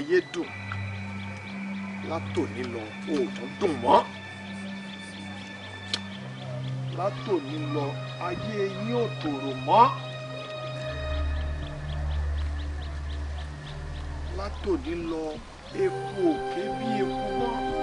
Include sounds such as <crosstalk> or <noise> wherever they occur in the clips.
ayé dùn látòní lọ òògùn dùn mọ́ látòní lọ ayé yín ò tòrò mọ́ látòní lọ epo òkè bí epo mọ́.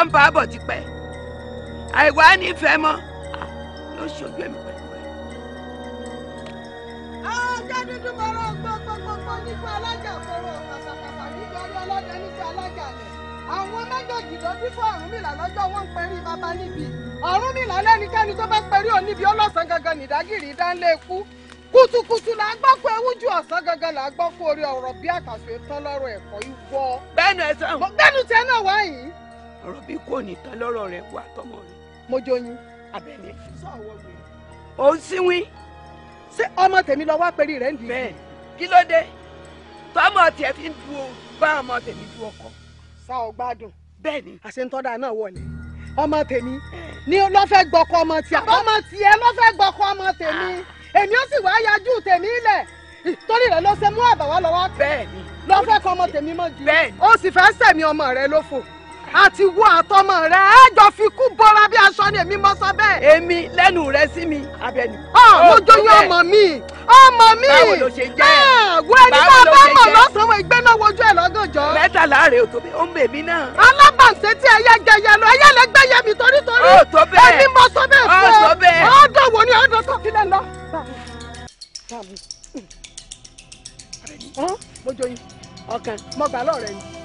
jọ ń bá a bọ̀ tipẹ́ àìwá nífẹ̀ẹ́ mọ́ ló ṣojú ẹ̀mí pẹ̀lú ẹ̀. ọjọ́ dúdú bọ̀rọ̀ gbogbogbò nípa alájà kọ̀rọ̀ pàṣàpàṣà nítorí ọlọ́dẹ nípa alájà rẹ̀ àwọn méjèèjì ló bí fún Ọ̀rúnmìlà lọ́jọ́ wọn ń pẹ́rí bàbá níbi Ọ̀rúnmìlà lẹ́nikẹ́ni tó bá pẹ́rí òun níbi ọlọ́sàn gangan nìdágìrì dánlé ikú kùtùkùtù là á gbọ́ pé ewúju ọ̀sán gangan là á gbọ́ pé orí ọ̀rọ̀ bí àkàṣe tán lọ́rọ̀ ẹ̀kọ́ ìwọ. bẹ́ẹ̀ni ẹ sẹ́wọ̀n. bẹ́ẹ̀ni tẹ́ náà wáyìí ọ̀rọ̀ bí kò ní tán lọ́rọ̀ rẹ̀ wà tọmọ rẹ̀. mojo yín abẹ́lé. ò ń síwín. ṣé ọmọ tèmi lọ wá pẹ̀lú rẹ̀ ń di. bẹ́ẹ̀ kí ló dé tọmọ tiẹ̀ fi ń du bá ọmọ tèmi du ọkọ. sa ọ gbádùn. bẹ́ẹ̀ni. àṣetọ́dà náà wọlé ọmọ tèmi ni ló fẹ́ gbọ́kọ ọmọ tiẹ̀ ọmọ tiẹ̀ ló fẹ́ gbọ́kọ ọmọ tèmi ah. èmi ó sì wá yájú tèmi lẹ̀ torí rẹ̀ ló ṣe mú àbàwá lọ́wọ́. bẹ́ẹ̀ni. ló fẹ́ kọ ọmọ tèmi mọ́ di. bẹ́ẹ̀ni. ó sì fẹ́ sẹ̀mí ọmọ rẹ̀ lófò ti wo àtọmọ rẹ ẹ jọ fi kú bọ́ra bí aṣọ ni èmi mọ sọ bẹ́ẹ̀. èmi lẹ́nu rẹ sí mi abẹni. ọ mo jóyún ọmọ mi ọmọ mi báwo ló ṣe jẹ́ wo ẹni bá bá mọ̀ lọ́sàn-án ìgbẹ́ náà wojú ẹ̀ lọ́gànjọ́. mẹ́ta láàrin òtò mi ó ń bè mí náà. alábàǹsẹ̀ tí ẹyẹ jẹyẹ lọ ẹyẹ lè gbé yẹmi torítorí. ó tó bẹ́ẹ̀ èmi mọ sọ bẹ́ẹ̀ fún ọ. ó tó bẹ́ẹ̀. ọ̀dọ̀ wo ni ọ̀dọ̀ tó fi lẹ́ lọ. Hm. mo jóyún ọkàn mo gbà lọ́ọ̀rẹ́ ni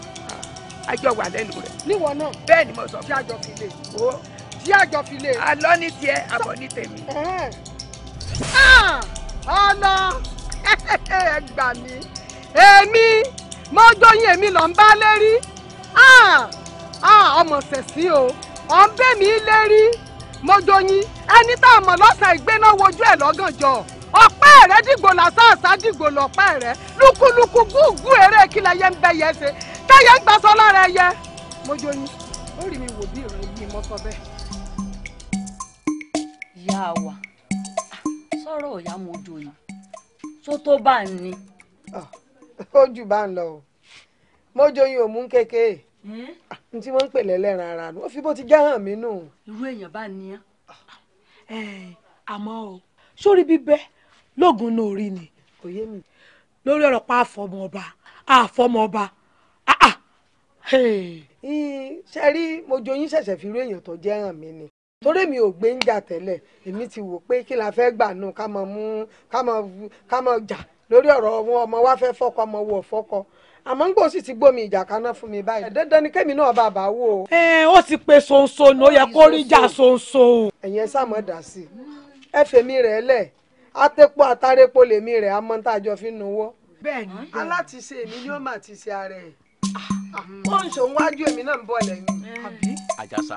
àjọ wà lẹ́nu rẹ̀. níwọ náà. bẹ́ẹ̀ ni mo sọ. tí àjọ fi lè. o tí àjọ fi lè. àlọ́ ní tiẹ̀ àbọ̀ ní tèmi. Ah! ọlọ ẹ gbà mí èmi mọ́jọ́yìn èmi lọ ń bá lérí ah! Ah! ọmọ sẹ̀sìn o ọ̀ ń bẹ́ mi lérí mọ́jọ́yìn ẹni tá a mọ̀ lọ́sàn ìgbéná wojú ẹ̀ lọ́gànjọ́ ọ̀pẹ́ rẹ̀ dìgbò lásán àṣà dìgbò lọ́pẹ́ rẹ̀ lúkúlùkù gúgú eré kílẹ̀ yẹn ń bẹ́ yẹn ṣe káyọ̀ ń gbàsọ lára ẹyẹ mojú oyin ó rí mi wò bí ìròyìn yìí mọ́ sọ bẹ́ẹ̀. ìyá wa ah, sọ̀rọ̀ ọ̀yá mojú oyin tó tó bá ń ni. Ah, ó jù bá ń lọ o mojú oyin ò mú kékeré hmm? ah, n tí wọ́n ń pè lẹ́lẹ́ran ara nu ó fi bó ti já hàn mí nù. irú èèyàn bá ní án. Eh, àmọ́ o sórí bíbẹ́ lóògùn náà rí ni. lórí ọ̀rọ̀ pa àfọmọba àfọmọba. Ah, ah. ṣe rí mojo yín ṣẹ̀ṣẹ̀ fi rí èèyàn tó jẹ́ hàn mí ni torí mi ò gbé ń jà tẹ́lẹ̀ èmi ti wò pé kí la fẹ́ gbà nù ká mọ̀ mú ká mọ̀ jà lórí ọ̀rọ̀ wọn ọmọ wa fẹ́ fọ́kọ ọmọ wò fọ́kọ àmọ́ ngbò sì ti gbómi ìjà kaná fún mi báyìí dandan ni kémi náà bàbá wò ẹ ó ti pe ṣonṣo ni ó yẹ kó rí jà ṣonṣo. ẹ̀yin ẹ sàmọ́ dà sí i ẹ fèmí rẹ̀ lẹ̀ àtẹ̀pọ̀ àtàrẹ̀pọ̀ lèmi rẹ̀ amọ́ntàjọ́ fi nùwọ́. bẹ́ẹ̀ni aláti ṣe èmi ni ó mà ti ṣe ara ẹ̀ ó ń ṣòun wájú èmi náà ń bọ̀ lẹ́yìn. àjàsá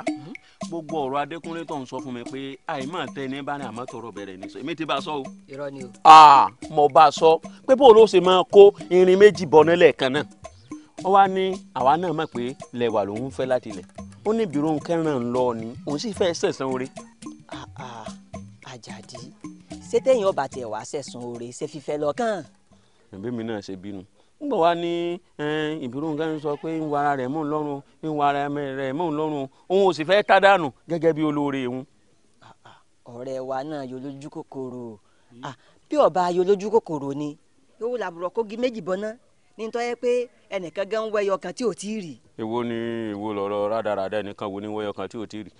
gbogbo ọ̀rọ̀ adékúnlé tó ń sọ fún mi pé àìmọ̀ tẹ ní bá ní àmọ́ tọrọ bẹ̀rẹ̀ ní sọ èmi ti bá a sọ o. irọ́ ni o. aa mo bá a sọ pé bó ló ṣe máa kó irin méjì bọ̀ nílẹ̀ kan náà ó wá ní àwa náà mọ̀ pé lẹ́wà lòun fẹ́ láti lẹ̀ ó ní bírò ń kẹ́ràn lọ ni òun sì fẹ́ sẹ̀sán oore. àjàdí ṣé téèyàn ọba tiẹ̀ wá sẹ̀sán oore ṣé fífẹ́ lọ́kàn. ẹ̀bí mi náà ṣe bínú nígbà wá ní ìbírú nǹkan sọ pé ń wa ara rẹ̀ mọ̀ lọ́rùn ń wa ara rẹ̀ mọ̀ lọ́rùn òun ò sì fẹ́ tá dànù gẹ́gẹ́ bí olóore òun. ọ̀rẹ́ wa náà yóò lójú kòkòrò bí ọba yóò lójú kòkòrò ni yóò làbùrọ̀ kógi méjì bọ́ná nítorí pé ẹnìkan gan ń wẹyọ kan tí ò tí ì rì. èwo ni èwo lọ̀rọ̀ rádaràda ẹnìkan wo ni wẹyọ kan tí ò tí ì rì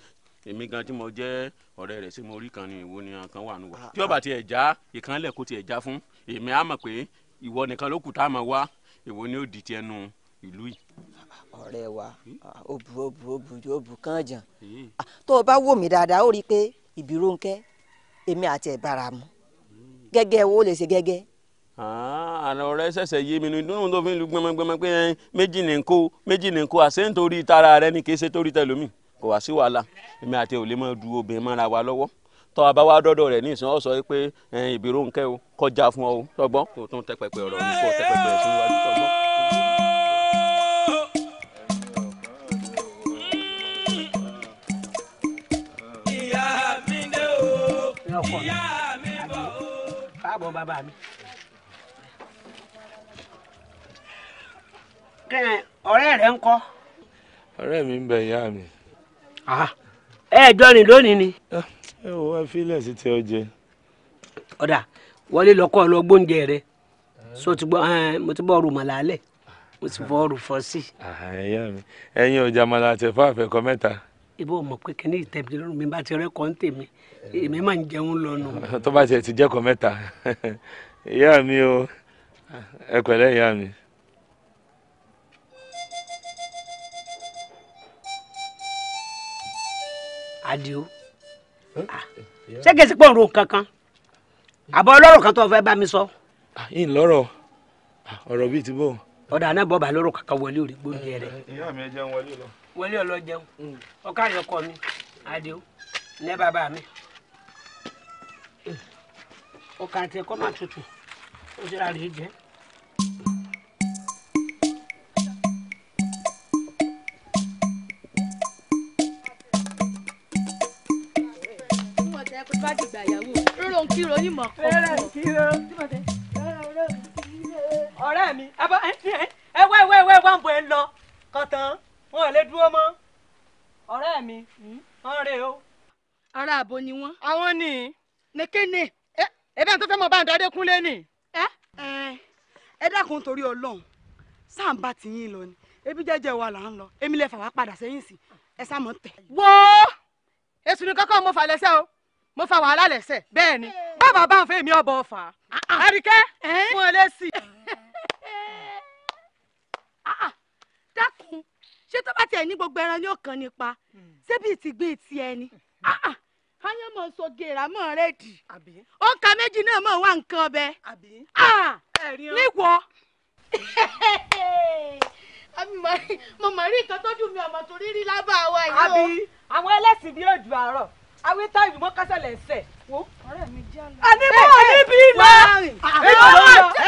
èmi gan tí mo jẹ́ ọ̀rẹ́ rẹ̀ sí mo rí kan ni èwo ni kan nù wá. tí ọba tiẹ̀ já ìkànnlẹ̀ kó tiẹ̀ já fún èmi á mọ̀ pé ìwọ nìkan ló kù tá a máa wá ìwọ ni ó di ti ẹnu ìlú yìí. ọ̀rẹ́ wa òbù òbù òbù òbù kan jàn hmm? ah, tó o bá wò mí dáadáa ó rí i pé ìbírónkẹ́ èmi àti ẹ̀ bára mu hmm. gẹ́gẹ́ wo lè ṣe gẹ́gẹ́ ah, àná ọ̀rẹ́ ṣẹ̀ṣẹ̀ yé mi nínú tó fi ń lu gbẹmọgbẹmọ pé méjì ní kó méjì ní kó àṣẹ nítorí tara rẹ ni kì í ṣe torí tẹlómi kò wá sí wàhálà èmi àti òlé máa du obìnrin mọ́ra wa lọ́wọ́ tọ́ abáwá dọ́dọ̀ rẹ̀ ní ìsìn ọ́ sọ pé ìbírò ń kẹ́ o kọjá fún ọ tọgbọ́n kò tún tẹpẹpẹ ọ̀rọ̀ ní kò tẹpẹpẹ ẹ̀sìn wájú tọgbọ́n. ìyá mi dé o ìyá mi bọ̀ o. káàbọ̀ bàbá mi. ọ̀rẹ́ rẹ̀ ń kọ́. ọ̀rẹ́ mi ń bẹ ìyá mi. ẹ jọ rìn lónìí ni. Ah. ẹ wo ẹ fílẹ̀ sí ti ọ̀dà wọlé lọ́kọ́ lọ gbóúnjẹ so ti gbọ́ mo ti bọ́ mọ̀ lálẹ́ mo ti bọ́ fọ́ sí. ẹyin ọjà mẹ́ta. ibo mọ̀ pé kíní ìtẹ̀bí lọ́rùn mi bá ti rẹ́ tèmi èmi máa ń jẹun lọ́nu. tó bá ti jẹ́kọ̀ọ́ mẹ́ta mi o ẹ pẹ̀lẹ́ mi. Ah, ṣé kèsì pọ̀ ń ro kankan àbọ̀ ọlọ́rọ̀ kan tó fẹ́ bá mi sọ. yín ah, lọ́rọ̀ ah, ọ̀rọ̀ bíi ti bò. ọ̀dà náà bọ́ọ̀bà lọ́rọ̀ kankan wọlé òrì gbóúnjẹ rẹ̀. Eh, ìyá mi ẹ jẹun wọlé lọ. wọlé ọlọ jẹun ọkọ àyọkọ mi adéó ní bàbá mi ọkà àti ẹkọ máa tutù ó sì rà rèé jẹ. bá dìgbà ìyàwó rírun kíro ní mọ̀ kọ́ ọ̀rẹ́ mi ẹ wá ẹ wá ẹ wá ń bọ̀ ẹ lọ kọ̀tàn wọn ò lè dúró mọ́ ọ̀rẹ́ mi wọ́n rè o. ara àbò ni wọ́n. àwọn ni. nekene. ẹ bá ń tó fẹ́ mọ bá ń dá Adékúnlé ni. ẹ ẹ dákun torí Ọlọ́run sáàmbá ti yín lọ ni ebi jẹjẹ wa là ń lọ èmi lè fà wá padà sẹ́yìn sí ẹ sá mọ tẹ. wo èsù ni kọ́kọ́ mo fà lẹ́sẹ̀ o mo fa wàhálà lẹ́sẹ̀ bẹ́ẹ̀ ni bàbá bá ń fẹ́ mi ọ̀bọ̀ fà á àríkẹ́ fún ẹ lẹ́sìn. dákun ṣé tó bá tiẹ̀ ní gbogbo ẹran yóò kàn nípa ṣé bíi ti gbé ti ẹni káyọ̀ mọ̀ so gèrà mọ̀ rẹ̀ dì ó ka méjì náà mọ̀ wá nǹkan ọbẹ̀ níwọ̀ mo mọ̀ rí nǹkan tó dùn mí ọmọ torí rí lábàá wa yìí o. àwọn ẹlẹ́sìn bí òjò àárọ̀ awé tá ìlú mọ́ kásẹ̀lẹ̀ ẹsẹ̀ wo. ọ̀rẹ́ mi jẹ́ àlọ́. àníbọ̀ níbí ilẹ̀.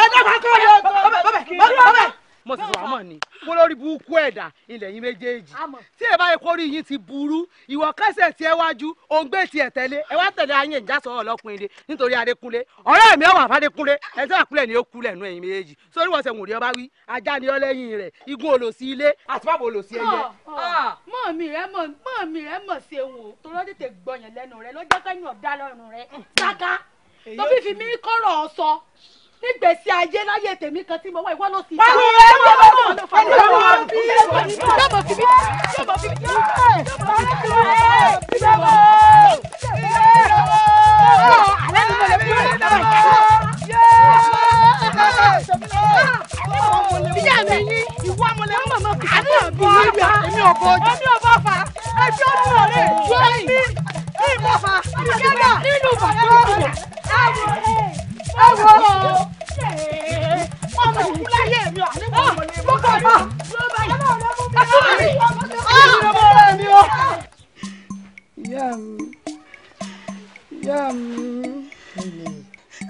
ẹ dábàá kọ́ ọ mo sì sọ àmọ́ ni mo lórí burúkú ẹ̀dá ilẹ̀ yín méjèèjì tí ẹ bá yẹ yín ti burú ìwọ kẹsẹ̀ tí ẹ wájú òun gbé tiẹ̀ tẹ́lé ẹ wá tẹ̀lé ayé ìjà sọ ọlọ́kùnrin de nítorí Adékúnlé ọ̀rẹ́ mi ọ̀wà fàdékúnlé ẹ sọ àkúlẹ̀ ni ó kú lẹ̀ nú ẹ̀yìn méjèèjì sórí wọ́n sẹ̀wọ̀n òde ọba wí ajá ni ọlẹ́yìn rẹ̀ igun olòsí ilé àti bàbá olòsí ẹyẹ. Ah. Mm. tó fi fi mí kọ́rọ̀ ọ sọ nígbèsí ayé láyé tèmi kan tí mo wá ìwọ ló ti. wọ́n lè mọ bá wọn ẹni tó wọ́n bí yọ̀bọ̀ fi bí yọ̀bọ̀ fi bí yọ̀bọ̀ fi bí yọ̀bọ̀ fi bí yọ̀bọ̀ alẹ́ ni mo lè fi yọ̀bọ̀ ìyá mi ní ìwọ mo lè mọ̀ mọ́ kìí àbí ọ̀bí yíyá èmi ọ̀bọ ọjọ́ èmi ọ̀bọ fà á ẹjọ́ ọdún ọ̀rẹ́ ẹ̀mí ní ìbọ̀fà ìyá náà nínú bàbá ọ̀rẹ́ ẹ̀wọ̀ ẹ̀wọ̀. ìyá mi ìyá mi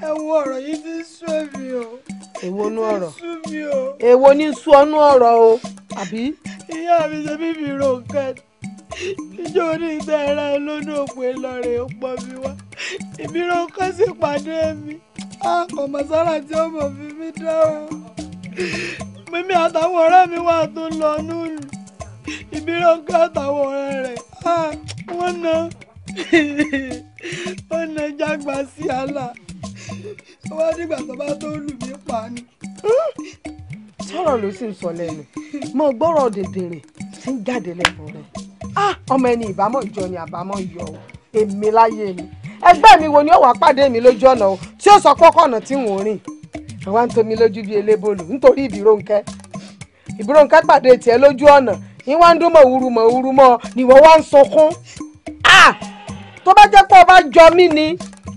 ẹ̀wọ̀n ọ̀rọ̀ yìí ti o. èwo nú ọ̀rọ̀ èwo ní sún o àbí. ìyá mi ṣe bí mi rò nǹkan ìjọ oníṣẹ́ ẹ̀rọ lónìí òpè lọ́rẹ̀ ó pọ̀ mi wá èmi rò nǹkan sì pàdé mi ọmọ ah, sára tí ọmọ mi mi dá o mímí àtàwọn ọ̀rẹ́ mi wà tó lọ núlù ìbírọ̀ ká àtàwọn ọ̀rẹ́ rẹ̀ wọ́n na wọ́n na jágba sí àlà wọ́n nígbà tó bá tó lù mí pa ni. sọ̀rọ̀ ló sì ń sọ lẹ́nu mo gbọ́rọ̀ dèdèrè tí ń jáde lẹ́nu rẹ̀ ọmọ ẹni ìbámọ̀ ìjọ ni àbámọ̀ yọ ọ́ èmi láyé mi ẹgbẹ́ mi wo ni ó wàá pàdé mi lójú ọ̀nà tí ó sọ pọ́kọ́ ọ̀nà tí n rìn àwa ń tomi lójú bíi elébòlù nítorí ìbírónkẹ́ ìbírónkẹ́ pàdé tiẹ̀ lójú ọ̀nà ìwà ń dún mọ̀ òwúrú mọ̀ òwúrú mọ̀ nìwọ wá ń sunkún tó bá jẹ́ pé ọba jọ mí ni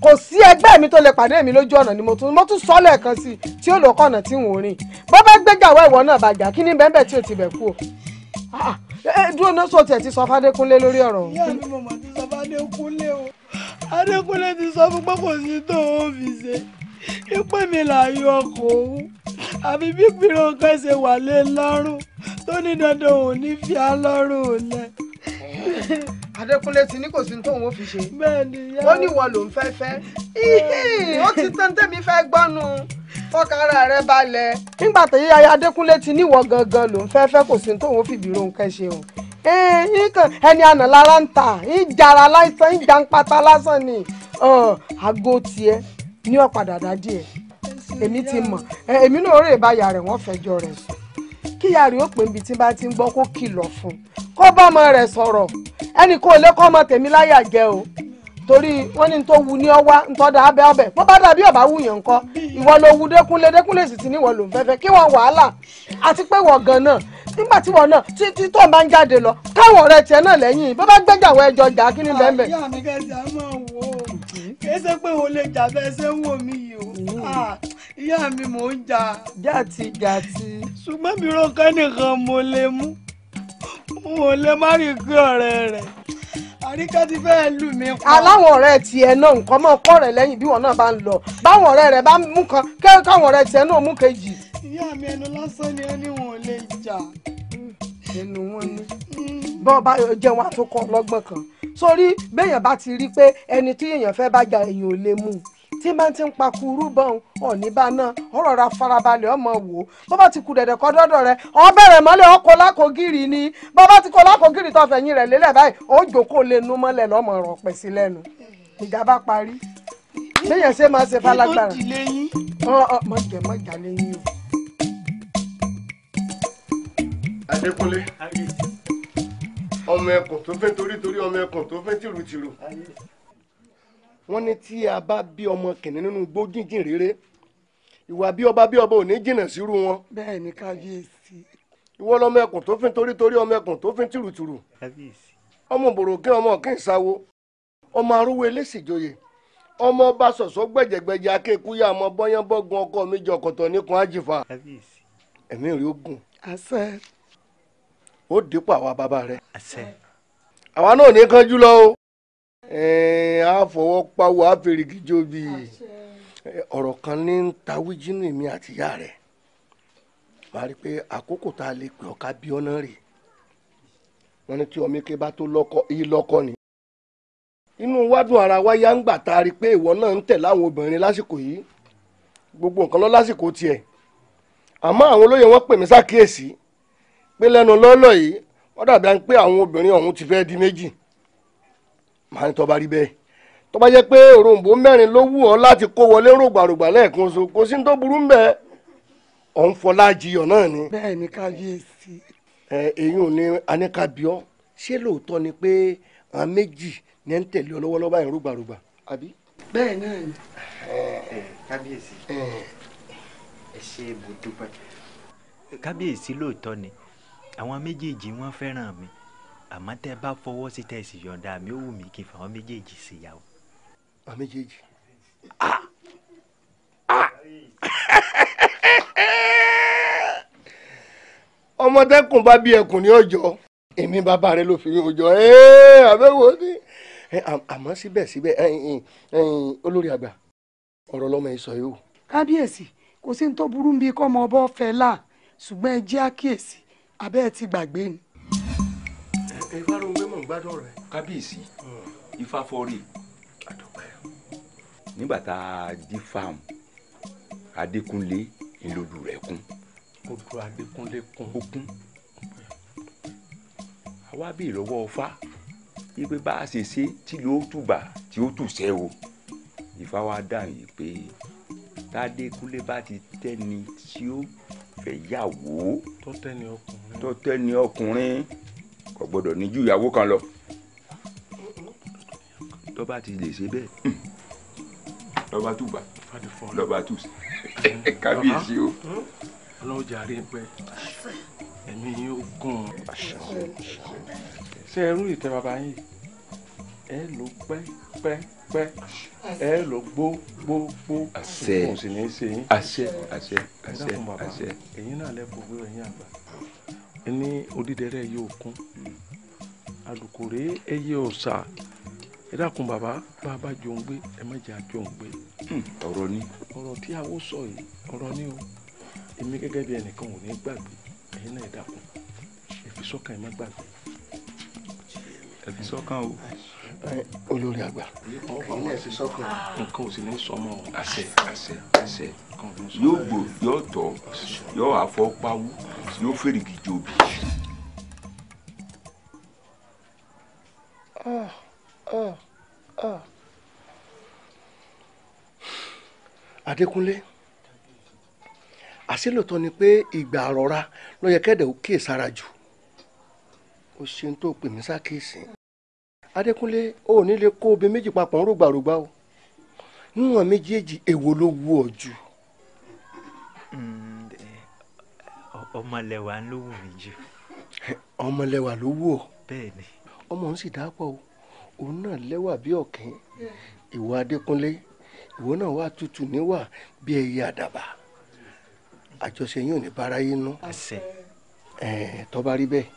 kò sí ẹgbẹ́ mi tó lè pàdé mi lójú ọ̀nà ni mo tún mo tún sọ lẹ́ẹ̀kan sí i tí ó lò kọ̀nà tí n ò rìn bó bá gbéjà wọ ìwọ náà bá jà kí ni bẹ́ẹ̀ tí ò ti bẹ̀ kú o dúró náà sọ tiẹ̀ ti sọ fádékúnlé lórí ọ̀rọ̀ ọ̀hún. ìyá mi mọ̀mọ́ ti sọ fádékúnlé o adékúnlé ti sọ fún pé kò sí tó o fi ṣe ipò mi làyò ọkọ̀ òun àfi bí pírọ̀ nǹkan ṣe wà lé lọ́rùn tó ní dandan òun ní fi á lọ́rùn lẹ. Adékúnlé ti ní kò sí tóun ó fi ṣe. Ó ní ìwọ ló ń fẹ́ fẹ́. Ó ti tán tẹ́mi fẹ́ gbọ́nu. Fọ́kàrà rẹ balẹ̀. Nígbà tó yíya Adékúnlé ti ní gangan ló ń fẹ́ fẹ́ kò sí tóun ó fi bìrò nǹkan ṣe o. Ẹni àná lára ń tà, ń jara láìsàn, ń jà ń pata lásán ni. Àgọ́ tiẹ̀. ní ọ̀padà dádì èmi ti mọ̀ èmi náà rè rẹ̀ wọn fẹjọ́ rẹ̀ sùn kíyà ó pè níbi tí bá ti ń gbọ́ kó kìlọ̀ fún kó ọmọ rẹ̀ sọ̀rọ̀ ẹnì kó lè kọ́ ọmọ tèmi láyà jẹ́ o torí wọn ní tó wu ní ọwá ntọ́da abẹ́ ọbẹ̀ dàbí wù kọ́ ìwọ wu Dékúnlé Dékúnlé sì ti níwọ̀ ń fẹ́fẹ́ kí wàhálà àti pé wọ́n kìí ṣe pé òun lè jà bẹ́ẹ̀ ṣe ń wò mí yìí o mm. ah, ìyá mi mò ń jà jàti jàti ṣùgbọ́n mi rọ́ọ̀kẹ́ nìkan mo lè mú mo lè má rí gbé ọ̀rẹ́ rẹ̀ àríkẹ́ ti fẹ́ lù mí pa. aláwọn ọ̀rẹ́ tiẹ̀ náà nǹkan mọ́ kọ́ rẹ̀ lẹ́yìn bí wọn náà bá ń lọ báwọn ọ̀rẹ́ rẹ̀ bá mú kan káwọn ọ̀rẹ́ tiẹ̀ náà mú kejì. ìyá mi ẹnu lásán ni ó ní wọn ò lè jà. ẹnu wọn ni mm. bọ́ọ̀ bá jẹun àtúkọ̀ ọlọ́gbọ́n kan sórí béèyàn bá ti rí i pé ẹni tí èèyàn fẹ́ bá ja èèyàn ò lè mú un tí máa ti ń pa kúrú bọ́n ọ̀ní bá náà ọ̀rọ̀ ra farabalẹ̀ ọmọ wò ó bó bá ti kú dẹ̀dẹ̀ kọ́ dọ́dọ̀ rẹ ọ bẹ̀rẹ̀ mọ́lẹ̀ ọkọ̀ lákòógìrì ni bó bá ti kọ́ lákòógìrì tó fẹ̀yìn rẹ̀ lélẹ̀ báyìí ó jókòó lè nu mọ́lẹ̀ lọ́mọ rọ̀ pẹ̀ sí lẹ́nu ìjà bá parí léyìn ṣe máa ṣe falágbára mọ̀jẹ̀ mọ̀jà lẹ́yìn o. Adékúnlé ọmọ ẹkùn tó fẹ́ torí torí ọmọ ẹkùn tó fẹ́ tìrùtìrù wọ́n ní tí a bá bí ọmọ kìnìún nínú igbó jínjìn rere ìwà bí ọba bí ọba ò ní jìnnà sírú wọn. bẹ́ẹ̀ ni kábíyèsí. ìwọ lọmọ ẹkùn tó fi torí torí ọmọ ẹkùn tó fi tìrùtìrù. kábíyèsí. ọmọ bòròkè ọmọ ọ̀kìn sáwo ọmọ arúgbó eléṣìjòyè ọmọ ọba sọ̀sọ́ gbẹ̀jẹ̀gbẹ̀jẹ̀ akékúyà ọmọ bọ́yán bọ́gun ọkọ mi jọ ọ̀kọ̀tọ̀ níkun àjìfà. kábíyèsí. ẹ̀mí rí ogun. àṣẹ. ó dípò àwa bàbá rẹ àwa náà ní kánjú lọ o a fọwọ́ pawó a fèrè kíjọ bí ọ̀rọ̀ kan ní ń ta wíjínú èmi àtìyá rẹ màá rí i pé àkókò tá a lè pè ọ́ ká bí ọ́ náà rèé wọ́n ní tí ọmọ ike bá tó lọ́kọ ìlọ́kọ ni. inú wádùn ara wa yá ń gbà tá a rí i pé ìwọ náà ń tẹ̀ láwọn obìnrin lásìkò yìí gbogbo nǹkan lọ lásìkò tiẹ̀ àmọ́ àwọn olóyè wọn pè mí ṣàkíyèsí pé lẹ́nu lọ́lọ́ yìí wọ́n dàbí à ń pé àwọn obìnrin ọ̀hún ti fẹ́ di méjì màá ní tó bá rí bẹ́ẹ̀ tó bá jẹ́ pé òròǹbó mẹ́rin ló wù ọ́ láti kó wọlé rògbàrògbà lẹ́ẹ̀kan so kò sí ní tó burú ń bẹ ọ̀hún fọlá jiyọ̀ náà ni. bẹ́ẹ̀ ni kábíyèsí. ẹ eyín ò ní aníkàbíọ́ ṣé lóòótọ́ ni pé àwọn méjì ní ń tẹ̀lé ọlọ́wọ́lọ́wọ́ báyìí rògbàrògbà àbí. bẹ́ẹ̀ náà ni. kábíyèsí ẹ ṣe ibùdó pẹ. kábíyèsí lóòótọ́ ni àwọn méjèèjì wọ́n fẹ́ràn mi àmọ́ tẹ́ bá fọwọ́ sí tẹ̀sí yọ̀ǹda mi ó wù mí kí n fàwọn méjèèjì sí ìyàwó. àwọn méjèèjì. ọmọ tẹkùn bá bí ẹkùn ní ọjọ́ èmi bàbá rẹ ló fi ọjọ́ àbẹ̀wò ni àmọ́ síbẹ̀síbẹ̀ olórí àgbà ọ̀rọ̀ lọ́mọ yìí sọ yìí o. kábíyèsí kò sí ní tó burú bíi kọ́mọ ọbọ̀ fẹ́ là ṣùgbọ́n ẹ jẹ́ àkíyèsí abẹ́ ẹ ti gbàgbé ni. ẹ hmm. ifá ló ń gbé mọ̀ gbádùn rẹ̀. kábíyèsí ifá fọ́ọ̀rì nígbà tá a di fáàmù adékúnlé ìlòdù rẹ̀ kún. odò adékúnlé kún. ó kún. àwa bí ìlọ́wọ́ ọfá ipe bá a ṣe ṣe tí yóò tùbà tí ó tù sẹ́ ìfá wa dáhùn yìí pé tádékúnlé bá ti tẹ́ni tí ó fẹ́ yàwó tó tẹ́ni ọkùnrin kò gbọ́dọ̀ ní ju ìyàwó kan lọ tó bá ti lè ṣe bẹ́ẹ̀ lọ́ba tù bá lọ́ba tù sí <laughs> kábíyèsí o. ọlọ́run jàre pẹ́ ẹ̀mí yóò gùn. ṣé ẹ ìtẹ́ bàbá yìí ẹ lò pẹ́pẹ́ pẹ́ ẹ lọ gbó gbó gbó àṣẹ àṣẹ àṣẹ àṣẹ àṣẹ. ẹ̀yin náà lẹ́kọ̀ọ́ gbé ẹ̀yin àgbà ní odídẹrẹ́ yóò kún alukore ẹyẹ ọ̀sà ẹ dákun bàbá bàbá jọ ń gbé ẹ má jẹ́ àjọ ń gbé. Hmm, ọ̀rọ̀ ni. ọ̀rọ̀ tí àwọn sọ yìí ọ̀rọ̀ ni o èmi gẹ́gẹ́ bí ẹnìkan ò ní gbàgbé ẹ̀yin náà ẹ dákun ẹ fi sọ́kàn ẹ má gbàgbé. o olórí àgbà. ìpínlẹ̀ ti sọ́kàn. nǹkan ò sì ní sọmọ àṣẹ àṣẹ àṣẹ. yóò gbò yóò tọ̀ yóò àfọpáwú yóò fèrègì jòbì. ah ah ah. Adékúnlé àṣìlòtọ́ ni pé ìgbà àrọ̀ra ló yẹ kẹ́dẹ̀ ó kíyèsára jù ó ṣe ń tó pè mí sákèsí. Adékúnlé ò ní lè kó obì méjì papọ̀ ń rògbàrògbà o níwọ̀n méjèèjì èwo ló wù ọ́ jù. Hmm, ọmọlẹ́wà ló wù mí jù. <laughs> ọmọlẹ́wà ló wù ọ́. bẹ́ẹ̀ni. ọmọ òun sì dápọ̀ o òun náà lẹ́wà bí ọ̀kín ìwọ Adékúnlé ìwọ náà wà tútù níwà bí ẹyẹ àdàbà àjọṣe yín ò ní bára yín nú. àṣẹ. ẹ tó bá rí bẹ́ẹ̀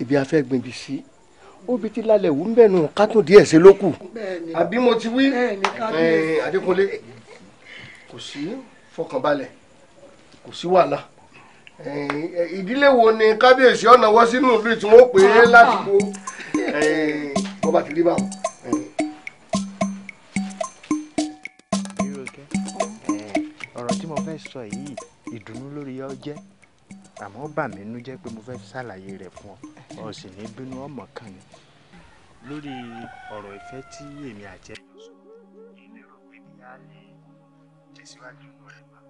ibi afẹ́gbìnbí sí. Si obì ti lálẹ́ wù ń bẹ̀nu kátùn díẹ̀ ṣe ló kù àbí mo ti wí Adékúnlé kò sí fọkànbalẹ̀ kò sí wàhálà ìdílé wo ni kábíyèsí ọ̀nà wọ́ sínú ìlú tí wọ́n pè é láti bo ọba ti rí báwọn. ọ̀rọ̀ tí mo fẹ́ sọ yìí ìdùnnú lórí ọ jẹ́ àmọ́ bà mí nú jẹ́ pé mo fẹ́ ṣàlàyé rẹ̀ fún ọ ọ sì ní bínú ọmọ kan ni lórí ọ̀rọ̀ ìfẹ́ tí èmi àti ẹ̀ lọ sọ èmi rò pé bí a lè tẹ̀síwájú rẹ̀ bá.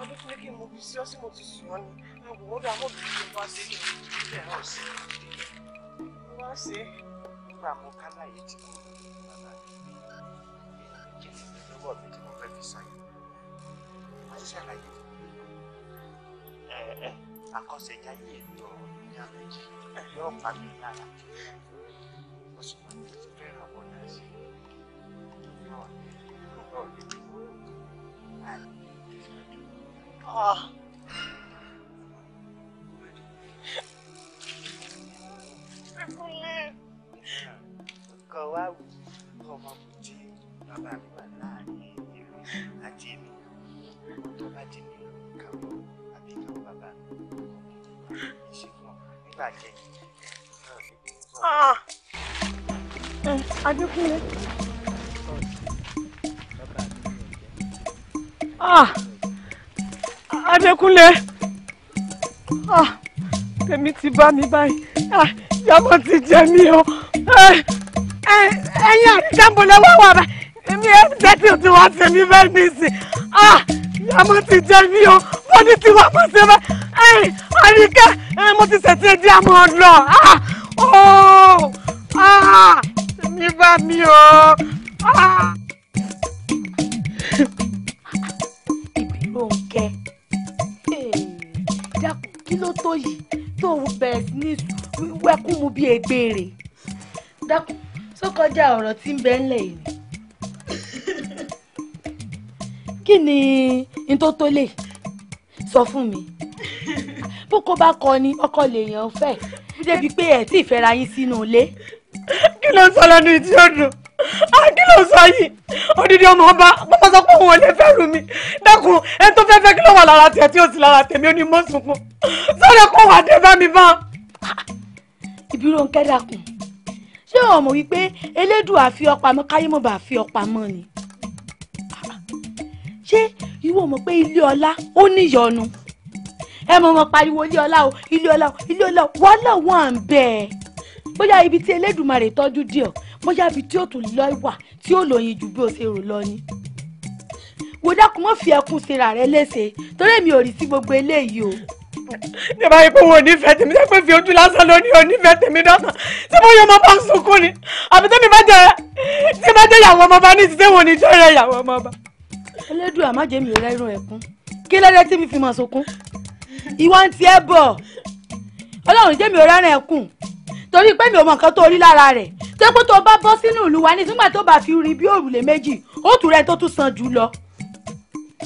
ọdún tó kí mo fi sí ọ sí mo ti sùn ọ ni àwọn òwúrọ̀ amóbìnrin tó bá sí ìbílẹ̀ náà sí i wá sí i nígbà mo kálá yìí ti kú bàbá mi ní ìjẹ́ lọ́wọ́ mi tí mo fẹ́ fi sáyé wọ́n ṣàlàyé fún akọ́ṣẹ́jáyé ètò ìyá méjì yóò pa mí lára ó sì máa ń tètè fẹ́ràn wọn náà sí yóò ní yóò ah! ní bí wọ́n kí ah! eh, Adékúnlé. Ah! Ah! Tèmi ti bá mi báyìí. Yàmọ̀ ti jẹ mí o. Ẹyin àríkà ń wà bá. Èmi ẹ̀ ń tí wọ́n ti mi bẹ́ẹ̀ nísìn. Yàmọ̀ ti jẹ mí o mo ní tiwa tó ṣe bá àríkẹ́ mo ti ṣẹ̀tì ẹ̀dí àmọ́ lọ ah! ah! mi bá mi o. ìbílò ń kẹ́ dákun kí ló tó yìí tó bẹ̀rẹ̀ sí ní wẹ́kùn mu bíi egbére dákun sókọjá ọ̀rọ̀ tí ń bẹ ńlẹ̀ yìí kí ni n lè sọ fún mi bókó bá kọ ni ọkọ lèèyàn fẹ́ débi pé ẹ tí ìfẹ́ra yín sínú ilé. kí ló ń sọ lẹ́nu ìtí òdùn kí ló ń sọ yìí odidi ọmọ ọba bàbá sọ pé òun ò lè fẹ́ rù mí dákun ẹ tó fẹ́ fẹ́ kí ló wà lára tiẹ̀ tí ò sí lára tèmi ó ní mọ́ sunkún sọ́dọ̀ kó wà dé bá mi bá. ìbírò ń kẹ́ dákun ṣé o wípé elédùn àfi ọ̀pamọ́ káyé mọ̀ bá ni ṣé ìwọ mọ̀ pé ilé ọlá ó níyọnu ẹ mọ̀ mọ̀ pariwo ilé ọlá o ilé ọlá o ilé ọlá o wọ́n lọ wọ́n ń bẹ̀ ẹ́ bóyá ibi tí Elédùmarè tọ́jú díẹ̀ bóyá ibi tí ó tún lọ wà tí ó lòyìn ju bí ó ṣe rò lọ ni wò dákun mọ́ fi ẹkún síra rẹ léṣe torí èmi ò rí sí gbogbo eléyìí o ní báyìí pé wọn ò nífẹ̀ẹ́ tèmi sẹ́pẹ́ fi ojú lásán lóní ò nífẹ̀ẹ́ tèmi lọ́sàn tí mo yọ ọmọ bá ń sunkún ni àbí tẹ́mi bá jẹ tí bá jẹ ìyàwó ọmọ bá ní ìsísẹ́ wọn ní jọ rẹ ìyàwó ọmọ bá. Elédùà má jẹ́ mi rẹ́rùn ẹ̀kún kí lẹ́dẹ́ tí mi fi mọ̀ sọkún ìwọ ń tiẹ́ bọ̀ ọlọ́run jẹ́ mi ò rẹ́rùn ẹ̀kún torí pé mi ò mọ̀ nǹkan tó rí lára rẹ̀ tó pé tó bá bọ́ sínú ìlú wa ní nígbà tó bá fi rin bí òrùlé méjì ó tún rẹ tó tún san jù lọ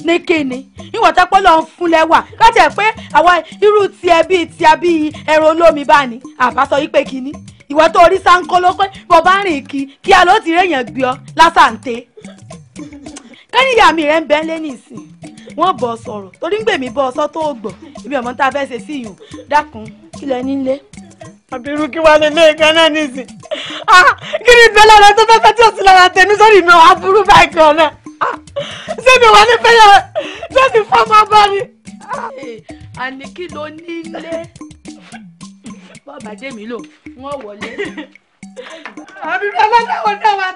ní kíni ìwọ̀n tó pọ́ lọ ń fún lẹ́wà láti ẹ̀ pé àwa irú tiẹ̀ bíi tiẹ̀ bíi ẹran olómi bá ní àbá sọ yí pé kíní ìwọ tó orí sáńkó ló pé bọ́ bá rìn kí kí a ló ti réyàn gbé ọ lásàǹtẹ̀ kẹ́nìyà mi rẹ̀ ń bẹ́ lé nìsín wọ́n bọ̀ sọ̀rọ̀ torí ń gbè mí bọ́ ọsọ tó gbọ̀ ibi ọ̀mọ́ tá a fẹ́ ṣe sí yùn dákun kí lẹ nílé. àbí irú kí wàá lè lé nǹkan náà nìsín ah, kí ni bẹ́ẹ̀ lára tó fẹ́fẹ́ tí ò sí lára tẹ̀mí sórí mi wàá burú báyìí kan náà ah, ṣé mi wà ní fẹ́yà ṣé mi fọ́ máa bá ni. àní ah. kí ló nílé bàbá jẹ́mi lò wọ́n wọlé. àbí bẹ́ẹ̀ lára wọn náà wà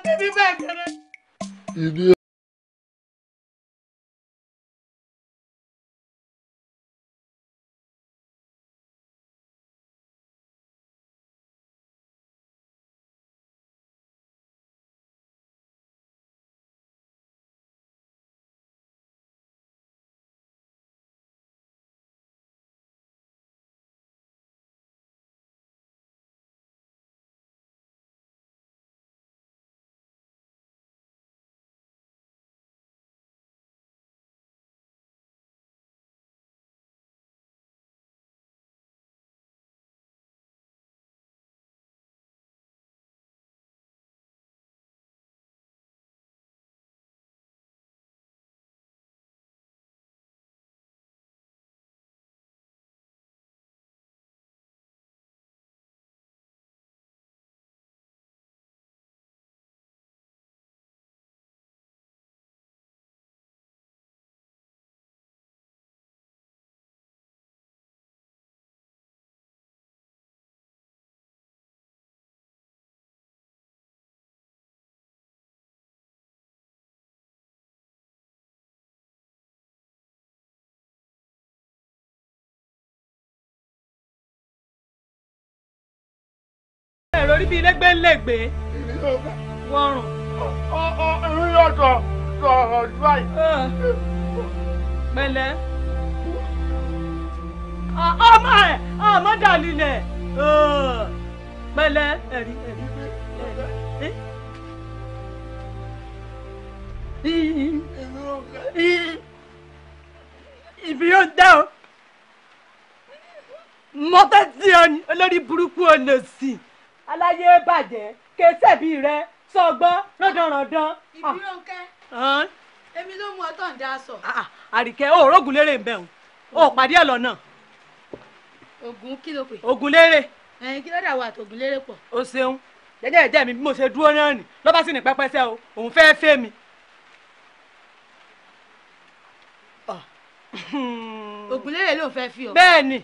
fi lẹ́gbẹ́lẹ́gbẹ́ wọ́rùn. ọ̀run yóò sọ sọ̀rọ̀ dúáì. pẹ̀lẹ́ ọmọ ẹ̀ ọmọ dàlílẹ̀ pẹ̀lẹ́ ẹ̀rí ẹ̀rí. ìbí yóò dá o mọ́tẹ́tì ọ ni olórí burúkú ọ sí i aláyé bàjẹ́ kẹsẹ̀bí rẹ sọgbọ́n rọ́dọ̀rọ̀dán. ìbíròǹkẹ́ èmi ló mú ọtọ̀ ǹdà sọ. Ah, ah, àríkẹ́ ó rògùn lérè ń bẹ̀rù ó pàdé ẹ̀ lọ́nà. ògùn kí ló pè. ògùn lérè. ẹyin kí ló dà wà àtògùn lérè pọ̀. o ṣeun jẹ́jẹ́ ìjẹ́ mi bí mo ṣe dúró náà nì lọ́ba sì ní pẹ́pẹ́sẹ́ o òun fẹ́ fẹ́ mi. Ah. ògùn lérè ló fẹ́ fi o. bẹ́ẹ̀ ni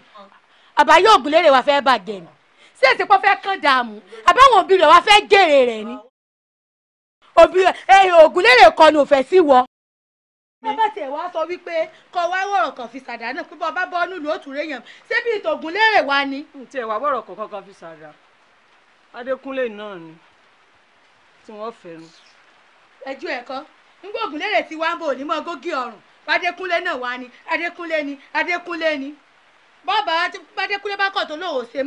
àbáyé ògùn lérè wa fẹ́ bàjẹ́ ni. sí èsì pọ́ fẹ́ kàn dààmú àbáwọn òbí rẹ̀ wá fẹ́ gèrè rẹ̀ ni òbí rẹ̀ ògùn lérè kan ní òfẹ́ sí wọ. bàbá tiẹ̀ wá sọ wípé kọ fi náà pípọ̀ bọ́ ìtògùn lérè wa ni. tiẹ̀ wá wọ̀rọ̀ ni tí wọ́n fẹ́ nu. ẹ̀kọ́ nígbà ògùn lérè wá ń bò ni Adékúnlé ni Adékúnlé ni bọ́ọ̀bà Adékúnlé bá kọ̀ tó ṣe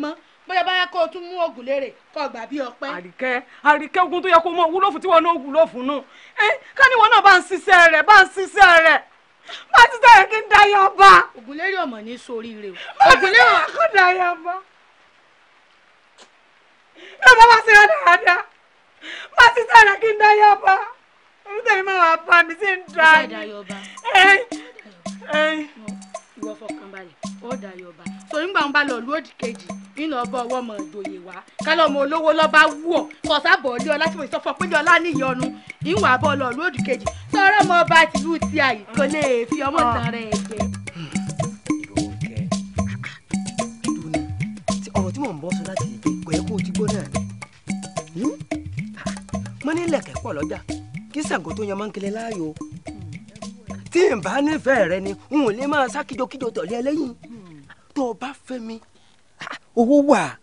bóyá báyà kó o tún mú oògùn lérè kó o gbà bí ọpẹ. àríkẹ́ àríkẹ́ ogun tó yẹ kó mọ wúlò fún tiwọn náà wúlò fún nù ẹ káníwọ náà bá ń ṣiṣẹ́ rẹ̀ bá ń ṣiṣẹ́ rẹ̀ bá ti sẹ́yìn kí n da yọ bá. oògùn lérè ọmọ ní sórí rẹ o. oògùn lérè ọmọ da yọ bá. ẹ bá wá sí ọ dáadáa bá ti sẹ́yìn kí n da yọ bá. omi tẹ̀lé máa wà bá mi sí ń da ni. ìwọ fọkànbalẹ̀ ó da yọ bá. sòrí ń ń bá lọ lóòdì kejì ìnà ọba ọwọ́ mọ̀ ìdòyè wá kálọ̀ ọmọ olówó lọ́ba wú ọ̀ kọ̀sábọ̀ ọdẹ ọlá tí mo sọ fún ọ pé ọlá níyọnu ìwà bọ́ lọ lóòdù kejì tọ́rọ́ ọmọ ọba tìlú ti àyè kò lè fi ọmọ ah. tán rẹ̀ jẹ. ọ̀rọ̀ tí mò ń bọ́ sọ láti ìgbẹ́ ìgbẹ́ kó o ti gbó náà ni hmm? ah, mo ní lẹ̀kẹ̀ pọ̀ lọ́jà kí sàǹgó tó yan máa ń kele láàyò tí n bá nífẹ̀ẹ́ rẹ ni n ò lè máa sá kíjokíjo tọ̀lé ẹlẹ́yìn hmm. tó o bá fẹ́ mi owó wà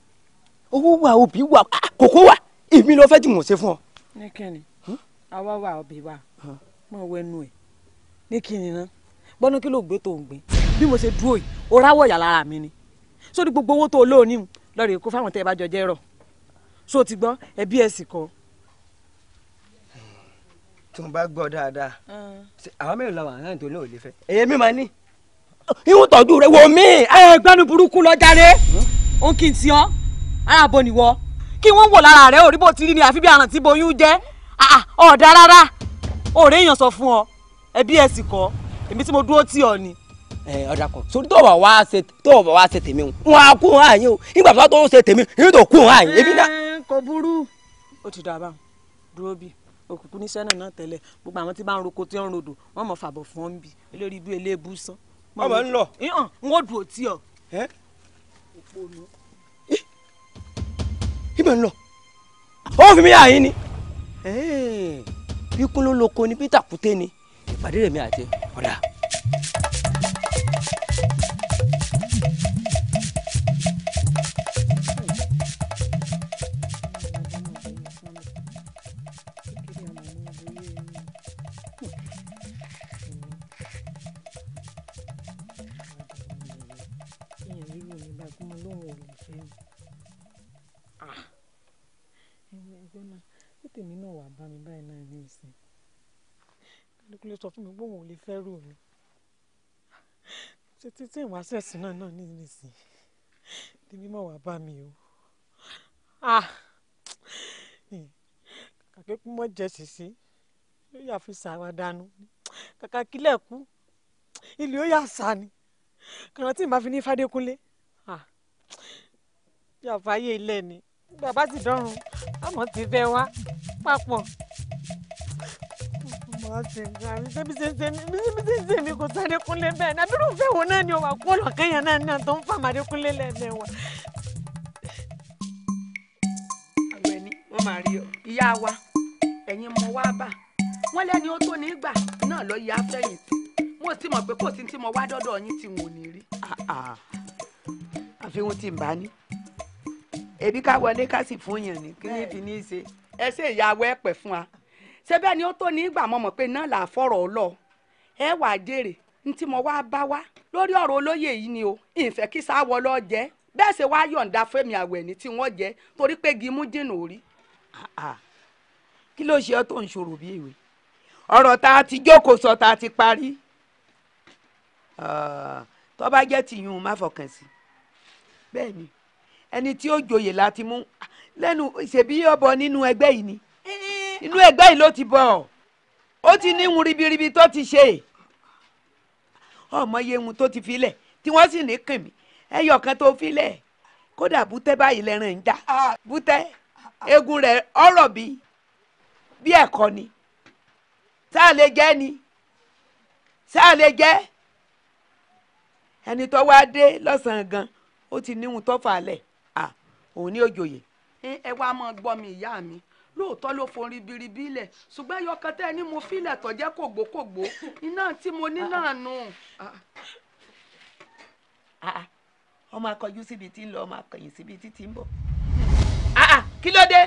owó wà òbí wà kòkó wà èmi ló fẹ́ tí mò ń ṣe fún ọ. ní kíni àwa wà òbí wà mọ̀ wẹ́nu ẹ̀ ní kíni náà gbọ́dọ̀ kí ló gbé tó ń gbé bí mo ṣe dúró yìí o ráwọ̀ yà lára mi ni sórí gbogbo owó tó lóò níhùn lọ́ọ̀rì kó fáwọn tẹ́ ẹ bá jọ jẹ́ rọ̀ so ti gbọ́ ẹbí ẹ̀ sì kọ́. tí wọn bá gbọ́ dáadáa àwọn mẹ́rin làwọn àná ìtò náà ò lè fẹ́ èyí mi máa ní. ìwọ̀n tọ́jú rẹ̀ wò mí ẹ̀ gbẹ́nu burúkú lọ jàre. Hmm? òun kì í ti ọ́ ara àbọ̀ nìwọ kí wọ́n wò lára rẹ̀ orí bó ti rí ni àfi bí aràn tí boyún jẹ́ ọ̀dà rárá ọ̀rẹ́ èèyàn sọ fún ọ ẹbí ẹ̀ sì kọ́ èmi tí mo dúró tì ọ ni. ẹ ọ̀dà kan sórí tó bá wá ṣe tó bá wá ṣe tèmi o wọn á kú wọn àyè o nígbà tó tó ń ṣe tèmi èmi tó kú wọn àyè ebi náà. kò burú ó ti dàbà dúró bíi òkùnkùn níṣẹ́ náà náà tẹ́lẹ̀ gbogbo àwọn tí bá ń roko tí ń rodò wọ́n mọ̀ fàbọ̀ fún ọ́n bí eléríbú eléébú sán. ọmọ ń lọ. n ó dùn ó tì ọ ibẹ̀ ń lọ ó fi mí yà yín ni bí kúnlólóko ni peter kúté ni ìpàdé rẹ̀ mi àti ọ̀dà. fẹ́ máa ṣé tèmi náà wà bá mi báyìí náà ní ìsìn kálukú ló sọ fún mi pé òun ò lè fẹ́ rò mí ṣé títí ìwà sẹ̀sìn náà náà ní ìsìn tèmi mọ̀ wà bá mi o ah! kàkà kí kú mọ́ jẹ sìsì yóò yà fi sàrà dànù kàkà kílẹ̀ kú ilé yóò yà sá ni kàrà tí màá fi ní fàdékúnlé ah! yà fàyè ilẹ̀ ni bàbá ti dọ̀run àmọ́ ti fẹ́ wá papọ̀ mọ̀ ṣe nǹkan mi ṣe bí ṣe mi ṣe bí mi kò sáré kúnlé bẹ́ẹ̀ náà dúró fẹ́ wo náà ni ọ̀wà kó lọ kẹ́yàn náà náà tó ń fà máa dé kúnlé lẹ́ẹ̀mẹ́wà. àgbẹ̀ni wọ́n máa rí ọ ìyá wa ẹ̀yin mọ wá bà wọ́n lẹ́ni ó tó ní gbà náà lọ yá fẹ̀yìntì mo sì mọ̀ pé kò sí tí mo wá dọ́dọ̀ yín tí wọn ò ní rí. Ah, ah. àfihàn tí ń bá ní ebi ká wọlé ká sì fún yàn ní kí ní fi ní í ṣe ẹ ṣe ìyàwó ẹ pẹ fún wa ṣé bẹ́ẹ̀ ni ó tó ní ìgbà mọ̀mọ́ pé náà là á fọ̀rọ̀ ọ lọ ẹ wàá jèrè ní tí mo wá bá wá lórí ọ̀rọ̀ olóyè yìí ni o ìfẹ́ kí sáwọ́ lọ jẹ́ bẹ́ẹ̀ ṣe wá yọ̀ǹda fẹ́mi àwẹ̀ ní tí wọ́n jẹ́ torí pé gimú jìnnà orí. kí ló ṣe ọ́ tó ń ṣòro bí ìwé ọ̀rọ̀ tá ti jókòó sọ tá ti parí tó bá jẹ́ tìyún má fọkàn sí bẹ́ẹ̀ ni ẹni tí ó joyè láti mú lẹ́nu ìṣèbí ọbọ nínú ẹgbẹ́ yìí ni eh. inú ẹgbẹ́ yìí ló ti bọ̀ ó ti níhun ribiribi tó ti ṣe ọmọ yehun tó ti filẹ̀ tí wọ́n sì ní kìnmí ẹyọ kan tó filẹ̀ kódà bútẹ́ báyìí lẹ́rìn ń dá ah. bútẹ́ egun rẹ̀ ọ̀rọ̀ bí bí ẹ̀kọ́ ni tá a lè jẹ́ ni tá a lè jẹ́ ẹni tó wá dé lọ́sàn-án gan ó ti níhun tó fà á lẹ̀ òun ní òjòyè. ẹ wá máa gbọ́ mi ìyá mi lóòótọ́ ló forin biribi lẹ̀ ṣùgbọ́n ẹyọkan tẹ́ ẹ ní mo fílẹ̀ tó jẹ́ kògbókògbó iná tí mo ní náà nù. ọmọ ah, akọjú ah. síbi tí ń lọ ọmọ akọyìn síbi tí ti ń bọ̀. Ah, kí ló dé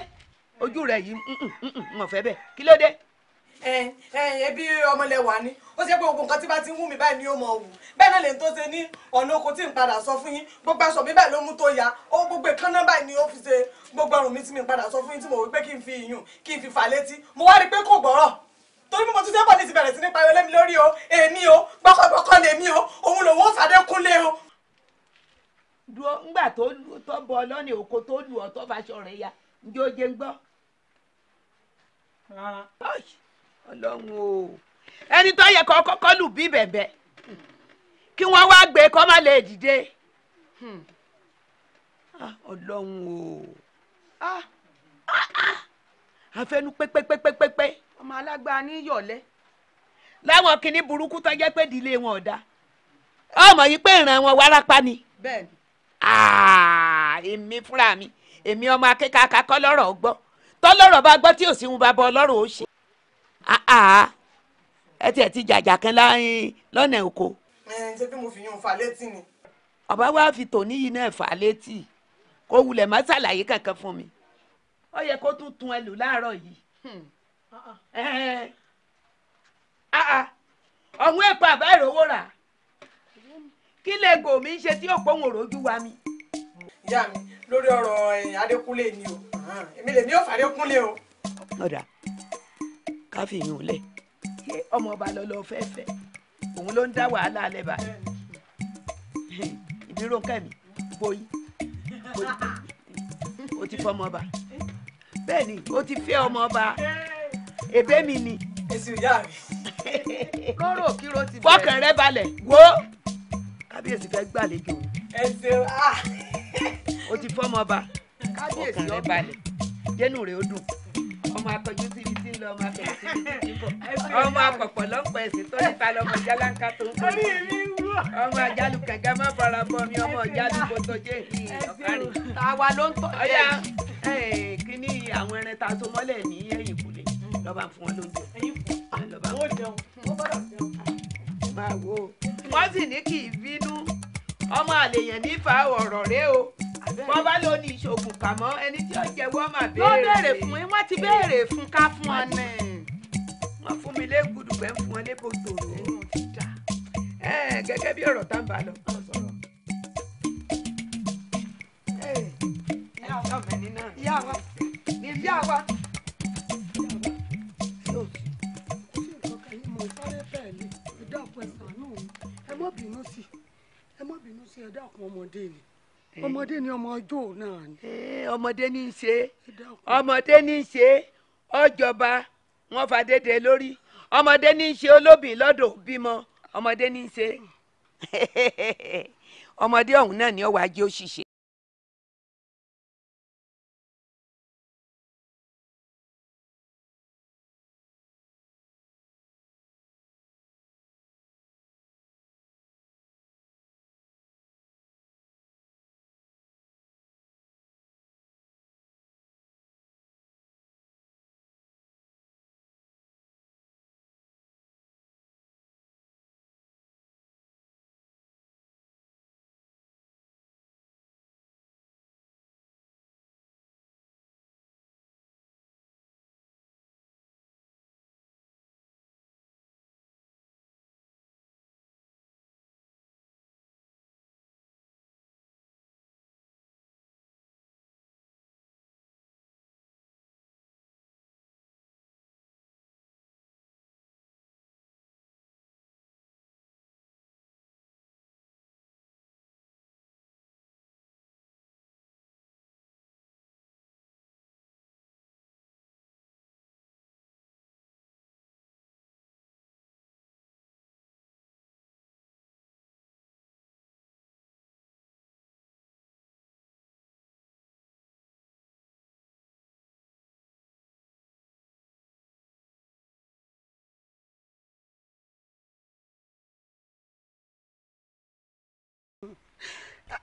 ojú rẹ yìí mm, mm, mm, n ò fẹ́ bẹ́ẹ̀ kí ló dé ẹbí ọmọlẹ́wà ni ó ṣe pé gbogbo nǹkan tí bá ti ń wù mí báyìí ni ó mọ̀ wù bẹ́ẹ̀ náà lè tó ṣe ní ọ̀nà oko tí n padà sọ fún yín gbogbo aṣọ mi báyìí ló mú tó ya ó gbogbo ìkànnà báyìí ni ó fi ṣe gbogbo ọrùn mi tí mi padà sọ fún yín tí mo wí pé kí n fi iyùn kí n fi fà létí mo wá rí i pé kò gbọ́rọ̀ torí bí mo tún sẹ́pọ̀ ní ti bẹ̀rẹ̀ sí nípa ẹ̀rọ lẹ́mi lórí o èmi o gbọ́kọ̀gbọ́kọ̀ lèmi o òun lòun ó sàdé kúnlé o. dúró ńgbà tó bọ lọ́nà òkò tó lù ọ́ tó bá ya ǹjẹ́ ó jẹ́ ń gbọ́. rárá ọlọ́run o ẹni tó yẹ kọ́ kọ́kọ́ lù bí bẹ̀bẹ̀ kí wọ́n wá gbé kọ́ má lè dìde hmm. ah, ọlọ́run o àfẹnu ah, ah, pépépépépépé ọmọ alágbára ní yọ̀lẹ́ láwọn kinní burúkú tó jẹ́ pé ìdílé wọn ò dáa ọmọ yìí pé ìran wọn wárápá ni èmi fúnra mi èmi ọmọ akẹ́kọ̀ọ́ akakọ́ lọ́rọ̀ gbọ́ tọ́lọ́rọ̀ bá gbọ́ tí òsínwó bá bọ́ ọlọ́rọ̀ ó ṣe. Ah, ah ẹ tiẹ̀ ti jàjà kan láyìn lọ́nà òkò. ẹ ṣé bí mo fi yún fa létí ni. ọba wa fi tòní yìí náà fa létí kó wulẹ̀ má ṣàlàyé kankan fún mi ó yẹ kó tún tún ẹ lù láàárọ̀ yìí. Hmm. Ah, ah. ọ̀hún èpò àbá ìrówó rà kí lẹ́gò mi ń ṣe tí òpó òun òròjú wa mi. ìyá mi lórí ọ̀rọ̀ Adékúnlé ni o èmi lèmi ò fàdékúnlé o káfíyàn lẹ ọmọ ọba lọ lọ fẹẹfẹ òun ló ń dá wàhálà alẹ báyìí ìdúró kẹmí boyi o ti fọmọ ọba bẹ́ẹ̀ ni o ti fẹ́ ọmọ ọba èbé mi ni. èsì ìyá mi. kóró òkíró ti bẹ̀rẹ̀. fọkàn rẹ balẹ̀ wo kábíyèsí fẹ́ gbàlejò. ẹ ṣeun a. Ah. o ti fọmọ ọba fọkàn rẹ balẹ̀ jẹ́nu rẹ̀ ó dùn ọmọ akọjú sí ibi lọ <laughs> ọmọ apẹ̀sí ọmọ apọ̀pọ̀ lọ́pọ̀ ẹ̀sìn tó níta lọmọ jáláńká tó ń bọ̀ ọmọ àjálù kẹ̀kẹ́ má fara bọ mi ọmọ àjálù bọ́tọ̀jẹ́ ọ̀kárí. àwa ló ń tọ́ ọ̀yà kíní àwọn ẹran ta so mọ́lẹ̀ ní ẹ̀yìn kùlé lọ́ba fún wọn lóúnjẹ. lọ́ba fún wọn wọ́n sì ní kì í bínú ọmọ àlèyàn nífà ọ̀rọ̀ rẹ o wọ́n bá ló ní ìṣògùn kà mọ́ ẹni tí ó jẹ́ wọ́n máa béèrè. wọ́n béèrè fún yín wọ́n ti béèrè fún ká fún ọ nẹ. wọ́n fún mi léegudu pẹ́ ń fún ọ lébò tòrò. gẹ́gẹ́ bí ọ̀rọ̀ tá ń bá lọ. ẹ má bínú sí ẹ má bínú sí ẹ dákun ọmọdé ni. Eh. ọmọdé ni ọmọ ọjọ́ náà ni. Eh, ọmọdé ní í ṣe ọmọdé ní í ṣe ọjọba wọn fàdédé lórí ọmọdé ní í ṣe olóbìn lọ́dọ̀ bímọ ọmọdé ní í ṣe hmm. <laughs> ọmọdé ọ̀hún náà ni ọwọ́ ajé ó ṣiṣẹ́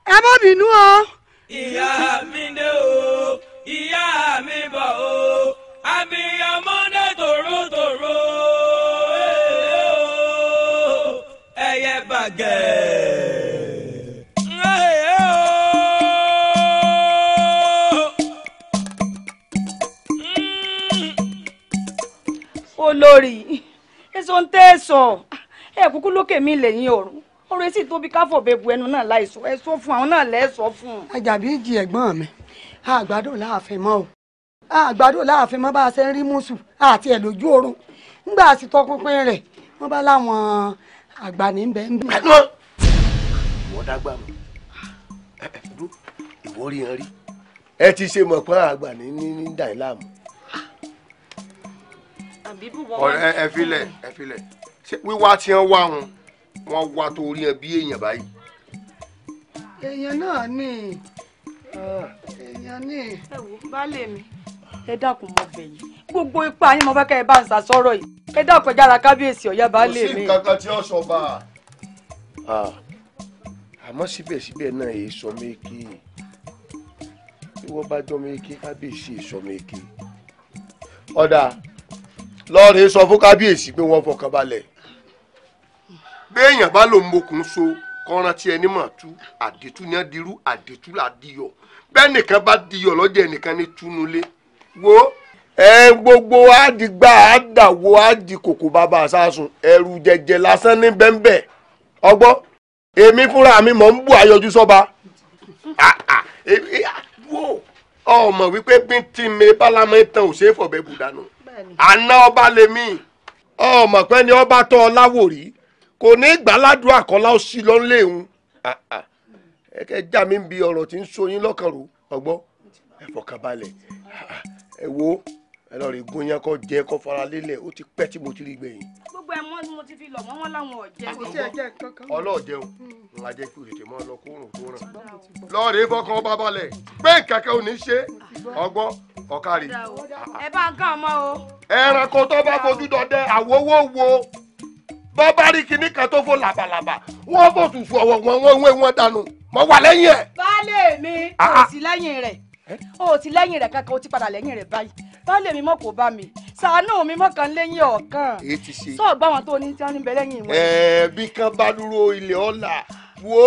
ẹ má bínú o. ìyá mi dé o ìyá mi bọ̀ o abiyamọ dé tòrótòró ẹyẹ bàgẹ́. Oh. Mm. olórí èso ń tẹ́ ẹ kúkú lókè mi lẹ́yìn ọ̀run ọ̀rọ̀ èsì tóbi káfọ̀ bẹ́ẹ̀ bu ẹnu náà láìsọ ẹ sọ fún àwọn náà lẹ́ẹ̀sọ fún. àjàbí jì ẹ̀gbọ́n mi àgbàdo láàfin mọ́ o àgbàdo láàfin mọ́ bá a ṣe ń rí mùsù àti ẹ̀ lójú oorun nígbà tí tọpinpin rẹ̀ wọ́n bá láwọn àgbà ní bẹ́ẹ̀ ń bẹ́ẹ̀. wọ́n dágbà mọ́ ìwọ rí yan rí ẹ ti ṣe mọ̀ pé àgbà ní ní dàílàmù. ẹ filẹ̀ ẹ filẹ̀ wíwá tí wọ́n wá wọn wọ́n wá tó rí ẹ bí èèyàn báyìí. èèyàn náà ni èèyàn ni. ẹ wo baálé mi ẹ dákun mo bẹ̀ yìí gbogbo ipa yín mo fẹ́ kẹ́ ẹ bá ń sàsọ́rọ̀ yìí ẹ dákun ẹja kábíyèsí ọ̀yá baálé mi. kò sí nǹkan kan tí ó sọ bá a. àmọ́ síbẹ̀síbẹ̀ náà èyí sọ méèké bí wọ́n bá jọ méèké kábíyèsí sọ méèké. ọ̀dà lọ́ọ̀rẹ́ sọ fún kábíyèsí pé wọ́n fọkàn balẹ̀ béèyàn bá lòun mokùn so kọ́ran tí ẹni mà tú àdètú ni dirú àdètú là diyọ̀ bẹ́ẹ̀ nìkan bá diyọ̀ lọ́jọ́ ẹnìkan ní túnulé wo ẹ gbogbo àdìgbà àdàwọ àdìkòkò bàbá àsásun ẹrù jẹjẹ lásán ní bẹ́ńbẹ́ ọgbọ́ èmi fúnra mi mọ̀ ń bù àyọjú sọ́ba ah, ah, ah, ọmọ wípé bíntín mi bálámọ ìtàn ò ṣeé fọ̀bẹ bù dànù àná ọba lèmi ọmọ pẹ́ni ọba tọ́ ọ láwòrí kò ní gbàládùn àkọlá ó sì lọ́nlé òun ah, ah. ẹ kẹ́ já mi bí ọ̀rọ̀ tí ń so yín lọ́kàn rò ọgbọ́n ẹ fọkàn balẹ̀ ah, ẹ wo ẹ lọ rí gún yẹn jẹ kó fara lélẹ̀ ó ti pẹ́ tí mo ti rí gbẹ̀yìn. gbogbo ẹ mọ mo ti fi lọ mọ láwọn ọjẹ. kò sí ẹjẹ kankan. ọlọ́ọ̀jẹun ń la jẹ́ hmm. kí o tètè máa lọ kó rùn kó ràn. lọ́ọ̀rẹ́ fọkàn ọba balẹ̀ pé kẹ̀kẹ́ ò ní ṣe ọgbọ́n ọ̀kárì. ẹ bá ń kàn mọ́ o. ẹranko tó bá fojú dọdẹ àwòwò wo bọ́ bá rí kinní kan tó fò làbàlàbà wọ́n fò tùtù ọ̀wọ̀ wọn wọ́n wé wọn dànù mo wà lẹ́yìn ẹ̀. baálé mi kò ah, sí ah. lẹ́yìn rẹ̀ o ti lẹ́yìn rẹ̀ kankan o ti padà lẹ́yìn rẹ̀ báyìí baálé mi mọ̀ kó bá mi sànú mi mọ̀kàn lẹ́yìn ọ̀kan sọ gbà wọn tó ní tí wọn ní bẹ lẹ́yìn wọn. ẹ̀ẹ́ bí kan bá dúró ilẹ̀ ọ̀la wo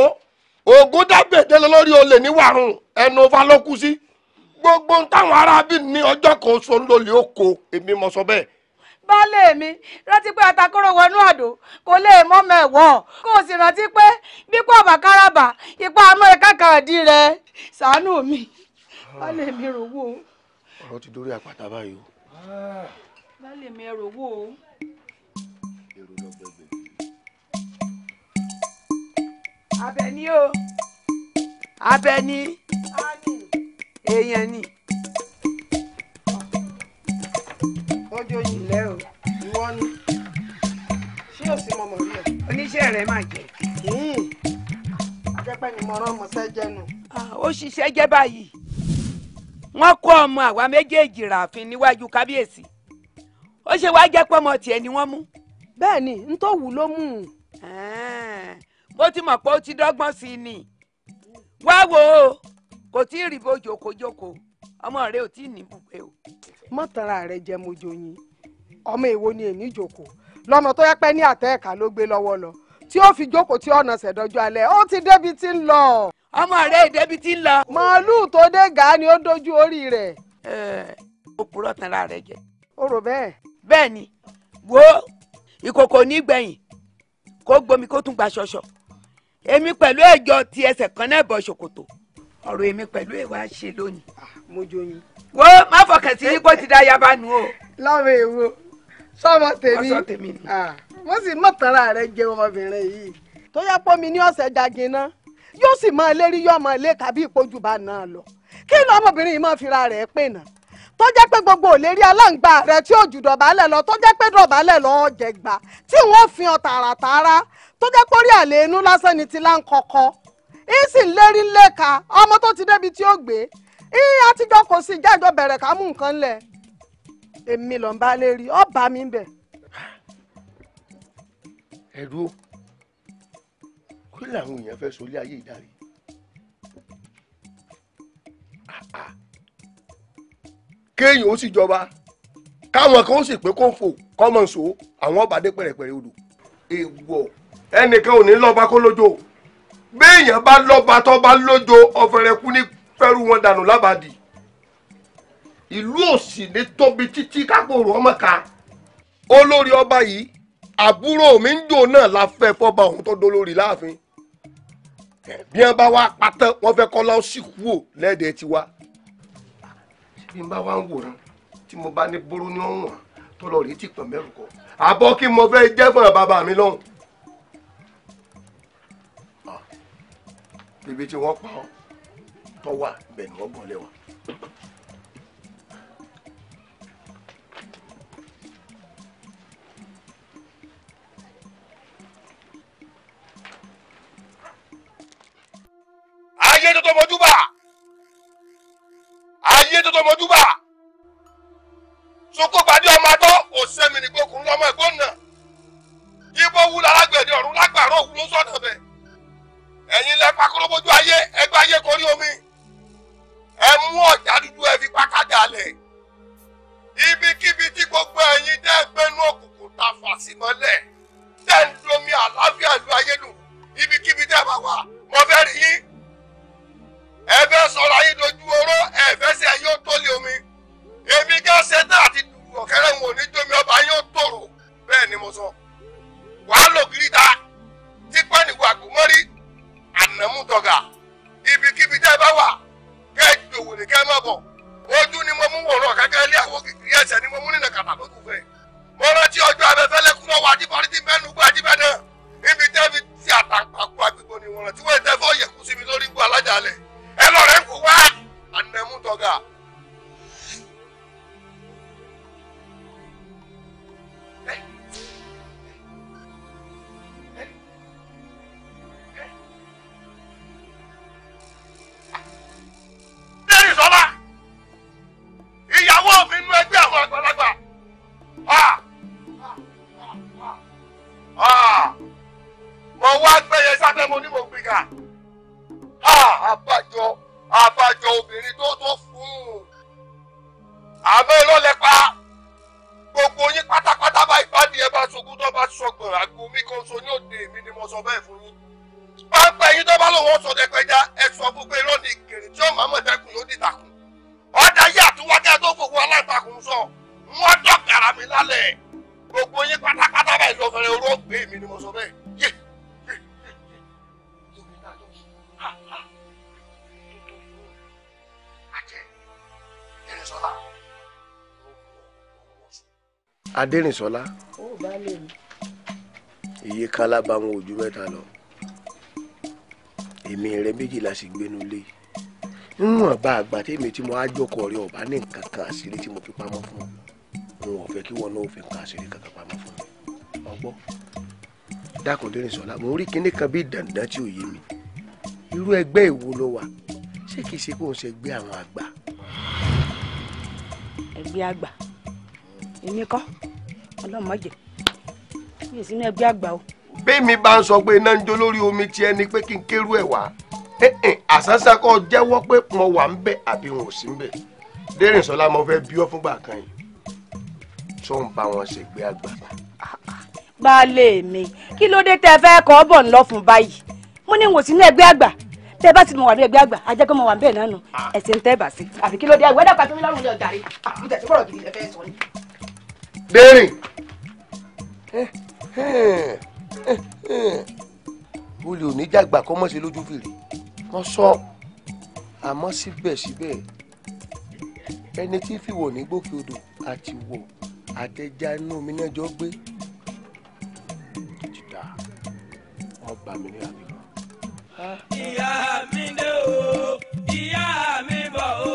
oògùn dábèdè lórí olè ní wàrùn ẹnu ọba ló kú sí gbogbo táwọn arábìnrin ní ọjọ́ kan oṣù ńlọlẹ̀ ó kó èmi mọ̀ sọ bẹ́ẹ̀ baálé mi rántí pé atakóró wọnú àdó kò lè mọ́ mẹ́wọ́ kó sì rántí pé bípọ̀ àbákáràbà ipa àmọ́ ẹ̀ka kàdí rẹ̀ ṣàánú mi baálé mi ròwó. ọ̀rọ̀ ti dórí àpáta báyìí o. baálé mi ẹ ròwó o. èrò lọ gbẹgbẹ. Àbẹ̀ní o èèyàn ni. Abeni. Abeni. gbọ́ ni ṣé o sì oníṣẹ́ rẹ̀ máa jẹ. Hmm. ni nù. ṣiṣẹ́ báyìí wọ́n kó ọmọ àwa méjèèjì rààfin níwájú kábíyèsí ó ṣe wá jẹ́ pé ọmọ tiẹ̀ ni wọ́n mú. bẹ́ẹ̀ ni n tó wù ló mú un. mo ti mọ̀ ọmọ èwo ni èmi jòkó lọ́nà tó yẹ pé ní àtẹ ẹ̀ka ló gbé lọ́wọ́ lọ tí ó fi jókòó tí ọ̀nà ṣẹ̀dọ́jọ́ alẹ́ ó ti débi tí ń lọ. ọmọ rẹ ìdẹ́bi tí ń lọ. màálùú tó dé gàá ni ó dojú orí rẹ̀. ẹ ẹ ó purọ́ tán lára rẹ jẹ. ó rò bẹ́ẹ̀. bẹ́ẹ̀ ni wo ìkòkò nígbẹ̀yìn kó gbomi kó tún gba ṣọṣọ èmi pẹ̀lú ẹ̀jọ ti ẹsẹ̀ kan náà bọ̀ ṣòkòtò ọ̀rọ̀ èmi pẹ̀lú ẹ̀ wá ṣe lónìí. Ah, mo joyin. wo má fọkàn sí yín kó ti dá yaba nù o. láwọn èèwọ̀ sọmọ tèmi mo sì mọ rẹ jẹ ọmọbìnrin yìí tó yẹ pọ́ mi ní ọ̀sẹ̀ jaginná yóò sì máa lérí yóò máa lé tàbí ìpojú bá náà lọ kí ni ọmọbìnrin yìí máa fira rẹ̀ pè náà tó jẹ́ pé gbogbo òlérí aláǹgbá rẹ̀ tí ò jù dọ̀bálẹ̀ lọ tó jẹ́ pé dọ̀bálẹ̀ lọ ọ̀jẹ̀ gbà tí wọ́n fi hàn tààràtààrà tó jẹ́ pé orí àlè inú lásán ni ti là ń kọ́kọ́ yìí sì lérí léka ọmọ tó ti débi tí ó gbé yìí àtijọ́ kò sí ìjà ìjọ bẹ̀rẹ̀ ká mú nǹkan lẹ̀ èmi lọ́n bá lè rí ọ bá mi bẹ̀. ẹ̀rú kí làwọn èèyàn fẹ́ sọ ilé ayé ìdarí kéèyàn ó sì jọba káwọn kan ó sì pé kóńfò kọ́mọ̀nsó àwọn ọba dé pẹ̀rẹ̀pẹ̀rẹ̀ odò èèwọ̀ ẹnìkan ò ní lọ́ba kó lójó béèyàn bá lọ́ba tó bá lójó ọ̀fẹ́rẹ́kú ní fẹ́rù wọn dànù lábàdì ìlú òsì lè tóbi títí kápòrò ọmọ ká. olórí ọba yìí àbúrò mi ń jò náà la fẹ́ fọ́ba òun tó dolórí láàfin bí wọn bá wá pátán wọn fẹ́ kọ́lá ó sì kú ò lẹ́ẹ̀dẹ̀ tiwa. bí n bá wá ń wòran tí mo bá ní bóró ní ọ̀hún tó lọ rí tìpọ̀ mẹ́rù kọ àbọ̀ kí mo fẹ́ jẹ́gbọ̀n bàbá mi lọ́hùn. ibi tí wọ́n pa ọ́ tọ́wà bẹ̀ ni lẹ́wọ̀n. ayé tó tó mojú bà ayé tó tó mojú bà sunkún gbadé ọmọ atọ́ òsèmi nìgbókun lọ́mọ ẹ̀gbọ́n náà ibo wu lálágbẹ̀dẹ ọ̀run lágbàrọ̀ òwú ló sọ̀nà bẹ̀ ẹ̀yin lẹ pakúrò bójú ayé ẹgbẹ́ ayé korí omi ẹ mú ọ̀já dúdú ẹ fi pákádà lẹ̀ ibikíbi tí gbogbo ẹ̀yin dẹ́ gbẹ́nu òkùnkùn ta fàṣímọ́lẹ̀ tẹ́ ń domi àlá. adérìnsọlá iye kan lábá wọn ojú mẹ́ta lọ èmi rẹ méjìlá sì gbénu lé níwọ̀n bá àgbà tèmi tí mo á jókòó rẹ ọ̀bá ní nǹkan kan àṣírí tí mo fi pamọ́ fún un wọn ò fẹ́ kí wọn náà fi nǹkan àṣírí kankan pamọ́ fún mi ọgbọ́ dákun dérìnsọlá mo rí kinní kan bí dandan tí ò yé mi irú ẹgbẹ́ ìwo ló wà ṣé kìí ṣe kó o ṣe gbé àwọn àgbà. ẹgbẹ́ àgbà èmi kọ́ ọlọ́mọdé mi ì sínú ẹgbẹ́ àgbà o. bẹ́ẹ̀mi bá ń sọ pé iná ń jó lórí omi tiẹ̀ ni pé kí n kérú ẹ̀ wá àsánsá kọ́ jẹ́wọ́ pé mo wà ń bẹ̀ àbí n ò sí ń bẹ̀ Dérìnsọ́lá mo fẹ́ bí ọ́ fúngbà kan yìí tó ń bá wọn ṣègbè àgbà. baálé mi kí ló dé tẹ́ fẹ́ kọ́ bọ̀ ńlọ fún báyìí mo ní n ò sínú ẹgbẹ́ àgbà tẹ bá ti mọ wà ní ẹgbẹ́ àgbà ajẹgbẹ mọ wà bẹ́ẹ̀ nánu ẹsẹ ń ah. tẹ bá sí àfi kí ló dé àgbẹdàgbà tó ní lọ́rùn ní ọjà rí àbújá tí bọrọ gidi lẹfẹ sọ ni dérìn. olè ò ní jàgbà kọ́ mọ́ sí lójú fèrè wọ́n sọ àmọ́ síbẹ̀síbẹ̀ ẹni tí fìwọ̀ ní gòkè odò àti wọ̀ àtẹ̀já inú omi náà jọ gbé jìdá wọn bá mi ní àbí ìyá mi dé o ìyá mi bọ̀ o.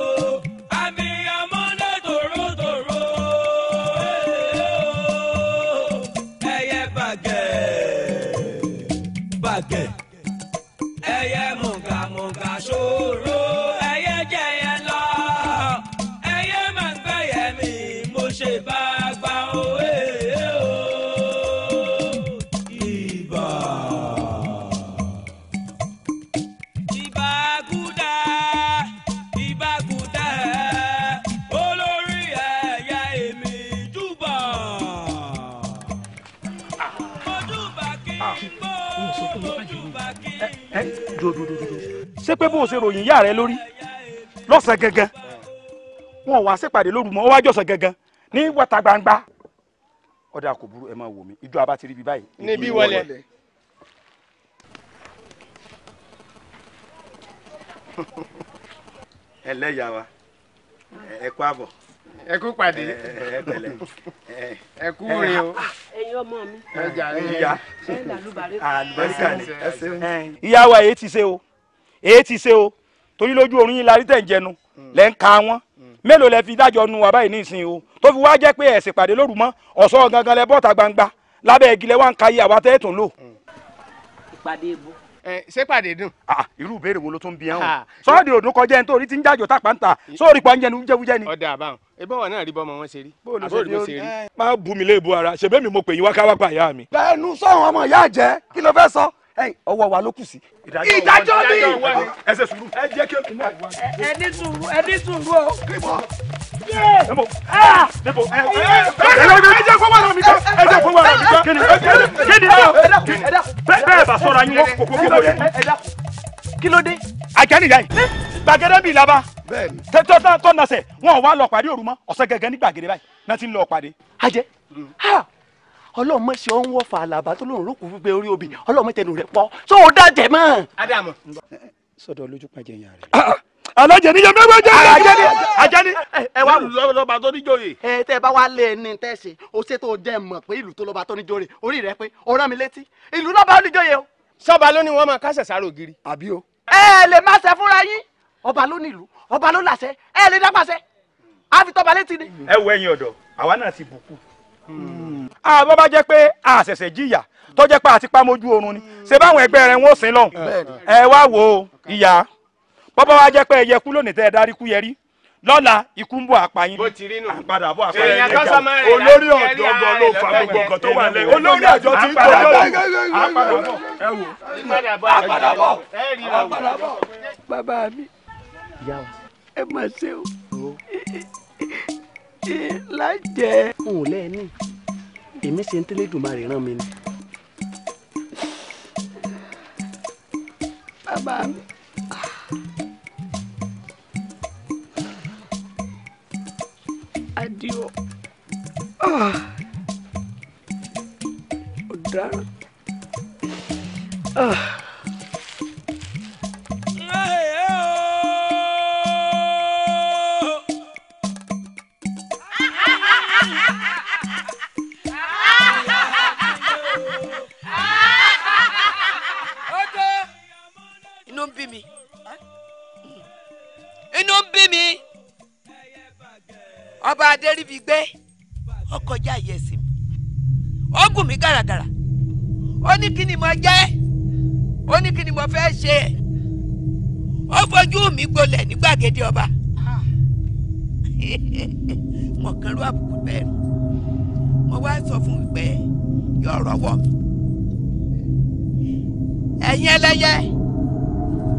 jẹ́ pé bó o ṣe ròyìn ìyá rẹ lórí lọ́sàn gangan wọn ò wá ṣèpàdé lóru mọ́ wájú ọ̀sán gangan ní gbangba ọ̀dà ti rí báyìí. níbí wọlé. <laughs> ẹlẹ́yà wa ẹ kú àbọ̀. ẹ kú pàdé. ẹ ẹ <laughs> kú o. mi. ẹ jà ẹ ẹ ti ṣe o. èyí ti ṣe o torí lójú oorun yín la rí tẹ̀ ń jẹnu hmm. lẹ́ ń ka wọn hmm. mélòó lẹ fi dájọ́ nu wa báyìí nísìnyí o tó fi wá jẹ́ pé ẹ̀sìn pàdé lóru mọ́ ọ̀sọ́ gangan lẹ bọ́ta gbangba lábẹ́ igi lẹ wá ń ka iye àwa tẹ́ tún lò. Hmm. ìpàdé ebo. ẹ ṣé pàdé dùn. Ah, irú ìbéèrè wo ló tún bí ẹ̀hún. sọ́ọ̀dì òdùn kọjá ẹni tó rí ti ń jájò tápá ń ta sóòrì pa ń jẹnu jẹ́wújẹ́ ni. ọ̀dà àbáwọn ebó wọn náà rí bọ́mọ wọn ṣe rí. bóòlù ṣe rí. má bù mí léèbù ara ṣèbémi mo pè yín wá pa ìyá mi. bẹ́ẹ̀ nu sọ́hun ọmọ ìyá jẹ́ kí ló fẹ́ sọ ọwọ́ wa ló kù sí. ìdájọ́ mi ẹ ṣe sùúrù ẹ jẹ́ kí n mọ̀. ẹ ní sùúrù ẹ ní sùúrù o. ẹ jẹ́ kó wà lọ́mí kan ẹ jẹ́ kó wà lọ́mí kan kíni kíni kíni bẹ́ẹ̀ bá sọ̀rọ̀ yín kókó kókó yẹn. kí ló dé. àjálù yá yìí gbàgede bíi laba tẹ́tọ́ tán tọ́ nasẹ̀ wọn ò wá lọ pàdé òru mọ́ ọ̀sẹ̀ gẹ́gẹ́ ní gbàgede báyìí náà ti ń lọ pàdé. ajẹ́ ha ọlọ́run mọ̀ ṣe ọ́n wọ̀fà àlàbà tó lóun rókù gbígbé orí obì ọlọ́run mẹ́tẹ̀ẹ́nu rẹ̀ pọ̀ tó o dájẹ́ mọ́. Ádámù. sọ́dọ̀ olójú pàjẹ́ yàn rẹ̀. alájẹ níjẹ mẹ́fà jẹ́ àjẹni àjẹni. ẹ wá lù lọ́ba tó níjòyè. ẹ tẹ bá wá lé ẹni tẹ ṣe o ṣe tó jẹ mọ̀ pé ìlú tó lọ́ba tó níjòyè orí rẹ pé o rán mi létí ìlú lọ́ba níjòyè o. sọba ló ní wọn máa kásẹ̀ sáré ògiri. àbí o. ẹ lè má ṣe fúnra yín ọba ló nílùú ọba ló làṣẹ ẹ lè dápàṣẹ àfitọ́ba létí ni. ẹ wọ ẹ̀yin ọ̀dọ́ àwa náà ti bùkún àbọ̀ hmm. ah, bá jẹ́ pé àṣẹ̀ṣẹ̀ jìyà tó jẹ́ pé àti pamójú oorun ni hmm. ṣe báwọn ẹgbẹ́ rẹ̀ wọ́n sin lọ ẹ wá wo ìyá bọ́bá wa jẹ́ pé ẹyẹ kú lónìí tẹ́ ẹ darí kú yẹrí lọ́la ikú ń bọ̀ àpáyín bó ti rí nù àpadà bọ̀ àpáyín ẹja olórí ọ̀dọ́ gan ló fa gbogbo nǹkan tó wà lẹ́yìn olórí ọ̀dọ́ ti ń tọ́jú àpadà bọ̀ ẹ wò àpadà bọ̀ àpadà bọ̀. bàbá mi ẹ mà ṣe o ṣe lájẹ. n ò lẹ́ẹ̀ni èmi ṣe ń tẹ́lẹ̀ dùnmarè rán mi ni. bàbá mi. Adio. Ah. Ọ̀daràn. Ah. adéríbi gbé ọkọjá ìyẹsìn mi ó gùn mí gàràgàrà ó ní kí ni mo jẹ́ ó ní kí ni mo fẹ́ ṣe ó fojú mi gbolẹ̀ ní gbàgede ọba <laughs> mo kàn ló àbùkù bẹ́ẹ̀ mo wá sọ fún mi pé yóò rọwọ́ mi ẹ̀yin ẹlẹ́yẹ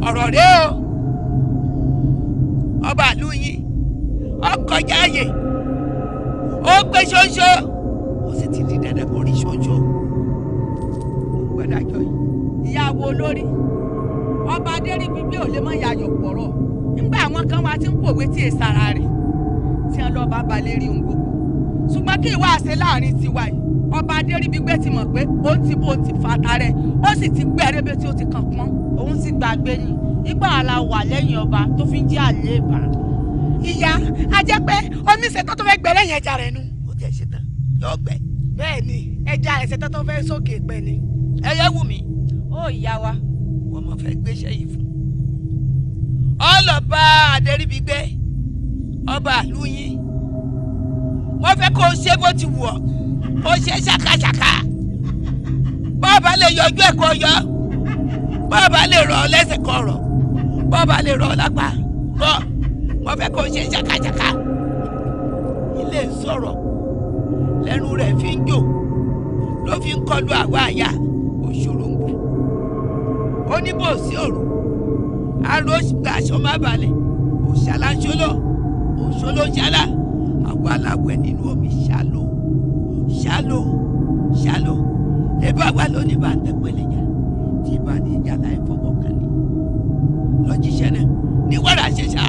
ọ̀rọ̀ rèé o ọba àlú yín ọkọ̀ jáàyè ó pé ṣoṣo ó sì ti di dandan kó rí ṣoṣo òun gbọ́dọ̀ àjọ yìí ìyàwó olórí ọba adéríbigbé ò lè mọ ìyàyọ̀ pọ̀rọ̀ nígbà àwọn kan wá ti ń pòwe tí èsàrà rẹ̀ tí wọn lọ́ọ́ bá balẹ̀ rí ohun gbogbo ṣùgbọ́n kí ìwà àṣẹ láàrin tiwa yìí ọba adéríbigbé ti mọ̀ pé ó ti bó ti fata rẹ̀ ó sì ti gbé ẹrẹ́bẹ́ tí ó ti kàn pọ́n. òun sì gbàgbé ni ìgbà la wà lẹ́yìn ọba tó fi ń jẹ́ àléébà ìyá ajẹ́ pé oníṣètò tó fẹ́ gbẹ̀rẹ̀ yẹn ẹja rẹ̀ nu. ó jẹ́ ṣetán yóò gbẹ. bẹ́ẹ̀ ni ẹja ẹ̀ṣẹ̀tọ́ tó fẹ́ sókè pẹ́ ni. ẹyẹ wù mí. ó ìyá wa. wọ́n mọ̀ fẹ́ gbéṣẹ́ yìí fún. ọlọ́ba adẹ́rìbígbé ọba ìlú yín wọ́n fẹ́ kó o ṣe bó ti wù ọ́ ó ṣe ṣàkàṣàkà bọ́ọ̀bà lè yọjú ẹ̀ kó yọ bọ́ọ̀bà lè rọ̀ ọ́ lẹ́sẹ̀ kọ̀ rọ̀ bọ́ọ̀bà lè rọ̀ ọ́ lápá rọ̀ wọ́n fẹ́ kó ṣe ṣàkàṣàkà ilé ń sọ̀rọ̀ lẹ́nu rẹ̀ fi ń jò ló fi ń kọlu àwa àyà òṣòròǹgbò ó ní bò sí òru aró aṣọ má balẹ̀ òṣàlá ṣọlọ òṣòlò ṣàlá àwa làwẹ̀ nínú omi ṣàlò ṣàlò ṣàlò ẹbá wa ló ní bá ń tẹ́pẹ́lẹ̀ jà tí bá ní ìjà láì fọwọ́ kan ní lọ́jíṣẹ́ náà ní wàrà ṣẹṣà.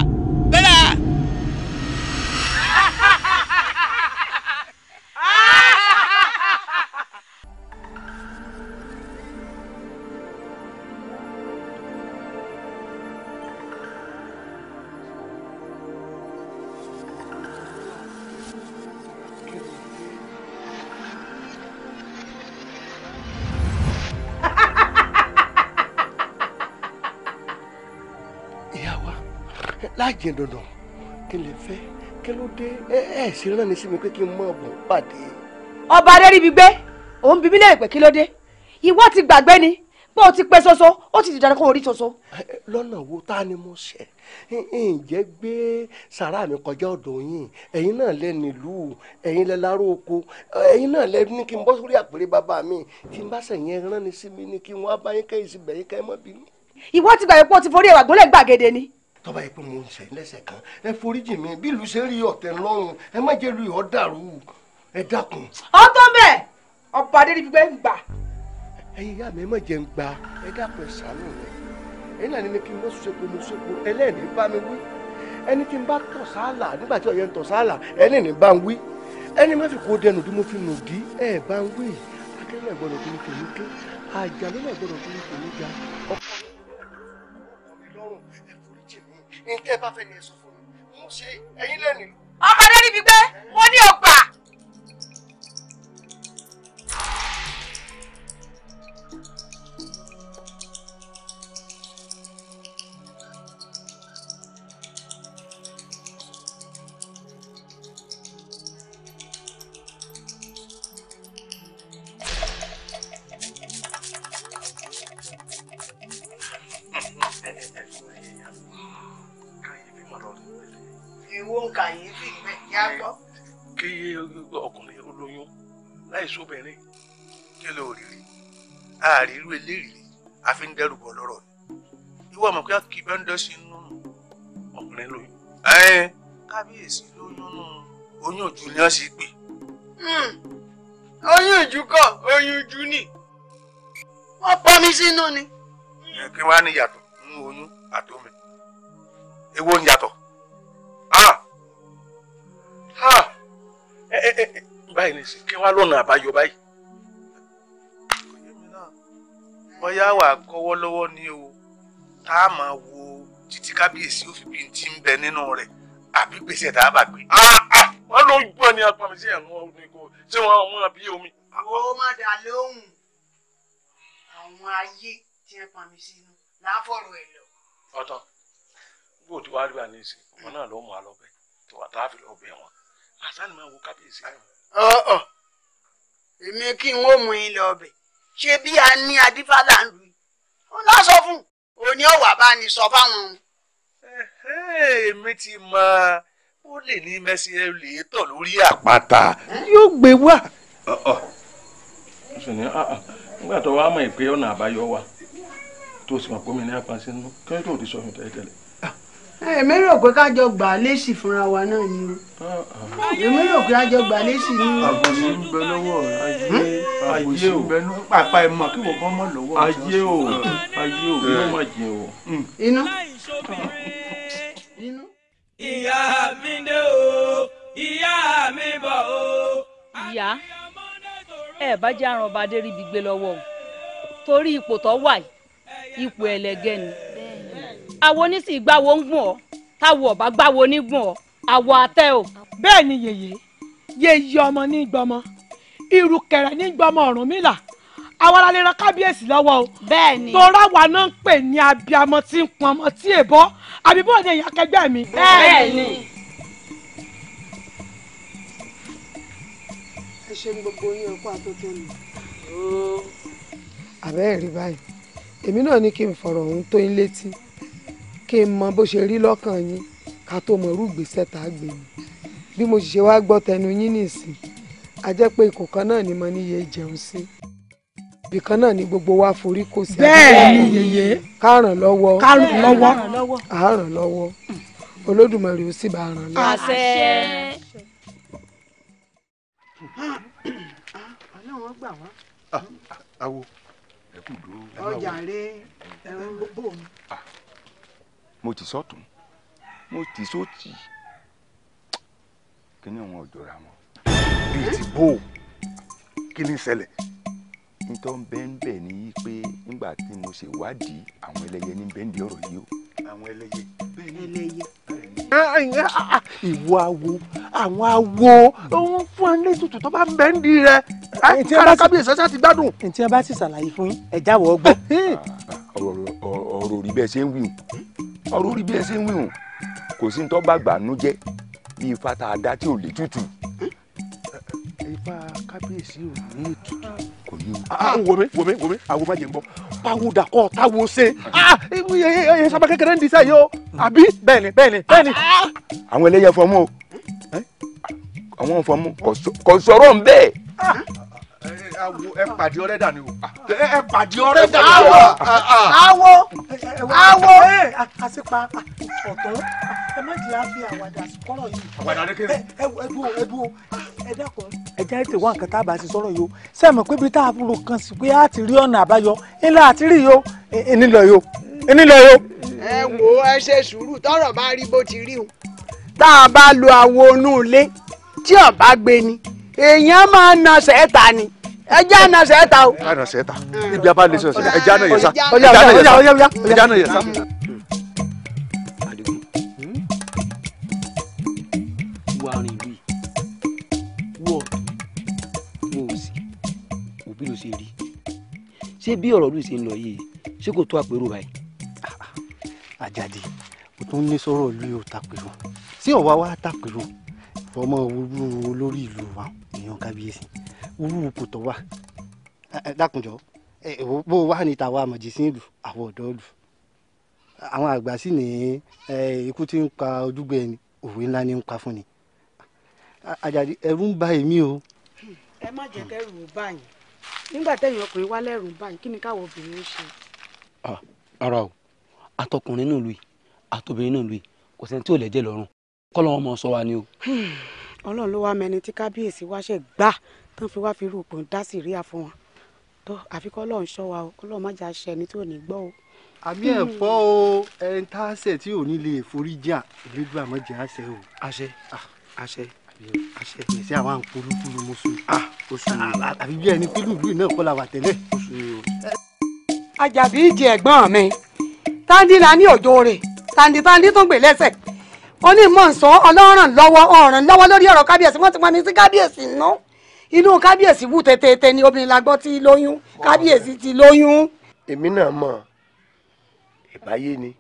jẹ́ dandan kí n lè fẹ́ kí ló dé ẹ ẹ sì rán mi sí mi pé kí n mọ ọ̀bùn pàdé. ọba adẹ́rìbí gbé òun bí mi lè pè kí ló dé ìwọ ti gbàgbé ni pé o ti pẹ́ ṣoṣo ó ti dìdánù kó o rí ṣoṣo. lọ́nà wo ta ni mo ṣe ǹjẹ́ gbé sàrà mi kọjá ọ̀dọ̀ yín ẹ̀yin náà lẹ nílùú ẹ̀yin lẹ láró oko ẹ̀yin náà lẹ ní kí n bọ́ sórí àpèrè bàbá mi tí n bá sẹ̀yìn rán ni sí mi ni kí n wá bá yín kẹ́yìn sí bẹ̀yìn kẹ́yìn mọ́ ìwọ ti gbàgbé pé o ti forí ẹwà gbọ́lẹ̀ gbàgede ni tọ́ba yẹ pé mo ń sẹ̀ lẹ́sẹ̀ kan ẹ foríjì mi bí ìlú rí ọ̀tẹ̀ lọ́rùn ẹ má jẹ́ lu ìhọ́ dàrú ẹ dákun. ọtọ bẹ́ẹ̀ ọba adé níbi ń gbà. ẹ̀yin ìyá mi ẹ má jẹ ń gba ẹ dákun ẹ ṣàánú rẹ ẹ̀yin náà ní kí n mọ ṣepo mo ṣepo ẹlẹ́ẹ̀ni bá mi wí ẹni tí n bá tọ̀ sáàlà nígbà tí ọ̀yẹ́ ń tọ̀ sáàlà ẹlẹ́ẹ̀ni bá ń wí ẹni má fi kó dẹnu bí mo fi nù dí ẹ bá ń wí akẹ́lẹ́ gbọ́dọ̀ ní tẹ́ bá fẹ́ ni ẹ fún mi mo ṣe ẹ̀yin lẹ́nu. ọmọdé níbi gbé mo ní ọgbà. àìsóbìnrin kí ló rírí àárírú elérírí àfi ń dẹrù bọ lọ́rọ̀ ni ìwọ ọmọ pé kí bá ń dẹ́sí inú ọkùnrin lóyún ẹ̀ẹ́n kábíyèsí lóyún nù oyún òjú ni a sì pè. oyún òjú kọ oyún ojú ni wọ́n pọ́ hmm. mi sínú ni. kí wàá ní yàtọ̀ nínú oyún àtọ́mi èwo ni yàtọ̀. Ah! ha, ah! Eh, eh, eh báyìí ní sí kí wá lọ́nà àbáyọ báyìí. bóyá wàá kọ́wọ́ lọ́wọ́ ni o tá a máa wo títí kábíyèsí ó fi bí n ti ń bẹ nínú rẹ̀ àbí gbèsè tá a bá gbé. Ah, ah, wọ́n ló ń gbọ́ ni apàmì sí ẹ̀rọ oníkó tí wọ́n mú bí omi. àwọn ọmọ dà lóhùn àwọn ayé tí ẹ pàmì sínú láfọ̀rọ̀ ẹ̀ lọ. ọ̀tọ̀ gbọ́dọ̀ tí wàá rí wa ní ìsìn wọn náà ló mú alọ́bẹ̀ tí wàá tá lọ bẹ̀ wọn àṣà wo kábíyèsí ẹ̀wọ̀n. ọ̀ọ̀ oh, oh. èmi kí n ó mú in lọ ọbẹ̀ ṣé bí a ní adífálà ń lu ó náà sọ fún òní ọ̀wà bá ní sọ fáwọn. èmi ti mọ ó lè ní mẹsì ẹ lórí àpáta yóò gbé wá. Oh, ah, ah. nígbà tó wàá mọ̀ pé ọ̀nà àbáyọ wà tó sì mọ̀ pé mi ní apá sínú kí ló dé òde sọ fún tẹ́lẹ̀ tẹ́lẹ̀. èmi rò pé ká jọ gbà á léṣì fúnra wa náà ni o èmi rò pé ká jọ gbà á léṣì ni. àbòsí ń bẹ lọ́wọ́ ayé àbòsí ń bẹ lọ́wọ́ pàpà ẹ̀ mọ̀ kí wọ́n bọ́ mọ́ lọ́wọ́. ayé o ayé o yóò má jẹ o. Hmm. inú. ìyá mi dé o ìyá mi bọ̀ o. ìyá ẹ bá jẹ́ àrùn ọba adéríbi gbé lọ́wọ́ o torí ipò tó wà yìí ipò ẹlẹgẹ́ ni àwo ní sì gbáwo ń gbọ̀n ọ́ táwo ọ̀bá gbáwo ní gbọ̀n ọ́ àwọ̀ àtẹ o. bẹ́ẹ̀ ni yèyé yèyé ọmọ ní gbọmọ irú kẹrẹ ní gbọmọ Ọ̀rúnmìlà àwọn alalẹ ran kábíyèsí lọ́wọ́ o. bẹ́ẹ̀ ni tora wa náà ń pè ní abiyamọ tí ń pọn ọmọ tí èbọ àbí bọ́ọ̀ ni ìyá kẹgbẹ́ mi. bẹ́ẹ̀ ni. ẹ ṣe ní gbogbo yín ọkọ àtọ́tọ́ ni. àbẹ́ẹ̀ rí báyìí èmi náà ní kí n fọ̀rọ̀ ọ̀hún tó yín létí kí n mọ bó ṣe rí lọ́kàn yín ká tó mọ̀ rúgbìsẹ́ tá a gbé mi bí mo ṣe wá gbọ́ tẹnu yín nìsín a jẹ́ pé ikùn kan náà ni mo ní yẹ jẹun sí ibì kan náà ni gbogbo wa forí kò sí. bẹ́ẹ̀ ni yèyé. ká ràn lọ́wọ́ ká ràn lọ́wọ́ à ràn lọ́wọ́ olódùmarè ó sì bá a ràn lọ́wọ́. àṣẹ. ọlọ́run gbà wá. àwo ẹ̀kú dúró. ọjà rẹ ẹ̀rọ bò ní mo tì sọ́tún mo tì sótì kíní wọn ò jọra wọn bíi ti bó kí ni ṣẹlẹ̀ nítorí wọn bẹ́ẹ̀ ń bẹ̀ ní í pé nígbà tí mo ṣèwádìí àwọn ẹlẹ́yẹ ní bẹ́ẹ̀ ń di ọ̀rọ̀ yìí o. àwọn ẹlẹ́yẹ. bẹ́ẹ̀ ni ẹlẹ́yẹ. bẹ́ẹ̀ ni ìwọ awo àwọn awo òun fún ní tutù tó bá ń rẹ kára ti gbádùn. ǹtí ẹ bá ti ṣàlàyé fún yín ẹ jáwọ́ ọgbọ. Ah, ọ̀rọ̀ òrí ṣe ń wí o ọ̀rọ̀ ṣe ń wí o kò sí ìbá kábíyèsí ò ní ètùtù kò ní o. Ah, ah, wo mi wo mi wo mi àwo má jẹ n bọ pàwùdà kọ Ah, ṣe ẹ sábà kékeré ń di sẹ́yìn o àbí bẹ́ẹ̀ni bẹ́ẹ̀ni bẹ́ẹ̀ni. àwọn eléyẹ fọmú o àwọn fọmú kò sọ̀rọ̀ ń bẹ́ẹ̀. Ah, Eh, ẹ eh, ah, ah, ah. awo awo eh, jẹ́ ètò ti sọ̀rọ̀ a kan pé ti rí ọ̀nà àbáyọ ńlá àti rí yìí o yìí o yìí ti rí o tá a bá lo àwo tí ọba gbé ni èèyàn máa na ni. ẹja àna ṣe ta o. àna ṣe ta ibi abá lè sọ sí ẹja àna yẹn sá ẹja àna yẹn sá ẹja àna yẹn sá. wà á rìn bí wọ wọ òsì òbí ló ṣe rí ṣé bí ọ̀rọ̀ ló ṣe ń lọ yìí ṣé kò tó àpérò báyìí. Ah, ah. àjàdì kò tún ní sọ̀rọ̀ lu òtàpérò sí ọ̀wá wa tàpérò ọmọ olórí ìlú wa èèyàn kábíyèsí irú ipò tó wà dákunjọ bó wà ní tàwa àmọ̀jì sí ìlú àwọn ọ̀dọ́ ìlú àwọn àgbà sì ní ikú tí ń pa ojúgbé ẹni òwe ńlá ni ń pa fún ni àjàdí ẹ̀rù ń bà èmi o. ẹ má jẹ́ kẹ́rù ó bà yín nígbà tẹ̀yìn ọkùnrin wá lẹ́rù ń kí ni káwọn obìnrin ó ṣe. ara o àtọkùnrin náà lu yìí àtọbìnrin náà lu yìí kò sẹ́ni tí ò lẹ́jẹ̀ lọ́rùn kọ́ lọ́wọ́ mọ sọ wa ni o. Hmm, ọlọ́run ló wá mẹni tí kábíyèsí wá gbà tó ń fi wá fi rú òpò ń dá sí ríà fún wọn tó àfi kọ́ lọ́ọ̀ ń ṣọ́ wa kọ́ lọ́ọ̀ má jà ṣe ẹni tí ní gbọ́ o. àmì ẹ̀ fọ́ o ẹni tá a ṣẹ̀ tí ò lè forí jà ìlédùn àmọ́ jẹ́ àṣẹ o. àṣẹ ah, àṣẹ àṣẹ ìṣe àwọn àǹkólúkúlù mọ̀ṣù oṣù ah, àbí bí ẹni pínlú ìlú náà kọ́ la wà tẹ́lẹ̀. àjàbí ìjì ẹ̀gbọ́n mi tándí la ní òjò rẹ̀ tándí tándí tó ń gbè lẹ́sẹ̀ onímọ̀ nsọ́ ọlọ́ràn lọ́wọ́ ọ̀ràn lọ́wọ́ lórí ọ̀rọ̀ kábíyèsí wọ́n ti pọn mi sí kábíyèsí náà inú kábíyèsí wù tètè ni obìnrin la gbọ́ ti lóyún kábíyèsí ti lóyún. èmi náà mọ̀ ìbáyé ni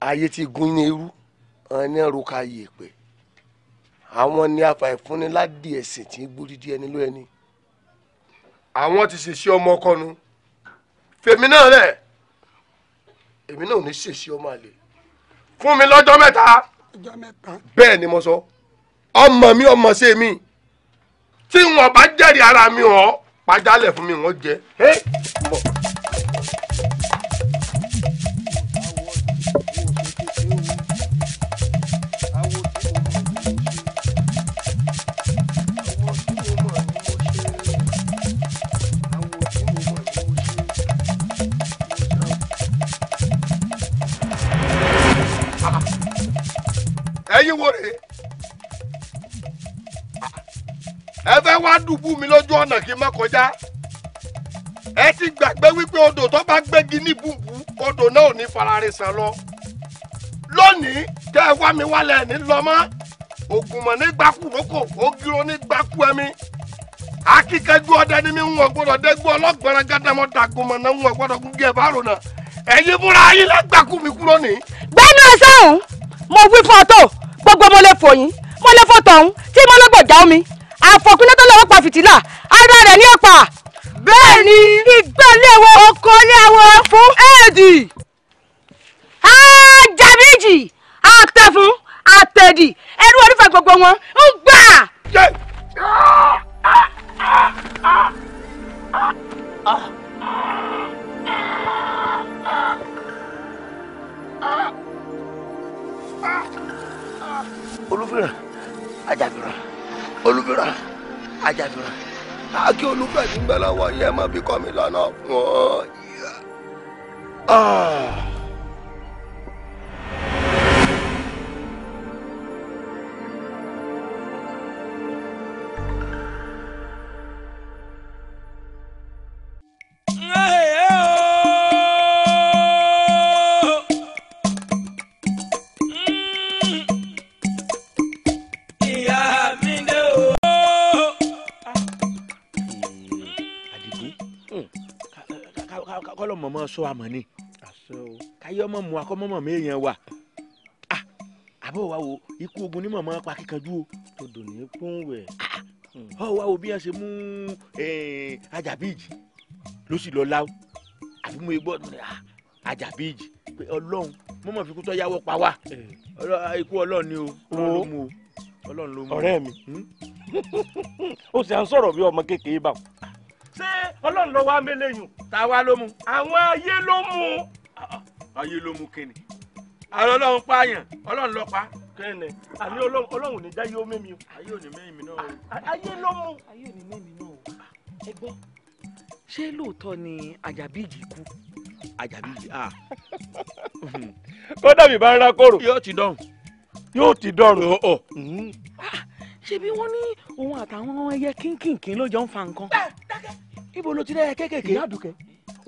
ayé ti gun ní irú àwọn ní ọrùka yèèpẹ̀ àwọn ní afàìfúnniládìí ẹ̀sìn tí ń gbórí díẹ̀ nílò ẹni àwọn ti ṣèṣe ọmọ kọnu fèmi náà rẹ̀ èmi náà ò ní ṣèṣe ọmọ àlè fún mi lọ́jọ́ mẹ́ta bẹ́ẹ̀ ni mo sọ ọmọ mi ọmọ ṣe mi tí wọn bá jẹ́rìí ara mi hàn pàjálẹ̀ fún mi wọ́n jẹ́. ẹ fẹ́ wá dùbú mi lójú ọ̀nà kí n má kọjá ẹ ti gbàgbé wípé odò tó bá gbégi ní bùbù odò náà ò ní faraare sàn lọ lónìí tẹ́ ẹ wá mi wálẹ̀ ní lọ́mọ́ ògùnmọ̀ ní gbákù lóko ògiro ní gbákù ẹ̀mí akíkanjú ọdẹ ni mi ń wọ̀ gbọ́dọ̀ dégbò ọlọ́gbọ̀nrán gádàmọ́ dàgbọ́mọ̀ náà ń wọ̀ gbọ́dọ̀ gúgẹ́ báàrò náà ẹ̀yin múra ayé lágbàkú mi kúrò ní. gbẹ́nu ẹ̀sán mo wí fọ́tò gbogbo mo lè fòyín mo lè fọ́tò ọ̀hún tí mo lọ́gbọ̀dá omi àfọ̀kúnlẹ̀ tó lọ́wọ́ pa fìtílà ara rẹ̀ ní ọ̀pá. bẹ́ẹ̀ ni ìgbẹ́lẹ́wọ̀ ọkọ léwọ̀ fún éèdì. àjàmíjì àtẹ̀fún àtẹ̀dì ẹrú onífà gbogbo wọn ń gbà. olùfẹ́ràn ajagara olùbírà ajabira akí olùfẹ̀mí gbẹ́lẹ́wọ̀ yẹ má fi kọ́ mi lọ́nà fún ọ. Ah! kọ́lọ̀ mọ̀mọ́ sọ àmọ́ ni káyé ọmọ mu akọ́mọ́mọ́ mi èèyàn wà ah, àbọ̀ wa wo ikú ogun ní mọ̀mọ́ pa kíkanjú o. tòdò ní pọ́nwẹ̀. Ah, ah, hmm. ọ wa wo bí wọ́n ṣe mú eh, ajabiiji ló sì lọ láwù àbí mo gbọ́ ajabiiji pé ọlọ́run mo mọ̀ fi kú tó pa wá eh. ikú ọlọ́run ni o ọlọ́run ló oh. mú o ọlọ́run ló mú o. ọ̀rẹ́ mi ó hmm? <laughs> sì à ń sọ̀rọ̀ bí ọmọ kékeré báwọn ọlọ́run ló wá mélèyàn tàwa ló mú àwọn ayé ló mú ayé ló mú kíni àwọn ọlọ́run pààyàn ọlọ́run ló pa kẹ́ni àní ọlọ́run ò ní jáyé ó mẹ́mi o. ayé ò ní mẹ́mi náà o. ayé ló mú. ayé ò ní mẹ́mi náà o. ẹ gbọ́ ṣé lóòótọ́ ni àjàbí yìí kú àjàbí yìí a. kódà mi bá ń ra yóò ti dọ̀rùn. yóò ti dọ̀rùn o. Oh, mm-hmm. ah, ṣebí wọ́n ní òun àtàwọn ẹyẹ kínkìnkín ló jọ ń fa nǹkan ibo ló ti rẹ́ kéékèèké. ìyá àdùkẹ́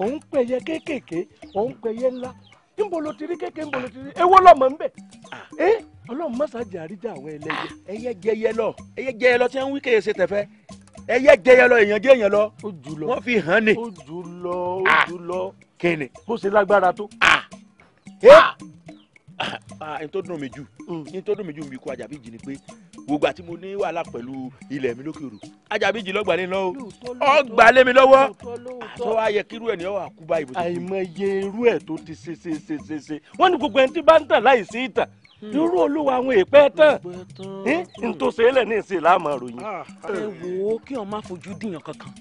òun pẹ̀yẹ kéékèèké òun pẹ̀yẹ ńlá níbo lo ti rí kéékèèké níbo lo ti rí ewó lọ́mọ ń bẹ̀. Ah. ẹ ọlọ́run mọ́sàájì àríjà àwọn ẹlẹ́yẹ. Ah, ẹyẹ jẹyẹ lọ ẹyẹ jẹyẹ lọ tí wọn ń wí kéye ṣe tẹ̀fẹ́ ẹyẹ jẹyẹ lọ èèyàn jẹ èèyàn lọ wọn fi hàn ni. ó jù lọ ó ah. jù lọ kìnì. bó ṣe lágbára tó. ẹ ẹ mm. n tó dùn mí jù n tó dùn mí jù mi kú ajá bí jì pé gbogbo àti mo ní wàhálà pẹ̀lú ilẹ̀ mi lókè òru ajábíjì lọ́gbà lé o ọgbà lé mi lọ́wọ́ àtọ́ ayẹ kírú ẹ̀ ní ọwọ́ àkúbá ìbò tó kù. àìmọye irú ẹ̀ tó ti ṣe ṣe ṣe ṣe ṣe wọ́n ní gbogbo ẹni tí bá ń tàn láì sí ìtàn hmm. irú olúwa àwọn èèpẹ́ tán n tó ṣe é lẹ̀ ní ìsìn láàmú ròyìn. Ah, ah. ẹ wò ó kí ọ má fojú dìyàn kankan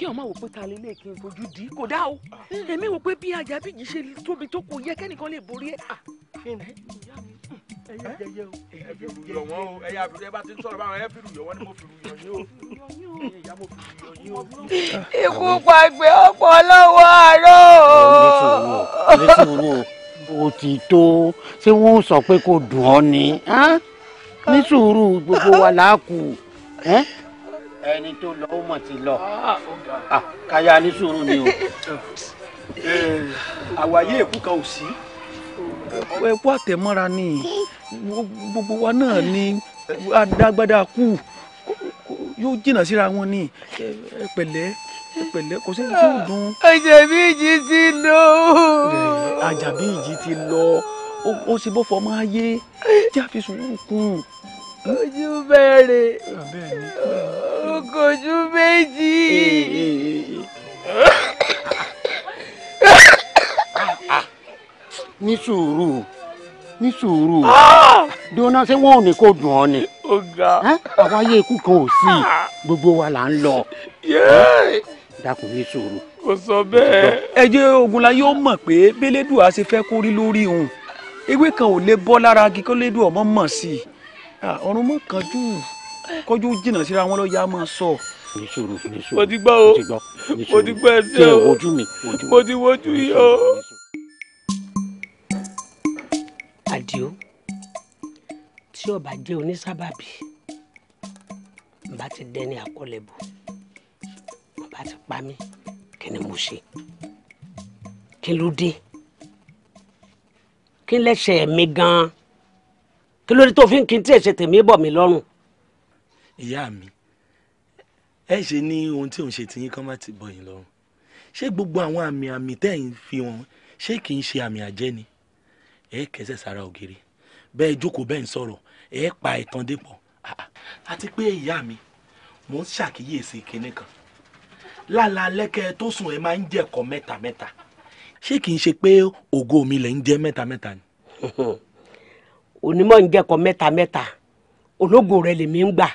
kí ọmọ wò pé ta lè lè kí n fojú di kò dá o ah. èmi wò pé bí Ajabiiji ṣe tóbi tó kò yẹ kẹ́nìkan lè borí ẹ̀ yọ wọn o ẹyà àbúrò ẹ bá ti ń sọ̀rọ̀ báwọn ẹ fi rù yọ wọn ni mo fi rù yọ yín o. ikú pàgbé ọ̀pọ̀ lọ́wọ́ àárọ̀. nísòro o ti tó ṣé wọ́n sọ pé kò dùn ọ́ ni nísòro gbogbo wa là á kù ẹni tó lọ ó mọ̀ ti lọ káyà nísòro ni o àwàyé èkú kan ò sí ẹkú àtẹ̀mọ́ra ni gbogbo wa náà ni adágbádá kù yóò jìnnà síra wọn ni ẹ pẹ̀lẹ́ ẹ pẹ̀lẹ́ kò sẹ́ni tí ò dùn. àjàbí ìjì ti lọ. àjàbí ìjì ti lọ ó ṣe bó fọmọ ayé tí a fi sùúrù kún ojú bẹ̀rẹ̀ okojú ah, méjì. Eh, eh, eh, ní sùúrù ní sùúrù ah! dona ṣé wọn ò ní kó dùn ọ ni àwa ayé ikú kan ò sí ah! gbogbo wa là ń lọ dákun ní sùúrù. kò sọ bẹ́ẹ̀. ẹ jẹ́ Ògúnlá yóò mọ̀ pé bẹ́lẹ́dùà ṣe fẹ́ kó rí lórí òun ewé kan ò lè bọ́ lára agi kó lédùn ọmọ mọ̀ sí i ah, ọ̀run mọ̀ kanjú kọjú jìnnà síra wọn lọ́ọ́ yá máa sọ. ní sùúrù ní sùúrù mo ti gbọ́ mo ti gbọ́ ẹ dé o mo ti wojú yìí o. Àdìó tí ó bá jẹ́ onísábàbí bá ti dẹni àkọlẹ̀bù bá ti pa mí kí ni mo ṣe kí ló dé kí lẹ́sẹ̀ mi gan-an kí ló dé tó fi ń kin tí ẹ̀ṣẹ̀ tèmi bọ̀ mí lọ́rùn. ìyá mi ẹ ṣe ní ohun tí òun ṣe tí yín kán ti bọ̀ yín lọ́rùn ṣé gbogbo àwọn àmì àmì tẹ́yin fi hàn ṣé kì í ṣe àmì àjẹ́ ni ẹ kẹsẹ̀ sára ògiri bẹ́ẹ̀ jókòó bẹ́ẹ̀ ń sọ̀rọ̀ ẹ pa ìtàn dépọ̀ ah, ah. àti pé ìyá mi mò ń ṣàkíyèsí kinní kan lálàálẹ́kẹ́ tó sùn ẹ máa ń jẹ̀kọ́ mẹ́ta mẹ́ta ṣé kìí ṣe pé ògo mi lẹ̀ ń jẹ́ mẹ́ta mẹ́ta ni. onímọ̀ <laughs> ń jẹ́kọ̀ mẹ́ta mẹ́ta ológo rẹ lèmi ń gbà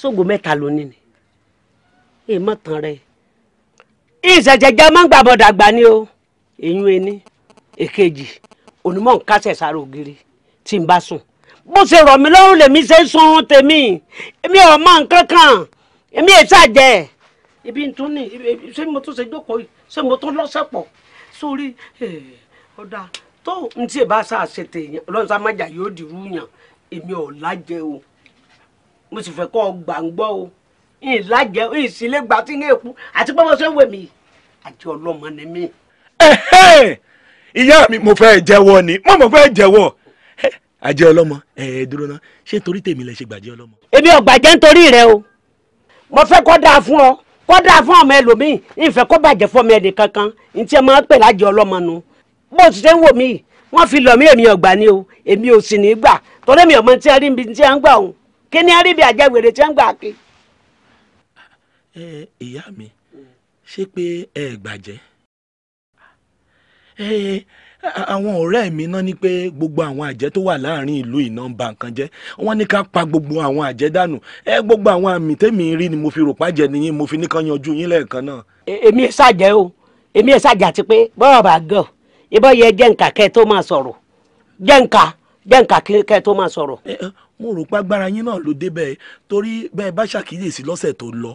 sógo mẹ́ta lónìí ni èyí mọ̀ tán rẹ. ìṣẹ̀jẹ̀jẹ̀ máa ń gbàbọ̀dàgbà ni o èyún ẹni èkejì onímọ̀ ń kásẹ̀ sára ògiri tí n bá sùn bó ṣe rọ̀ mí lọ́rùn lèmi ṣe ń sun tèmi èmi ò mọ nǹkan kan èmi è ṣàjẹ́ ibi tún ní ṣé mo tún ṣe jókòó ṣé mo tún lọ́sẹ̀pọ̀ sórí ọ̀dà tó n tí èbá sáà ṣe tèèyàn ọlọ́run sá májà yóò dìrú yàn èmi ò lájẹ o mo sì fẹ́ kọ́ ọ gbàǹgbọ́ o ìyìn lájẹ ìyìn sílé gbà tí ń èkú àti pé mo ṣe ń wèmí àti ọlọ́mọ ni mí ìyá mi mo fẹ́ jẹ́wọ́ ni mo mo fẹ́ jẹ́wọ́ àjẹ́ ọlọ́mọ ẹ̀ dúró ná ṣé torí tèmi lẹ ṣe gbàjẹ́ ọlọ́mọ. èmi ò gbàjẹ́ nítorí rẹ o mo fẹ́ kó dáa fún ọ kó dáa fún ọmọ ẹlòmíì ìfẹ́ kó bàjẹ́ fún ọmọ ẹnì kankan ní tí ẹ máa ń pè lájẹ́ ọlọ́mọ nu bó ti ṣe ń wò mí wọ́n fi lọ̀ mí èmi ọ̀gbà ni o èmi ò sì ní gbà torí èmi ọmọ tí a rí ibi tí a ń gbà òun kí ni a rí ibi àjẹwèrè tí a ń gbà kí. ẹ ìyá mi ṣé pé ẹ gbàjẹ́ àwọn ọ̀rẹ́ mi náà ni pé gbogbo àwọn àjẹ́ tó wà láàrin ìlú iná ń ba nǹkan jẹ́ wọ́n ní ká pa gbogbo àwọn àjẹ́ dànù ẹ gbogbo àwọn àmì tèmi rí ni mo fi rò pàjẹ́ nìyí mo fi níkan yanjú yín lẹ́ẹ̀kan náà. E, èmi ẹ ṣàjẹ́ o èmi ẹ ṣàjẹ́ àti pé bọ́rọ̀ bá gàn ibà yẹ jẹ́ǹkà kẹ́ ẹ tó máa sọ̀rọ̀ jẹ́ǹkà jẹ́ǹkà kẹ́ ẹ tó máa sọ̀rọ̀. mo rò pé yín náà ló débẹ̀ torí bẹ́ẹ̀ bá ṣàkíyèsí lọ́sẹ̀ tó lọ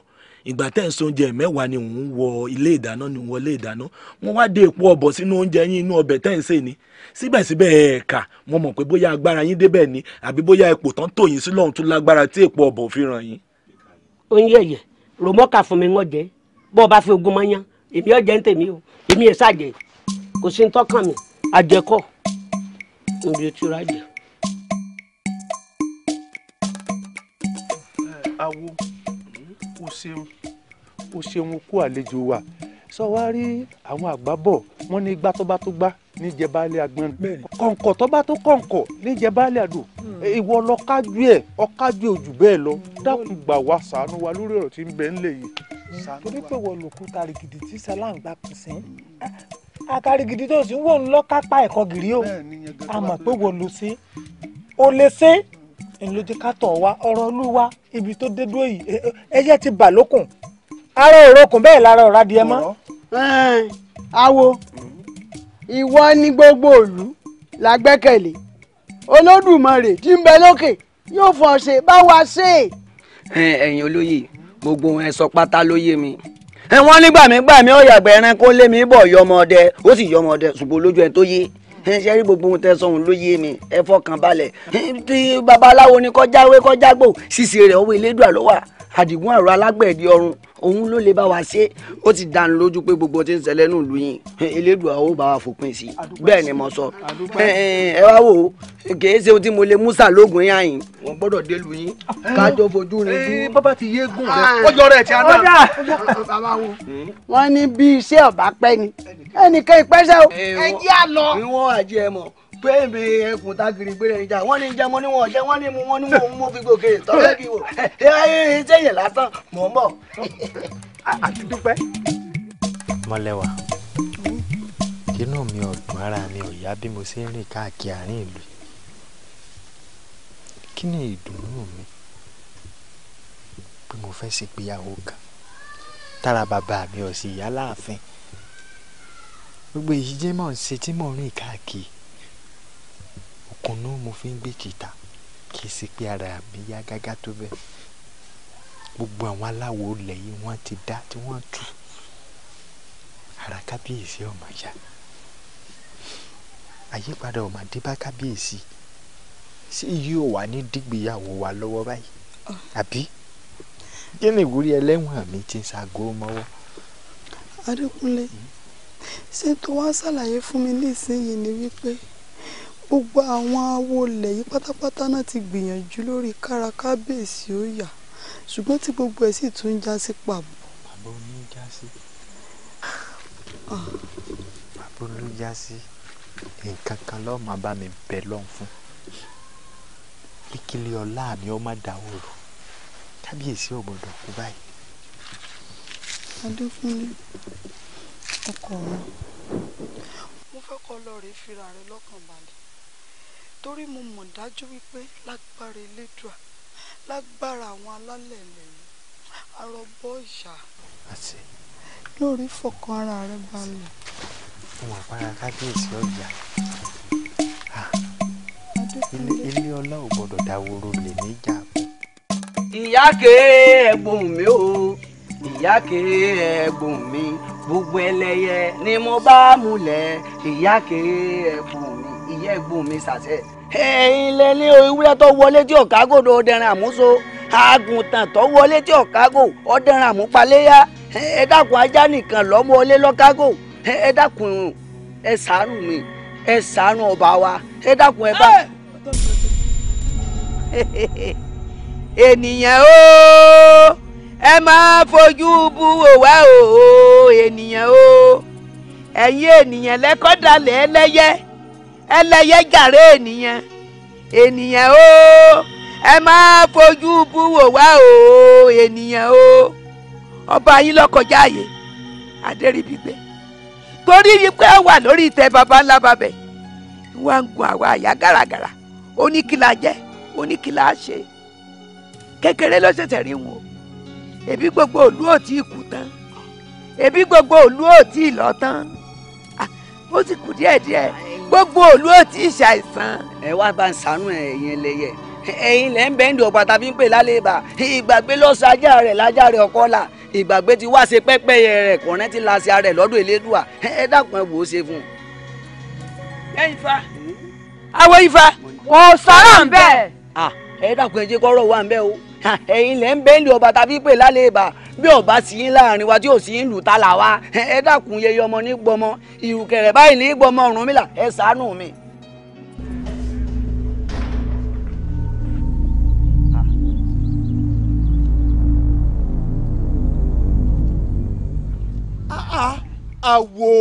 ìgbà tẹ́ ń sóúnjẹ mẹ́wàá ni òun wọ ilé ìdáná ni òun wọlé ìdáná wọ́n wá dé èpo ọ̀bọ̀ sínú oúnjẹ yín inú ọbẹ̀ tẹ́ ń sè ní síbẹ̀síbẹ̀ ẹ̀ka mo mọ̀ pé bóyá agbára yín débẹ̀ ni àbí bóyá ipò tán tò yín sí lọ́hùn tó lágbára tí èpo ọ̀bọ̀ fi ràn yín. oyin yẹyẹ rọmọkà fún mi ń ọjẹ bó o bá fi ogun mọyán èmi ọjẹ ń tèmi o èmi ẹ ṣàjẹ kò sí ń tọkàn mi àjẹkọ níbi tí ó rájẹ. ṣeun o ṣeun kú àlejò wa sọ wá rí àwọn àgbà bọ̀ wọ́n ní igbá tó bá tó gbá níjẹ́ baálé agbọ́n kọ̀ǹkọ̀ tó bá tó kọ̀ǹkọ̀ níjẹ́ baálé àdó hmm. ìwọ lọ́kájú ẹ̀ ọ̀kájú ẹ̀ jù bẹ́ẹ̀ lọ hmm. dákun gbà wá ṣàánú wa lórí ọ̀rọ̀ tí ń bẹ ńlẹ̀ yìí. torí pé wọ́n lòkú tarigidi tí sálàǹgbà kù sí akarigidi tó sì ń wò lọ́kápá ẹ̀kọ́ gírí o àmọ́ pé wọ́n lò sí o lè ṣe é ńlójúkátọ̀ wa ọ̀rọ̀ olúwa ibi tó dé dúró yìí ẹyẹ ti bà lókun ara òrokùn bẹ́ẹ̀ lára ọ̀rá di ẹ awo ìwọ ni gbogbo ìlú la gbẹ́kẹ̀lé olódùmarè tí ń bẹ lókè yóò fọ ṣe bá wa ṣe. ẹ̀yin olóyè gbogbo ẹ sọ pátá ló yé mi ẹ wọn nígbà mi gbà mí ọyàgbẹ ẹran kó lé mi bọ yọmọdé ó sì yọmọdé ṣùgbọ́n olójú ẹ tó yé ṣe rí gbogbo ohun tẹ sọ òun ló yé mi ẹ fọkàn balẹ̀ tí babaláwo ni kọjá wé kọjá gbò ṣíṣe rẹ̀ ọwọ́ elédùà ló wà àdìgún àrò alágbẹ̀dẹ ọrùn òun ló lè bá wa ṣe ó ti dá lójú pé gbogbo tí ń ṣẹlẹ̀ nù lù yín elédùn àwọn ò bá wa fòpin sí bẹ́ẹ̀ ni mo sọ ẹ wá wò ó kìí ṣe ohun tí mo lè musa lóògùn yá yín wọn gbọ́dọ̀ dé lù yín kájọ fojú rìn jù. Eh, bàbá ti yé gùn rẹ ah. ọjọ́ rẹ ti adá. wọ́n ní bí iṣẹ́ ọ̀bá pẹ́ ni ẹnìkan ìpẹ́sẹ̀ o eh, ẹ jẹ́ àlọ́. ìwọ̀n àjẹ́ mọ̀ gbẹ̀mí ẹkùn tágìrì gbére ìjà wọ́n ní jẹ́ wọ́n ní wọ́n jẹ́ wọ́n ní mu wọ́n ní mu mú fi gòkè tọ́lẹ́ kí wò ẹ ṣẹ̀yìn lásán mọ̀ ń bọ̀. àti dúpẹ́. mọ́lẹ́wà mi ọ̀dùn ara mi ò yá bí mo ṣe ń rìn káàkiri àárín ìlú kí ni ìdùnnú mi pé mo fẹ́ ṣègbéyàwó kan tára bàbá mi ò sì yá láàfin gbogbo èyí jẹ́ mọ̀ ń ṣe tí mò ń rìn káàkiri okùn náà mo fi ń gbé kìtà kì í ṣe pé ara mi yá gágá tó bẹ́ẹ̀ gbogbo àwọn aláwo ilẹ̀ yìí wọ́n ti dá tí wọ́n tú ara kábíyèsí ọmọ yá àyípadà ọmọ dé bá kábíyèsí ṣé yóò wà ní dìgbéyàwó wa lọ́wọ́ báyìí àbí kí ni ìwúrí ẹlẹ́wọ̀n mi ti ń ṣàgó mọ́wọ́. Adékúnlé ṣé tó wá ṣàlàyé fún mi nísìnyìí ni wípé. Gbogbo àwọn awo ilẹ̀ yìí pátápátá náà ti gbìyànjú lórí kára kábíyèsí ó yá, ṣùgbọ́n tí gbogbo ẹ̀ sì tún jásí pàbó. Pàbó ni ó jásí. Ah. Pàbó ló jásí. Nǹkan kan lọ́ọ́ máa bá mi bẹ lọ́n fún. Kíkílé ọlá mi ó má dáwòrò. Kábíyèsí ò gbọdọ̀ kú báyìí. Adéfúnlé, ọkọ mi, mo fẹ́ kọ́ lọ rèé fira rẹ lọ́kàn balẹ̀ torí mo mọ̀ dájú wípé lágbára elédùà lágbára àwọn alálẹ̀ ilẹ̀ arọ́bọ́ ìyá lórí fọkàn ara rẹ balẹ̀. mo àpárá kábíyèsí ọjà ilé ọlá ò gbọdọ̀ dáwọ́rọ́ lè ní ìjà. ìyáàkè ẹ̀gbọ́n mi o ìyáàkè ẹ̀gbọ́n mi gbogbo ẹlẹ́yẹ ni mo bá múlẹ̀ ìyáàkè ẹ̀gbọ́n mi ìyá ẹ̀gbọ́n mi ṣàṣẹ. ilé ní ewúrẹ́ tó wọlé tí ọ̀kágòdò ọ̀dẹ̀rìn àmúso àgùntàn tó wọlé tí ọ̀kágò ọ̀dẹ̀rìn àmúpaléyà ẹ dákun ajá nìkan lọ́mọ lọ́kágò ẹ dákun ẹ ṣàánú mi ẹ ṣàánú ọba wa ẹ dákun ẹ bá. <laughs> ènìyàn o ẹ máa fojú bú òwá o ènìyàn o ẹ̀yin ènìyàn lẹ́kọ́ dalẹ̀ ẹlẹ́yẹ ẹlẹ́yẹ jàre ènìyàn ènìyàn o ẹ máa fojú bú wá o ènìyàn o ọba yín lọ́kọjá àyè adẹ́rìbígbé torí wípé ó wà lórí ìtẹ́ baba ńlá babẹ̀ wá ń gun àwa àyà gàràgàrà oníkìlá jẹ́ oníkìlá ṣe kékeré ló ṣẹ̀ṣẹ̀ rí wọn o ẹbí gbogbo òlú ò tí ì kú tán ẹbí gbogbo òlú ò tí lọ tán ó sì kù díẹ̀díẹ̀ gbogbo òlú ò tí ì ṣàìsàn. ẹ wá bá ń sànú ẹ̀yin ẹlẹ́yẹ ẹ̀yin lẹ ń bẹndì ọgbà tàbí ń pè lálébà ìgbàgbé lọ́sọ̀ ajá rẹ̀ lájà rẹ̀ ọkọ́là ìgbàgbé ti wá ṣe pẹ́pẹ́yẹ rẹ̀ kọ̀ọ̀rẹ́ ti la ṣe ara rẹ̀ elédùà ẹ dákun ẹ wò ó ṣe fún un. ẹ ifá awọ hmm? ifá kò sọ̀rọ̀ ń bẹ́ẹ̀. Ah, ẹ dákun ẹ jẹ́ kọ́rọ̀ wà ń bẹ́ẹ̀ o. <laughs> ẹ̀yin lẹ́ ń bẹ́ẹ̀lì ọba tàbí pè lálẹ́ ìbà bí ọba sì yín láàrin wa tí ò sì yín lù tá là wá ẹ dákun yeye ọmọ ní gbọmọ ìrùkẹ̀rẹ̀ báyìí ní gbọmọ Ọ̀rúnmìlà ẹ ṣàánú mi. Ah, ah, àwo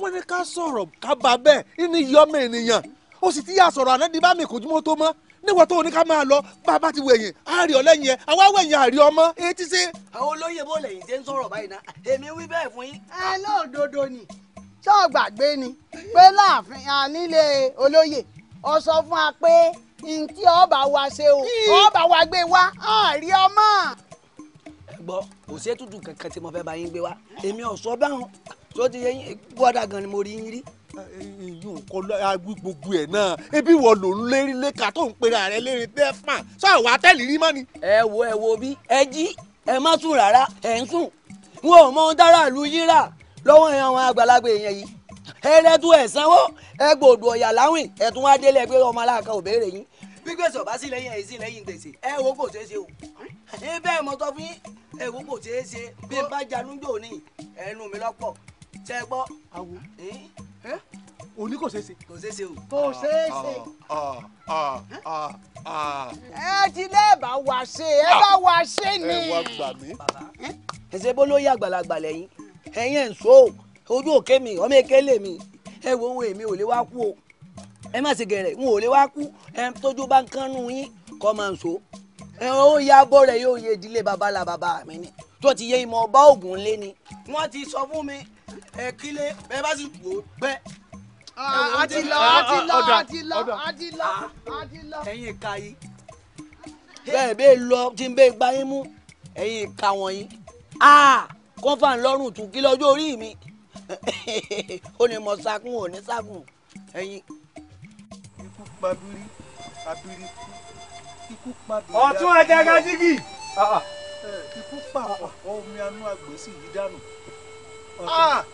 wọn ní ká sọ̀rọ̀ ká bá bẹ́ẹ̀ ní yọmọ ènìyàn ó sì ti yà sọ̀rọ̀ àná di bá mi kò jùmọ̀ tó mọ́ níwọ̀n tó ní ká máa lọ bá a bá ti wọ ẹ̀yìn àárẹ̀ ọ̀lẹ́yìn ẹ̀ àwa wọ ẹ̀yìn àárẹ̀ ọmọ etí sí. àwọn olóyè bó lẹ́yìn ṣe ń sọ̀rọ̀ báyìí náà èmi wí bẹ́ẹ̀ fún yín. ẹ lóòdodo ni ṣọ́ọ̀gbàgbé ni pé láàfin ànílé olóyè ọ sọ fún wa pé ntí ọba wa ṣe o ọba wa gbé wa àárẹ̀ ọmọ. ẹ gbọ́ kò sí ètùtù kankan tí mo fẹ́ bá yín gbé wa èmi ò sọ báwọn tó ti yẹ yín bọ́dà gan ni mo rí yín rí ìyún nǹkan agbí gbogbo ẹ̀ náà ebi wọ ló ń lérí léka tó ń pera rẹ lérí tẹ́fà sọ àwọn àtẹ́lì rí mọ́ ni. ẹ wo ẹ wo bí ẹ jí ẹ má sùn rárá ẹ ń sùn wọn ò mọ ohun dára ìlú yín rà lọ́wọ́ àwọn àgbàlagbà èèyàn yìí ẹrẹ́dù ẹ̀ sanwó ẹ gbòdò ọ̀yà láwìn ẹ̀tún wá délé ẹgbẹ́ ọmọ aláàkà òbéèrè yín bí gbèsè ọ̀bá sí lẹ́yìn ẹ̀yìn sí lẹ́yìn gbèsè ẹ wo kò ṣeé ṣe o ẹ bẹ́ẹ̀ fún yín ẹ wo kò ṣeé ṣe bí bá jalú jò ẹnu mi lọ́pọ̀ ṣẹ́ gbọ́ òní kò ṣeé ṣe. kò ṣeé ṣe o. kò ṣeé ṣe. Ah, ah, ah, ẹ ti lẹ́ẹ̀bà wá ṣe ẹ bá wá ṣe ni. ẹ wá gbà mí. ẹsẹ̀ bó ló yá àgbàlagbà lẹ́yìn ẹ̀yìn ẹ̀ ń so ojú òkè mi ọmọ èké lè mi ẹ wo ohun èmi ò lè wá kú o ẹ má ṣe gẹ̀rẹ̀ n ò lè wá kú ẹ tójú bá ń kánú yín kọ́ máa ń so ẹ ó yá bọ́ rẹ̀ yóò yé ìdílé babalá bàbá mi ni tó ti yẹ ìmọ̀ ọba ògùn lé ni wọ́n ti sọ fún mi ẹ kílé bẹ́ẹ̀ bá sì wò ó pẹ́. Ah, a ti lọ a ti lọ a ti lọ a ti lọ a ti lọ. ẹ̀yin ìka yìí. bẹ́ẹ̀ bẹ́ẹ̀ lọ tí n bẹ́ẹ̀ gbá yín mú ẹ̀yin ìka wọ̀nyí ah, kọ́fà ńlọ́rùn tún kí lọ́jọ́ orí mi <laughs> ó ní mo sakun ò ní sakun ẹ̀yin. ikú pabiri pabiri ikú pabiri. ọ̀tún ẹ̀jẹ̀ gajigi. ikú pàpọ̀ omi anú àgbẹ̀ sì yí dànù ah!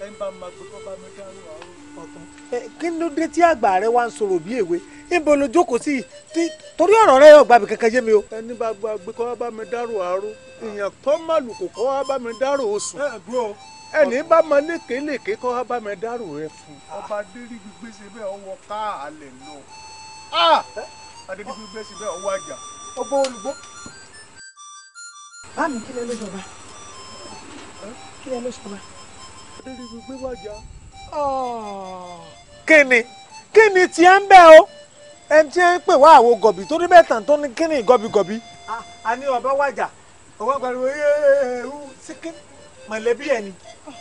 ẹ ń bá ma gbé kó bá mi dànù àwọn kí ló dé tí àgbà rẹ wá ń sọ̀rọ̀ bí èwe níbo torí ọ̀rọ̀ rẹ yóò gbàgbé kankan yé mi o. ẹni bá gba àgbẹ̀ kọ́ wá bá mi dárò èèyàn tó má wá bá mi oṣù ẹni bá ma wá bá mi dárò rẹ ọba gbígbé bá mi kílẹ̀ ló ṣọba kílẹ̀ ló ṣọba. adédè gbígbé wájà. kíni kíni tí ẹ ń bẹ o ẹni tí ẹ ń pè wá àwo gọ̀bì tó ní mẹ́ta tó ní kíni gọ̀bìgọ̀bì. a ní ọba wájà ọba pariwo yééwú síkí mọ̀lẹ́bí ẹ̀ ni.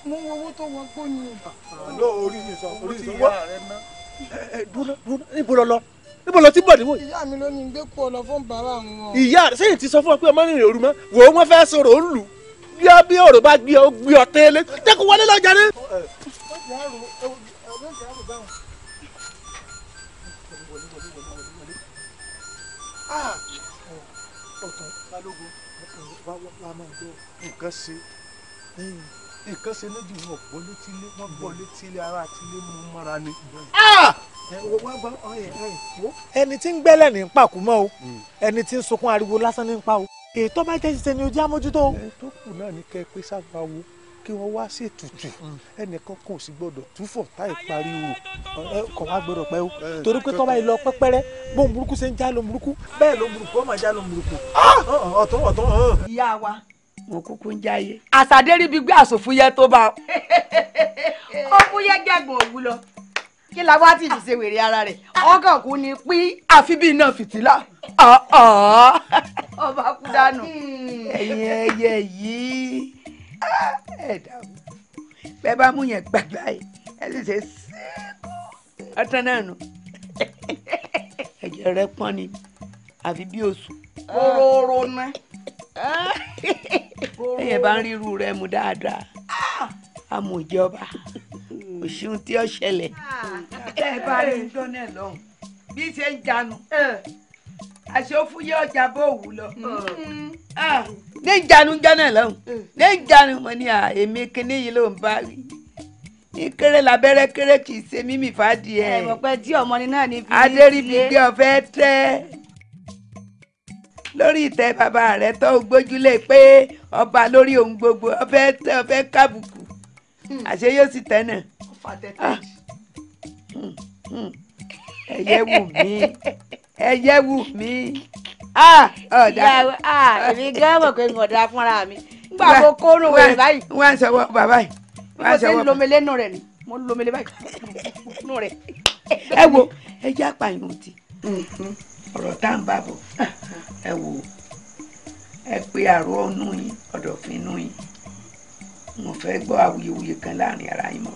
mo ń wọ́wọ́ tó wọ́n gbóyún. lọ orí mi sọ orí mi sọ wọ́n. dúró dúró níbo lọ níbo lọ ti bọ̀dé wò. ìyá mi ló ní gbé kú ọlọ fún bàbá àwọn. ìyá rẹ sẹ́yìn ti sọ fún ọ pé ọmọ rìnrìn òru mọ wò ó wọn fẹ́ sọ̀rọ̀ ó lù bí ọ bí ọ̀rọ̀ bá gbé ọ gbé ọ tẹ́lẹ̀ tẹ́kun wọlé lọ jáde. ọ̀tọ̀ balógun wa máa gbọ́ nǹkan ṣe nǹkan ṣe méjì wọn gbọ́ létí lé wọn gbọ́ létí lé ara àti lé mú mọ́ra ni. Ah! Ah! ẹni tí ń gbẹ́lẹ̀ ní pàkó mọ́ o ẹni tí ń sunkún ariwo lásán ní pa o èyí tó bá jẹ́ ṣiṣẹ́ ni ojú àmójútó. ẹ tó kù náà ní kẹ́ ẹ pé sábà wo kí wọ́n wá sí ètùtù mm. ẹnìkan kò sì gbọ́dọ̀ túfọ̀ táì pariwo kò wá gbọ́dọ̀ pẹ́ o torí pé tọ́ba yìí lọ pẹ́pẹ́rẹ́ bó burúkú ṣe ń já ló burúkú bẹ́ẹ̀ ló burúkú ọmọ já ló burúkú. Ah! ìyá wa mo kúkú ń jáyé. àṣàdé ríbi gbé àsòfúyẹ tó bá. ó fúyẹ́ gẹ̀gbọ̀n òwú lọ kí la wá ti fi ṣe wèrè ara rẹ̀ ọkàn kú ni pín. àfi bí iná fìtílà. ọba kú dànù. ẹ̀yin ẹyẹ yìí ẹ dààmú bẹ́ẹ̀ bá mú yẹn gbàgbà yìí ẹ sì ṣe síkú. ọtán náà nù. ẹ̀jẹ̀ rẹ̀ pọ́n ni àfi bí oṣù. oróró náà ẹyẹ bá ń ríru rẹ mu dáadáa amòjọba òṣìṣẹ́ tí ó ṣẹlẹ̀. ẹ bá rí dọ́nẹ̀ lọ́hùn bí ṣe ń janu àṣọfúyẹ́ ọjà bó wù lọ. ní janu jọ́nà lọ́hùn ní janu mo ní èmi kíní yìí ló ń bá rí ní kéré labẹ́rẹ́ kéré kì í ṣe mímì fàdí ẹ̀. ẹ mọ̀ pé tí ọmọ ni náà ní fi ṣe. adéríbi gbé ọ̀fẹ́ tẹ́ lórí ìtẹ́ bàbá rẹ̀ tó gbójúlé pé ọba lórí ohun gbogbo ọfẹ́ tẹ ọfẹ́ kábùkù hmm. àṣé yóò sì tẹ́nà. ẹyẹ ah. hmm. hmm. wù mí ẹyẹ wù mí. Ah, ah, èmi gan mọ̀ pé mo dá fúnra mi nígbà tó kóró rẹ̀ báyìí. wọ́n á sọ̀wọ́ bàbá yìí. bí mo ṣe ń lomele nù rẹ̀ ni mo ń lomele báyìí <laughs> nù rẹ̀. ẹ wo ẹ jẹ́ apààyàn ti ọ̀rọ̀ tá à ń bá bọ̀ ẹ wò ẹ pé àrò ọ̀nù yín ọ̀dọ̀fin nù yín mo fẹ́ gbọ́ awuyewuye kan láàrin ara yín mọ́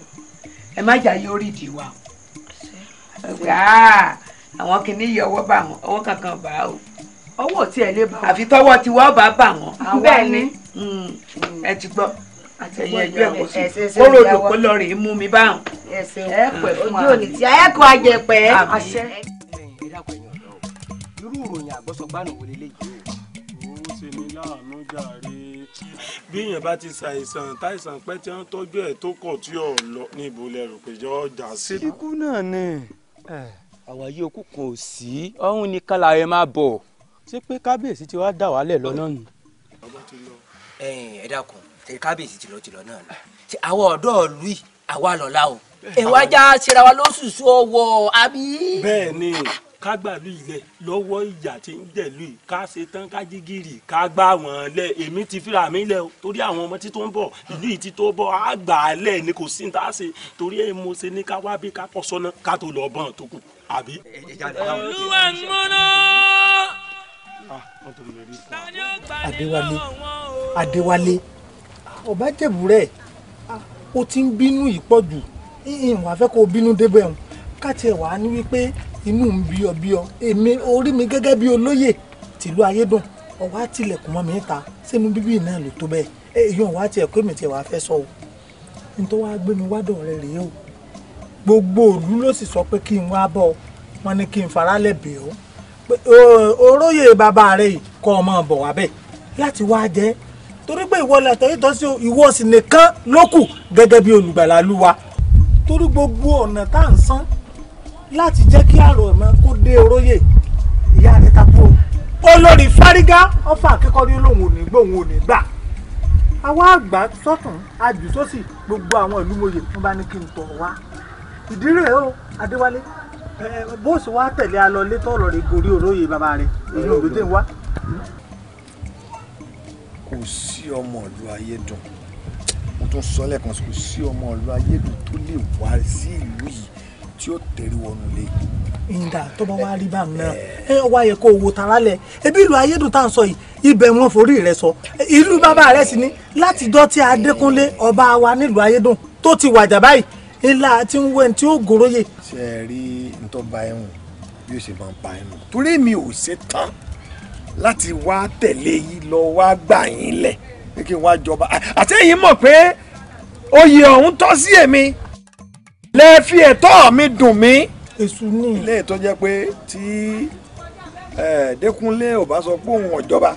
ẹ má jà yóò rí ìdí wa ẹ pé àwọn kìíní yìí ọwọ́ bá wọn ọwọ́ kankan bá o ọwọ́ tí ẹ lè bá wọn àfi tọwọ́ tí wọ́n bá bà wọ́n bẹ́ẹ̀ ni ẹ ti gbọ́ àtẹ̀yìn ẹgbẹ́ kò sí kó lòdò kó lọ rèé mú mi báwọn. ẹ pẹ̀ fún wa ojú òní tí ẹ kọ́ ajẹ́pẹ́ irú ìròyìn àgbọ̀sọ̀gbànù wò lélẹ́yìí o ṣe ni láàánú jàre bí èèyàn bá ti ṣàìsàn táìsàn pẹ́ tí wọ́n tọ́jú ẹ̀ tó kọ̀ tí ò lọ níbo lẹ rò pé jọ ọjà sí. ikú náà ni eh, àwa okú kò sí ọ̀hún ni kálá ẹ máa bọ̀ ṣé pé kábíyèsí ti wá dà wálẹ̀ lọ́nà nù. ẹ dákun kábíyèsí ti lọ ti lọ náà ni àwọn ọ̀dọ́ ìlú àwa lọ́la o ẹ wá já síra wa lóṣooṣù ọwọ́ àbí. bẹ́ẹ̀ ni ká gbàlú ilẹ̀ lọ́wọ́ ìyà tí ń jẹ̀lú yìí ká ṣe tán ká jí gìrì ká gbà wọ́n lẹ̀ èmi ti fira mi lẹ̀ o torí àwọn ọmọ tí tó ń bọ̀ ìlú yìí ti tó bọ̀ á gbà á lẹ̀ ni kò sí ní tá a ṣe torí ẹ̀ mo ṣe ní ká wá bí ká pọ̀ sọ́nà ká tó lọ bọ́n tó kù àbí. olúwa ń mọ́nà. Ah, adéwálé adéwálé ọba jẹ̀bù rẹ̀ o ti ń bínú ìpọ̀jù ìhìn wàá kó bínú débẹ̀ ká tiẹ̀ wàá ní wípé inú ń bí ọ bí ọ èmi orí mi gẹ́gẹ́ bí olóyè tìlú ayédùn ọwọ́ àtìlẹ̀kùn mọ́ mi ń ta sínú bíbí náà ló tó bẹ́ẹ̀ èèyàn wá tiẹ̀ pé mi tiẹ̀ wá fẹ́ sọ o nítorí wàá gbé mi wádọ̀ rẹ rèé o gbogbo òlú ló sì sọ pé kí n wá bọ̀ wọn ni kí n faralẹ̀ bẹ̀ ọ́ pé oróyè bàbá rẹ yìí kọ́ ọmọ bọ̀ wá bẹ́ẹ̀ láti wá jẹ́ torí pé ìwọ lẹ́tọ̀ yìí tọ́sí ìwọ sì nìkan ló gẹ́gẹ́ bí olùgbàlà lúwa torí gbogbo ọ̀nà tá à ń san láti jẹ́ kí àrò ẹ̀mọ́ kó dé oróyè ìyá rẹ̀ ta kú o olórí fárígá ọfà akẹ́kọ̀ọ́ lòun ò ní gbóhùn ò ní gbà àwa àgbà sọ́tún àjù sósì gbogbo àwọn ìlú mòye ń bá ní kí n tọ̀ wá ìdí rẹ̀ o adéwálé bó sì wá tẹ̀lé a lọ létọ́ ọ̀rọ̀ rẹ̀ gorí oróyè bàbá rẹ̀ èyí ò lóde wá. kò sí ọmọ ìlú ayédùn mo tún sọ lẹ́ẹ̀kan kò sí ọmọ ìlú ayédùn tó lè wá sí ìlú yìí tí ó tẹ̀rí wọnú lé. ìdá tó bá wá rí báyìí náà ẹ wá yẹ kó wo tara lẹ ebi ìlú ayédùn tá à ń sọ yìí ibẹ̀ wọn forí rẹ sọ ìlú bàbá rẹ sì ni láti dọ́ adékúnlé ọba wa nílùú ayédùn tó ti wàjà báyìí ńlá tí ń wẹ́n tí ó gòròyè. ṣe é rí ntọ́ba ẹ̀hún bí ó ṣe máa ń pa ẹ̀hún torí mi ò ṣe tán láti wá tẹ̀lé yìí lọ wá gbà yín lẹ̀ pé kí n wá jọba àtẹ̀yìn mọ̀ pé oyè ọ̀hún tọ́ sí èmi lẹ fi ẹ̀tọ́ mi dùn mí. èṣù ni. ilé ètò jẹ́ pé tí Dékúnlé ò bá sọ pé òun ọ̀jọba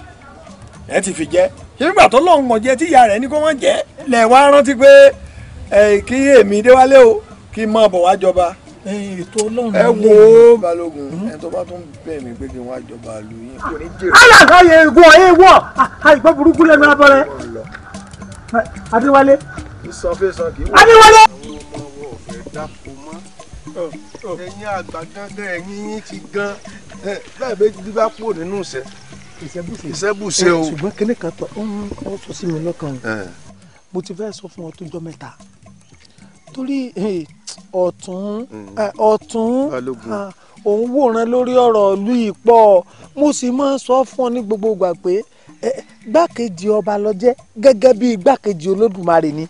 ẹ ti fi jẹ́ nígbà tó lóun mọ̀ jẹ́ tí ìyá rẹ̀ ní kó wọ́n jẹ́ lẹ̀ wá rántí pé kí èmi déwálé o kí n máa bọ̀ wá jọba. ètò ọlọ́run ẹ wo balógun ẹ tó bá tún bẹ̀ mí pé kí n wá jọba lu yín kò ní jèrè. alákàyè egun ọ̀yẹ́ wọ̀ àìgbọ́ burúkú lẹ́nu abọ́rẹ́ adéwálé. ìsọfẹ́sọ kì í wọ. adéwálé dapò mọ́ oh, oh. ẹ̀yin àgbà gangan ẹ̀yin yín ti gan báyìí bẹ́ẹ̀ bí bá pò nínú ìṣẹ́ ìṣẹ́bùṣe eh, o. ṣùgbọ́n kinní kan tó ń sọ sí mi lọ́kàn o eh. mo ti fẹ́ sọ fún ọ tó jọ mẹ́ta torí eh, ọ̀tún mm. ọ̀tún ah, òun wòran lórí ọ̀rọ̀ ìlú ìpọ̀ mo sì máa ń sọ fún ọ ní gbogbo ìgbà pé gbákejì ọba ló jẹ́ gẹ́gẹ́ bí gbákejì olódùmarè ni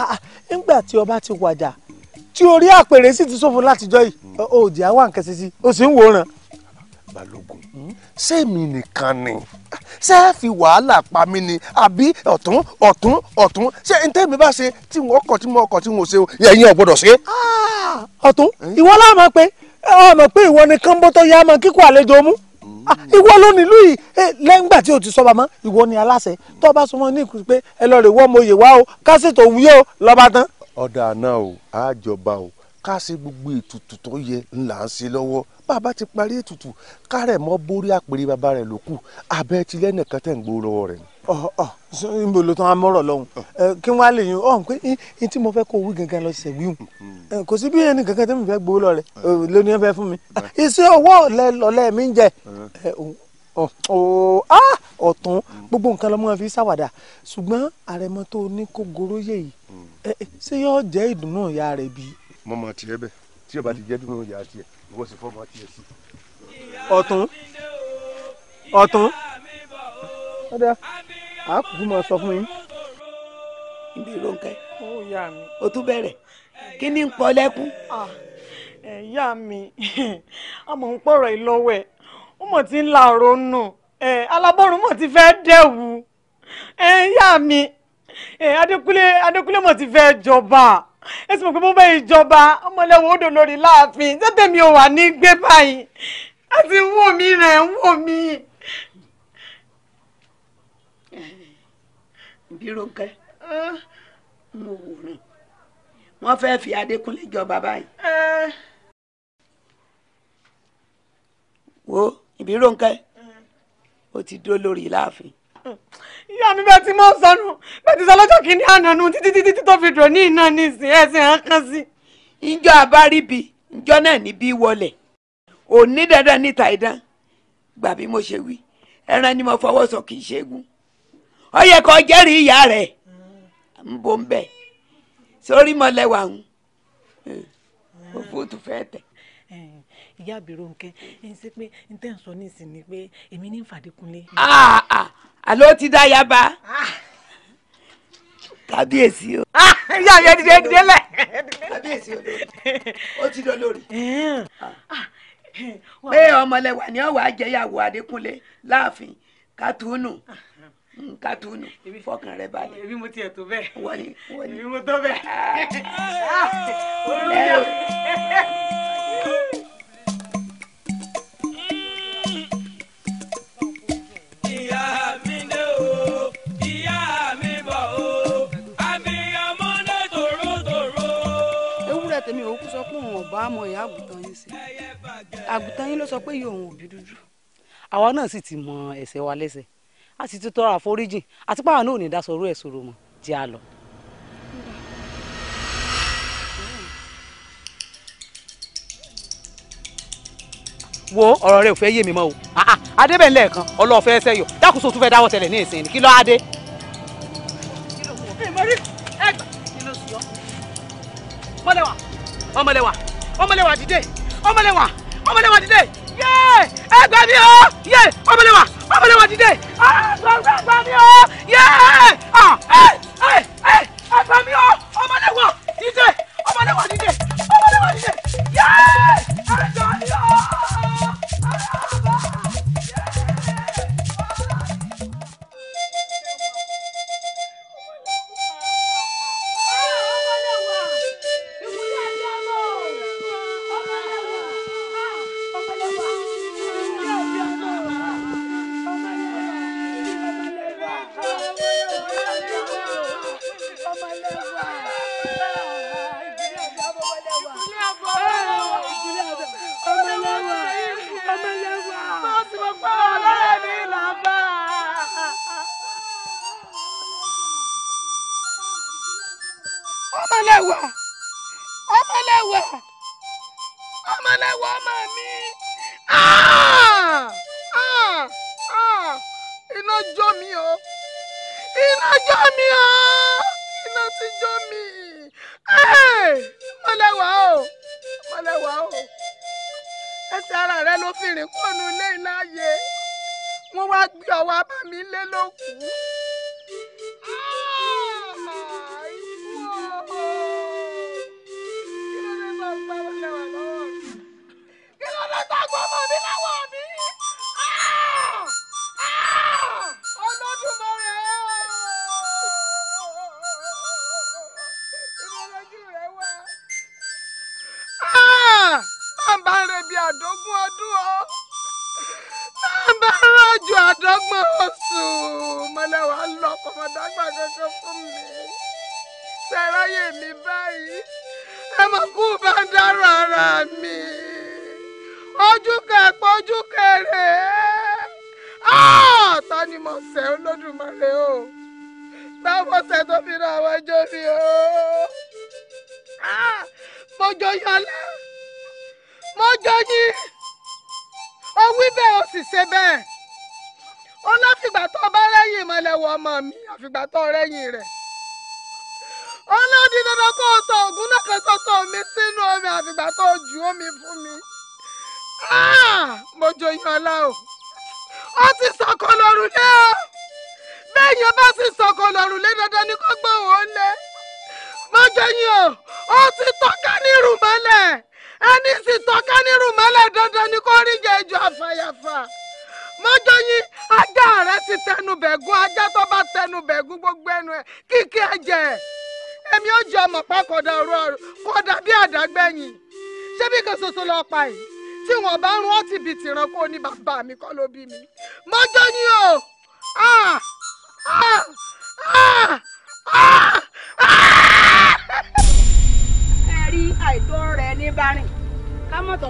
ah, ah, nígbà tí ọba ti wàjà tí orí àpèrè sì ti ṣòfò látijọ́ yìí ó jẹ́ àwọn nǹkan ṣe sí ó sì ń wòran. balógun sẹ́mi nìkan ni ṣé ẹ fi wàhálà pa mí ni àbí ọ̀tún ọ̀tún ọ̀tún ṣé n tẹ́mi bá ṣe tí wọ́n kọ̀ tí mo kọ̀ tí mo ṣe ẹ̀yin ò gbọ́dọ̀ ṣe. Ah, ọ̀tún ìwọ la mọ̀ pé ọmọ pé ìwọ ni kánbọ́tọ̀ yá mọ kíkọ́ àlejò mú ah, ìwọ ló nílùú yìí eh, lẹ́ngbà tí o ti sọ́ba mọ́ ìwọ ni aláṣẹ tó bá sọ mọ́ ní ìkùsù pé ẹ lọ rè wọ́n mo yè wá o kásìtò wúyẹ́ o lọ́ba tán ọ̀dà náà o àjọba o ká ṣe gbogbo ètùtù tó yẹ ńlá ń ṣe lọ́wọ́ bàbá ti parí ètùtù kárẹ̀ mọ́ borí àpèrè bàbá rẹ̀ ló kù abẹ́ ti lẹ́nìkan tẹ̀ ń gbó lọ́wọ́ rẹ̀. ọ ọ níbo ló tán amọ̀rọ̀ lọ́hùn kí wọ́n á lè yún ọ̀hún pé ní tí mo fẹ́ kó owó gangan lọ ṣẹ̀ wíhùn kò sí bí ẹni gangan tẹ́mi fẹ́ gbó lọ rẹ̀ lóní ẹ fẹ́ fún mi iṣẹ́ ọwọ́ lọ́lẹ́ mi ń jẹ ọ̀tún gbogbo nǹkan lọ́mọ fi sáwàdà ṣùgbọ́n àrẹ̀mọ tó ní ṣé yóò jẹ́ ìdùnnú ìyá rẹ̀ bí. mo mọ tiẹ̀ bẹ tí o bá ti jẹ́ ìdùnnú ìyá tiẹ̀ ìwọ sì fọmọ tiẹ̀ sí. ọ̀tún ọ̀tún ọ̀dà a kúkú mọ sọ fún yín. ibi Rónkẹ́ o tún bẹ̀rẹ̀ kí ni ń pọ lẹ́kún. ìyá mi <laughs> ọmọ ń pọ̀rọ̀ ìlọ́wẹ̀ ó mọ̀ tí ń la àrònú alábọ̀rún mọ̀ ti fẹ́ dẹ̀wù ìyá mi. Eh, Adékúnlé Adékúnlé mo ti fẹ́ jọba ẹ sì mọ̀ pé mo bẹ́ ìjọba ọmọlẹ́wọ̀ odò lórí láàfin tètè mi ò wà ní gbé báyìí a ti ń wò mí rẹ̀ ń wò mí. Bírókẹ́ mo wò rìn wọ́n fẹ́ fi Adékúnlé jọba báyìí. Eh. wo Bírókẹ́ o ti dó lórí láàfin. Hmm. ìyá mi bẹ́ẹ̀ mo sọnù bẹ́ẹ̀ ti sọ lọ́jọ́ kìíní ànánú títí títí tó fi dùn ní iná nísìn ẹ̀sìn àǹkan sí. ìjọ àbáríbi ìjọ náà níbí wọlẹ̀ òní dandan níta ìdán gbà bí mo ṣe wí ẹran ni mo fọwọ́ sọ kì í ó yẹ kó jẹ́rìí ìyá rẹ̀ ń bọ́ ń bẹ̀ sórí mọ́lẹ́wà ń ìyá àbírò nkẹ́ ẹ̀ ń pé n tẹ́ ń sọ ní ìsìn ni pé èmi ní fàdékúnlé. Ah, ah, àló ti dá yaba ah. kábíyèsí o. ìyá mi ẹ dìde dìde lẹ. kábíyèsí o ó ti dán lórí. pé ọmọlẹ́wà ni ọwọ àjẹyàwó adékúnlé láàfin kàtúnù hmm, kàtúnù fọkàn rẹ balẹ̀. èmi mo tiẹ̀ tó bẹ́ẹ̀. wọ́n ni wọ́n ni èmi mo tó bẹ́ẹ̀. bàbá àmọ ìyá àgùntàn yín sí àgùntàn yín ló sọ pé iye òun òbí dúdú àwa náà sì ti mọ ẹ̀ṣẹ̀ wa lẹ́ṣẹ̀ a sì ti tọrọ àforíjìn àti pàwọn náà ò ní dasọrú ẹ sọ̀rọ̀ mọ́ jẹ́ a lọ. wo ọ̀rọ̀ rẹ ò fẹ́ yé mi mọ́ o ah, ah, adébẹ̀ńlẹ̀ kan ọlọ́ọ̀fẹ́ ẹsẹ̀ yọ dákúso tún fẹ́ dáwọ́ tẹ̀lẹ̀ ní ìsìn kí lọ́ọ́ adé. ọmọlẹ́wà ọmọlẹ́wà ọmọlẹ́wà dìde ọmọlẹ́wà ọmọlẹ́wà dìde yé ẹ gbà mí o yé ọmọlẹ́wà ọmọlẹ́wà dìde ah, ẹ gbà mí o yé ah, ẹ ẹ ẹ gbà mí o ọmọlẹ́wà dìde ọmọlẹ́wà dìde ọmọlẹ́wà dìde yé ẹ gbà o.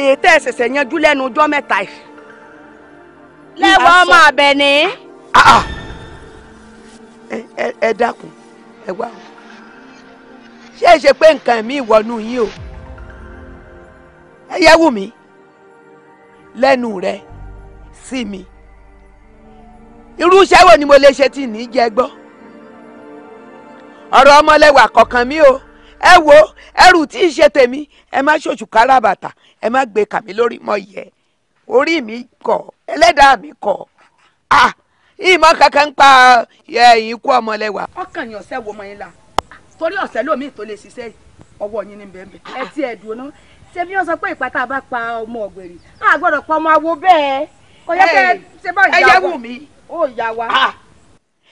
èyí tẹ́ ẹ ṣẹ̀ṣẹ̀ yanjú lẹ́nu ọjọ́ mẹ́ta yìí. lẹ́wọ̀ ọmọ abẹ ni. Ah, ah. ẹ dákun ẹ wá o ṣé ẹ ṣe pé nǹkan mi wọnú yín o ẹ yẹ wù mí lẹ́nu rẹ sí mi irú iṣẹ́ wo ni mo lè ṣe tí ì ní jẹ gbọ́ ọ̀rọ̀ ọmọlẹ́wà kọ̀ọ̀kan mi o ẹ wo ẹrù tí ì ṣe tèmi ẹ má ṣòṣù káràbàtà ẹ má gbé kàmí lórí mọ yẹ orí mi kọ ẹlẹ́dàá mi kọ ah ìmọ̀ kankan ń pa ikú ọmọlẹ́wà. ọkàn yín ọ̀sẹ̀ wo mọ̀ yín la torí ọ̀sẹ̀ lómi tó lè ṣiṣẹ́ ọwọ́ yín ní bẹ́ẹ̀ ẹ ti ẹ̀ dùn ná ṣé bí wọ́n sọ pé ìpàtà bá pa ọmọ ọ̀gbẹ̀rì á gbọ́dọ̀ pa ọmọ awo bẹ́ẹ̀ kò yẹ kẹ́ ṣe bá ìyá wa ẹyẹ wù mí. ó yà wá.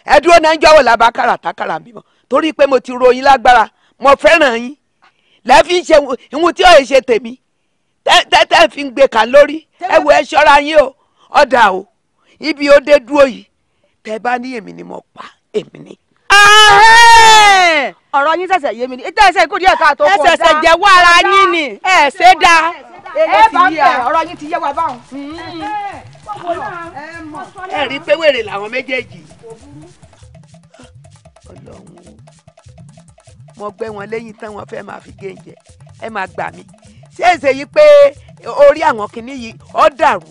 ẹ dúró náà ń jọ́wọ́ làbá kàràtà kàrà torí pé mo ti ro yín lágbára mo fẹ́ràn yín lẹ́ẹ̀fi ṣe ìhun tí òye ṣe tèmi tẹ́tẹ́ fi ń gbé kan lórí ẹ wo ẹ ṣọ́ra yín o ọ̀dà o ibi ó dé dúró yìí tẹ́ bá ní èmi ni mo pa èmi ni ọ̀rọ̀ yín ṣẹ̀ṣẹ̀ yé mi ni ìtẹ́ ẹsẹ̀ ikú díẹ̀ káàtó kọjá ẹ ṣẹ̀ṣẹ̀ jẹ́wọ́ ara yín ni ẹ ṣe dá ẹ bá mi ọ̀rọ̀ yín ti yé wa báwọn. ẹ rí pé wèrè làwọn méjèèjì. ọlọ́run mo gbé wọn lẹ́yìn tán wọ́n fẹ́ máa fi gé ẹ máa gbà mí ṣé èsè yìí pé orí àwọn kìíní yìí ọ́ dàrú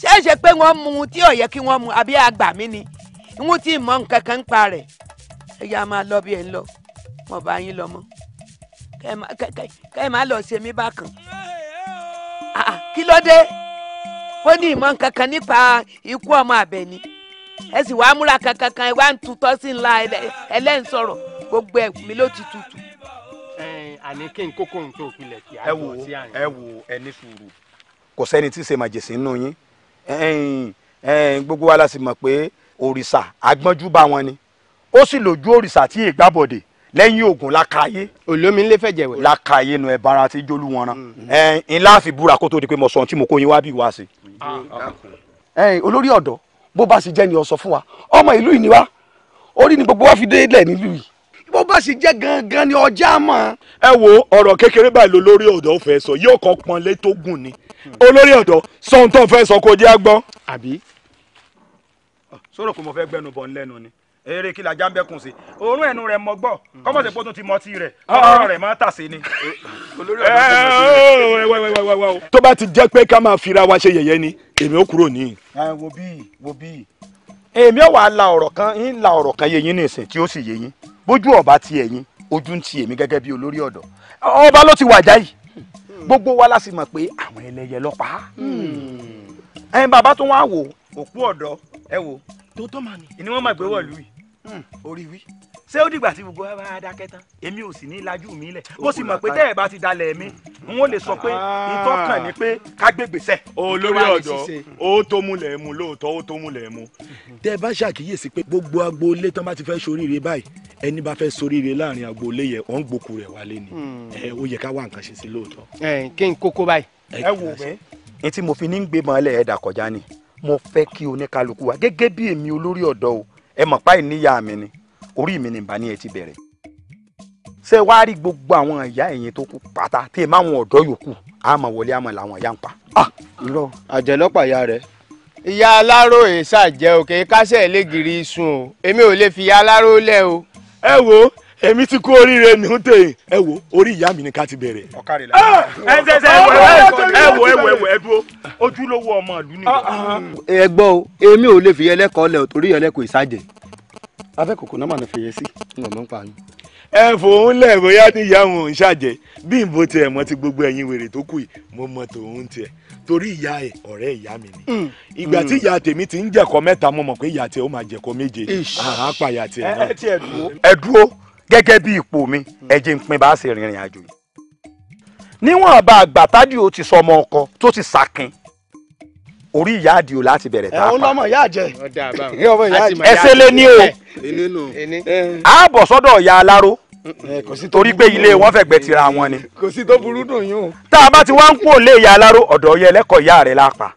ṣé èsè pé wọ́n mu ohun tí ò yẹ kí wọ́n mu àbí àgbà mí ni ìwọ́n tí mọ nǹkan kan ń pa rẹ̀ ẹ yá máa lọ bí ẹ ń lọ mo bá yín lọ mọ́ kẹ́ má lọ ṣe mí bákan ah, ah, kí ló dé ó ní ìmọ̀ nǹkan kan nípa ikú ọmọ àbẹ̀ ni ẹ sì wá múra kankan kan ẹ wá ń tutọ́ sí ńlá ẹlẹ́ǹsọ̀rọ̀ gbogbo ẹ̀kú mi ló ti tutù. àní kí n kókó ohun tó filẹ̀ kí a bọ̀ sí àná. ẹ wo ẹ ní sùúrù kò sẹ́ni tí ń ṣe màjèsí nínú yín gbogbo wa la sì mọ̀ pé òrìṣà agbọ́njú bá wọn ni ó sì lójú òrìṣà tí ìgbàbọ̀dẹ̀ lẹ́yìn ogun lákàáyé. olómi ń lé fẹ̀jẹ̀ wẹ̀. lákàáyé nu ẹ̀bára tí jólú wọn rán. Mm-hmm. ẹ̀yin láàfin búra kó tó di pé mo sọ ohun tí mo kó yín wá bí wá sí. Ah, olórí ọ̀dọ́ bó bá sì jẹ́ ni ó sọ fún wa ọmọ ìlú yìí ni wá orí ni gbogbo wa fi dé lẹ̀ nílùú yìí bó bá sì jẹ́ gangan ni ọjà mọ̀. ẹ wo ọ̀rọ̀ kékeré báyìí ló lórí ọ̀dọ́ fẹ́ sọ yóò kọ́ pọnlé tó gùn ni olórí ọ̀dọ́ sọ ohun tó fẹ́ sọ kó jẹ́ gbọ́. àbí. sọ̀rọ̀ kò mọ̀ fẹ́ gbẹnu bọ̀ ńlẹ́nu ni eré kí la já ń bẹ́kùn sí òórùn ẹnu rẹ̀ mọ́ gbọ́ kọ́mọ̀sẹ̀ pé ó tún ti mọ tí rẹ̀ ah, ah. ọ̀rọ̀ rẹ̀ máa tàsé ni. Eh, eh, oh, tó bá ti jẹ́ pé ká máa fira wa ṣe yẹ̀yẹ́ ni èmi ó kúrò níyì. Eh, wo bíi wo bíi èmi ò wá la ọ̀rọ̀ kan ń la ọ̀rọ̀ kan yẹ yín nìsín tí ó sì yẹ yín bójú ọba ti ẹ̀yin ojú ń ti èmi gẹ́gẹ́ bí olórí ọ̀dọ́ ọba ló ti wàjà yìí gbogbo wa la sì mọ̀ pé àwọn ẹlẹ́yẹ lọ́pàá hmm. ẹ̀yin bàbá tó wá wò òkú ọ̀dọ́ ẹ wò tó tọ́ màmí ni wọ́n máa gbé wọ̀lú yìí Hmm. orí wí ṣé ó dìgbà tí gbogbo wa bá dákẹ́ tán èmi ò sì ní lajú mi lẹ̀ mo sì mọ̀ pé tẹ́ ẹ̀ bá ti dalẹ̀ mi n ó lè sọ pé ìtọ́kàn ah. ni pé ká olórí ọ̀dọ́ ó tó múlẹ̀ mu lóòótọ́ ó tó múlẹ̀ mu. Hmm. tẹ bá ṣàkíyèsí pé gbogbo agboolé tán bá ti fẹ́ soríire báyìí ẹni bá fẹ́ soríire láàrin agboolé yẹn ọ̀ ń rẹ̀ wálé ni hmm. ẹ ó yẹ ká wá nǹkan ṣe sí lóòótọ́. kí n kókó báyìí. ẹ wò bẹ́ẹ̀. etí mo fi ní gbé mọ́lẹ̀ ẹ̀dà kọjá ni mo fẹ́ kí oníkálukú wa gẹ́gẹ́ bí èmi olórí ọ̀dọ́ o ẹ mọ̀ páì níyà mi ni orí mi ni bá ní ẹ ti bẹ̀rẹ̀ ṣé wàá rí gbogbo àwọn ìyá ẹ̀yìn tó kú pátá tí ì máwọn ọ̀dọ́ yòókù àmọ̀ wọlé àmọ̀ làwọn ìyá ń pa. Ah, irọ́ àjẹlọ́pàá ìyá rẹ̀. ìyá aláròye ṣàjẹ́ òkè kásẹ̀ lẹ́gìrì sùn o èmi ò lè fi ìyá aláró lẹ̀ o. ẹ wo èmi ti kú oríire ní ń tèyìn ẹ wo orí ìyá mi ni ká ti bẹ̀rẹ̀. Ah! ẹ ṣe ṣe ẹ wo ẹ wo ẹ wo ẹ dúró ojúlówó ọmọ ìlú nìyẹn. Ah, ah, ẹ gbọ́ o èmi ò lè fi ẹlẹ́kọ̀ọ́ lẹ̀ torí ẹlẹ́kọ̀ọ́ ìsájẹ̀ abẹ́ kòkó náà mà ní fèyẹ sí ní ọ̀nà ń pa yín. ẹ fòun lẹ bóyá ní ìyá wọn ò ń ṣàjẹ bí nbó tiẹ̀ mọ ti gbogbo ẹ̀yin wèrè tó kù mo mọ tòun tiẹ̀ torí ìyá ẹ ọ̀rẹ́ ìyá mi ni hmm. ìgbà hmm. tí ìyá tèmi ti ń jẹkọ mẹ́ta mo mọ̀ pé ìyá tiẹ̀ ó máa jẹkọ méje àhápàyà tiẹ̀ náà ẹ dúró gẹ́gẹ́ bí ipò mi ẹ jẹ́ n pín bá ṣe rìnrìn àjò yìí níwọ̀n àbá àgbà tádìó ti sọ ọmọ ọkọ tó ti sàkín orí ìyá àdìó láti bẹ̀rẹ̀ tá a pa. ẹ̀hún lọ́mọ ìyá àjẹ. ẹsẹ̀ lé ní o. ààbọ̀ sọ́dọ̀ ìyá aláró. torí pé ilé wọn fẹ̀gbẹ́ tira wọn ni. kò sí tó burú dùn yín o. tá a bá ti wá ń kú òlé ìyá aláró ọ̀dọ̀ ọyẹ ẹlẹ́kọ̀ọ́ ìyá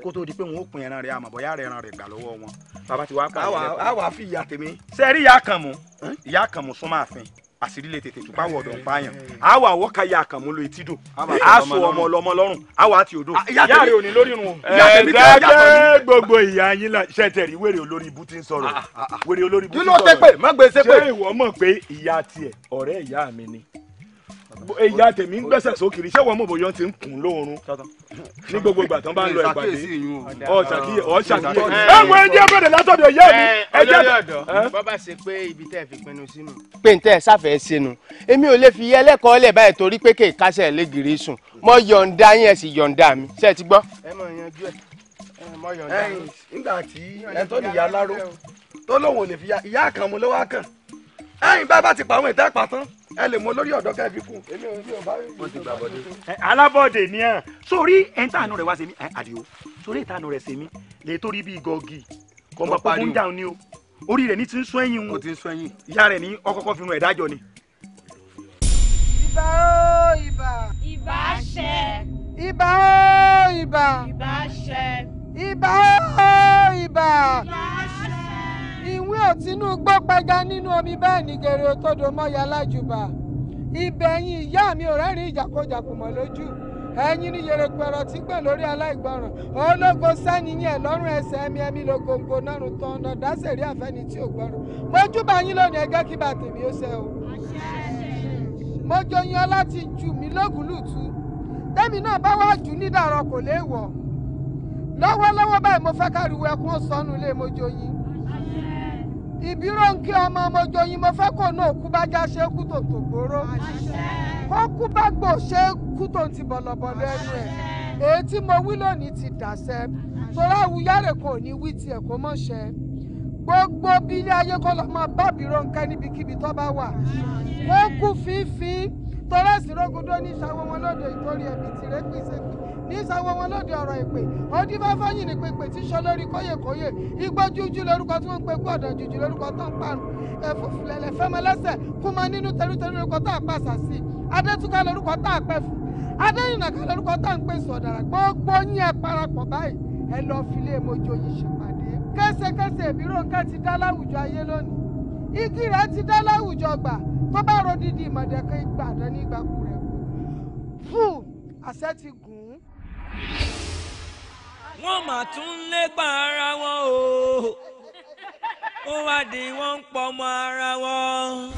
kó tó di pé wọn ó pin ẹran rẹ àmọ́ bóyá rẹ ẹran rẹ gbà lọ́wọ́ wọn bàbá ti wá pa ìyá lẹkọọ àwa fi ìyá tèmi. ṣe rí ìyá kànmú ìyá kànmú súnmọ́ àfin àṣírí lè tètè tù páwọ ọdọ pààyàn àwa àwọkà ìyá kànmú lo etí dò àṣọ ọmọ ọlọmọ lọ́rùn àwa àti odò ah, ìyá rẹ ò ní lórí irun o. ẹ̀ẹ́dẹ́gbẹ́ eh, gbogbo ìyá yín la ṣẹ́tẹ̀rì wèrè olórí ibú ń sọ̀rọ̀ ah, ah, wèrè olórí ibú ń sọ̀rọ̀ e ṣé ìwọ mọ̀ pé ìyá tiẹ̀ ọ̀rẹ́ ìyá mi ni ìyá tèmi ń gbẹ́sẹ̀ sókiri ṣé wọ́n mọ̀ bóyá ti ń kùn lóorun ní gbogbo ìgbà tán bá ń lọ ìpàdé ọ̀ ṣàkíyè ọ̀ ṣàkíyè. ẹ wo ẹ jẹ́ bẹ̀rẹ̀ látọ̀dọ̀ ìyá mi. olórí ọ̀dọ́ bọ́bá ṣe pé ibi tẹ́ ẹ fi pinnu sínú. pé n tẹ́ ẹ sáfẹ́ sínú èmi ò lè fi ẹlẹ́kọ̀ọ́ lẹ̀ báyìí torí pé kè kásẹ̀ lẹ́gìrì sùn mo yọ̀ǹda yín ẹ sì yọ̀ǹda mi ṣé ẹ ti gbọ́. ẹ mọ̀ yanjú ẹ mọ yọ̀ǹda yín. nígbà tí ẹ tó nìyá láró tó ẹ lè mọ lórí ọ̀dọ́ kẹfì fún èmi ò ní ọba. ó ti gbà bọ́dé. alábọ̀dé ni ẹ̀ sórí ẹ̀ńtàánú rẹ̀ wá sí mi àdìo sórí ìtàánú rẹ̀ sí mi lè torí bíi gọ́ọ̀gì kò mọ̀ pé fún ni o orí rẹ̀ ní ti ń sún ẹ̀yìn o ti ń sún ẹ̀yìn. ìyá rẹ̀ ní ọkọ̀ọ̀kan fi rún ẹ̀ ni. ibà ó ibà. ibà ṣẹ. ibà ó ibà. ibà ṣẹ. ibà ó ibà. ibà ṣẹ ìwé òtínú gbó pẹja nínú omi bẹ́ẹ̀ ni gèrè òtòdó mọ́ya lájùbà ibẹ̀ yín ìyá mi ò rẹ́rìn ìjàkójàkò mọ́ lójú ẹ̀yin ni yèrèpẹ̀ ọ̀rọ̀ tí gbẹ̀ lórí aláìgbọràn ológo sẹ́ni yẹn lọ́rùn ẹsẹ̀ ẹ̀mí ẹ̀mí lo gbòǹgbò tán ọ̀nà dásẹ̀rí àfẹ́ni tí ò gbọ́rọ̀ mojúbà yín lónìí ẹgẹ́ kí bàtẹ̀ mi ó ṣe o mojo yan láti jù mí lógùnlùtù tẹ́mi náà bá wá jù nídàrọ̀ kò léèwọ̀ lọ́wọ́lọ́wọ́ báyìí mo fẹ́ káriwo ẹkún sọnù lé mojo yín ìbíròǹkì ọmọ ọmọjọyìn mo fẹ́ kó náà kú bá já ṣe kú tòǹtò gbòòrò kó kú bá gbò ṣe kú tòǹtì bọ̀lọ̀bọ̀lọ̀ ẹnu ẹ̀ èyí tí mo wí lónìí ti dàṣẹ torí àwùyárè kò ní wí tiẹ̀ kó mọ̀ ṣẹ gbogbo bí ilé ayé kó lọ máa bá bìròǹkà níbikíbi tó bá wà kó kú fífi torí ẹ̀sìn rógundó ní ìṣàwọn wọn lóde ìtòrí ẹ̀mí tìrẹ́pì ní ìsàwọ̀ wọn lóde ọrọ ìpè ọdí fáfáyìn ní pèpè tí sọ lórí kóyèkóyè igbó jújú lórúkọ tí wọ́n pe kú ọ̀dọ̀ lórúkọ tó ń parun ẹ̀fúfù lẹ̀lẹ̀ fẹ́mọlẹ́sẹ̀ kúmọ nínú tẹlutẹlu lórúkọ tá a sí i adétúkà lórúkọ tá a pẹ́ fún lórúkọ ń gbogbo yín ẹ báyìí ẹ lọ filé yìí ìbírò ti dá láwùjọ ayé lónìí igi rẹ ti dá láwùjọ gbà tó bá ìmọ̀dẹ̀kẹ́ wọ́n mà tún ń lépa ara wọn o ó wá di wọ́n ń pọmọ ara wọn.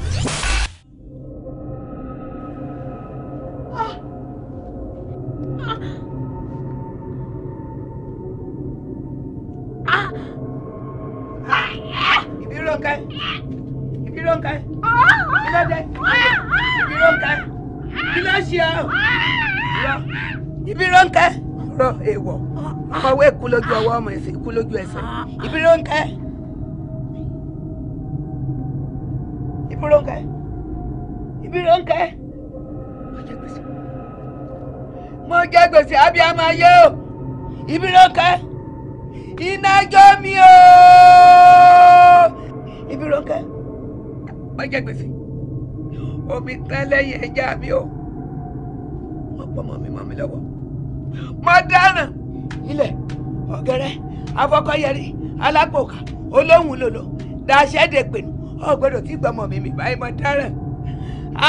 Ìbírónkẹ́ Ìbírónkẹ́ kí ló dé Ìbírónkẹ́ kí ló ṣe ọ́ Ìbírónkẹ́ rọ èèwọ̀ ọmọ wẹ́ kú lójú ọwọ́ ọmọ ẹ̀sìn kú lójú ẹsẹ̀ ìbírónkẹ́ ìbírónkẹ́ ìbírónkẹ́ mo jẹ gbèsè abiyamọ ayé o ìbírónkẹ́ iná jó mi o ìbírónkẹ́ mo jẹ gbèsè omi tán lẹ́yìn ẹja mi o wọ́n pọ̀ mọ́ mi mọ́ mi lọ́wọ́. mo dáná ilẹ̀ ọ̀gẹ̀rẹ̀ afọkọyẹrí alápòkà olóhùn lòlò dàṣẹ́dẹ̀ pẹ̀lú ọ̀gbọ́dọ̀ tí gbọmọ mi mi báyìí mo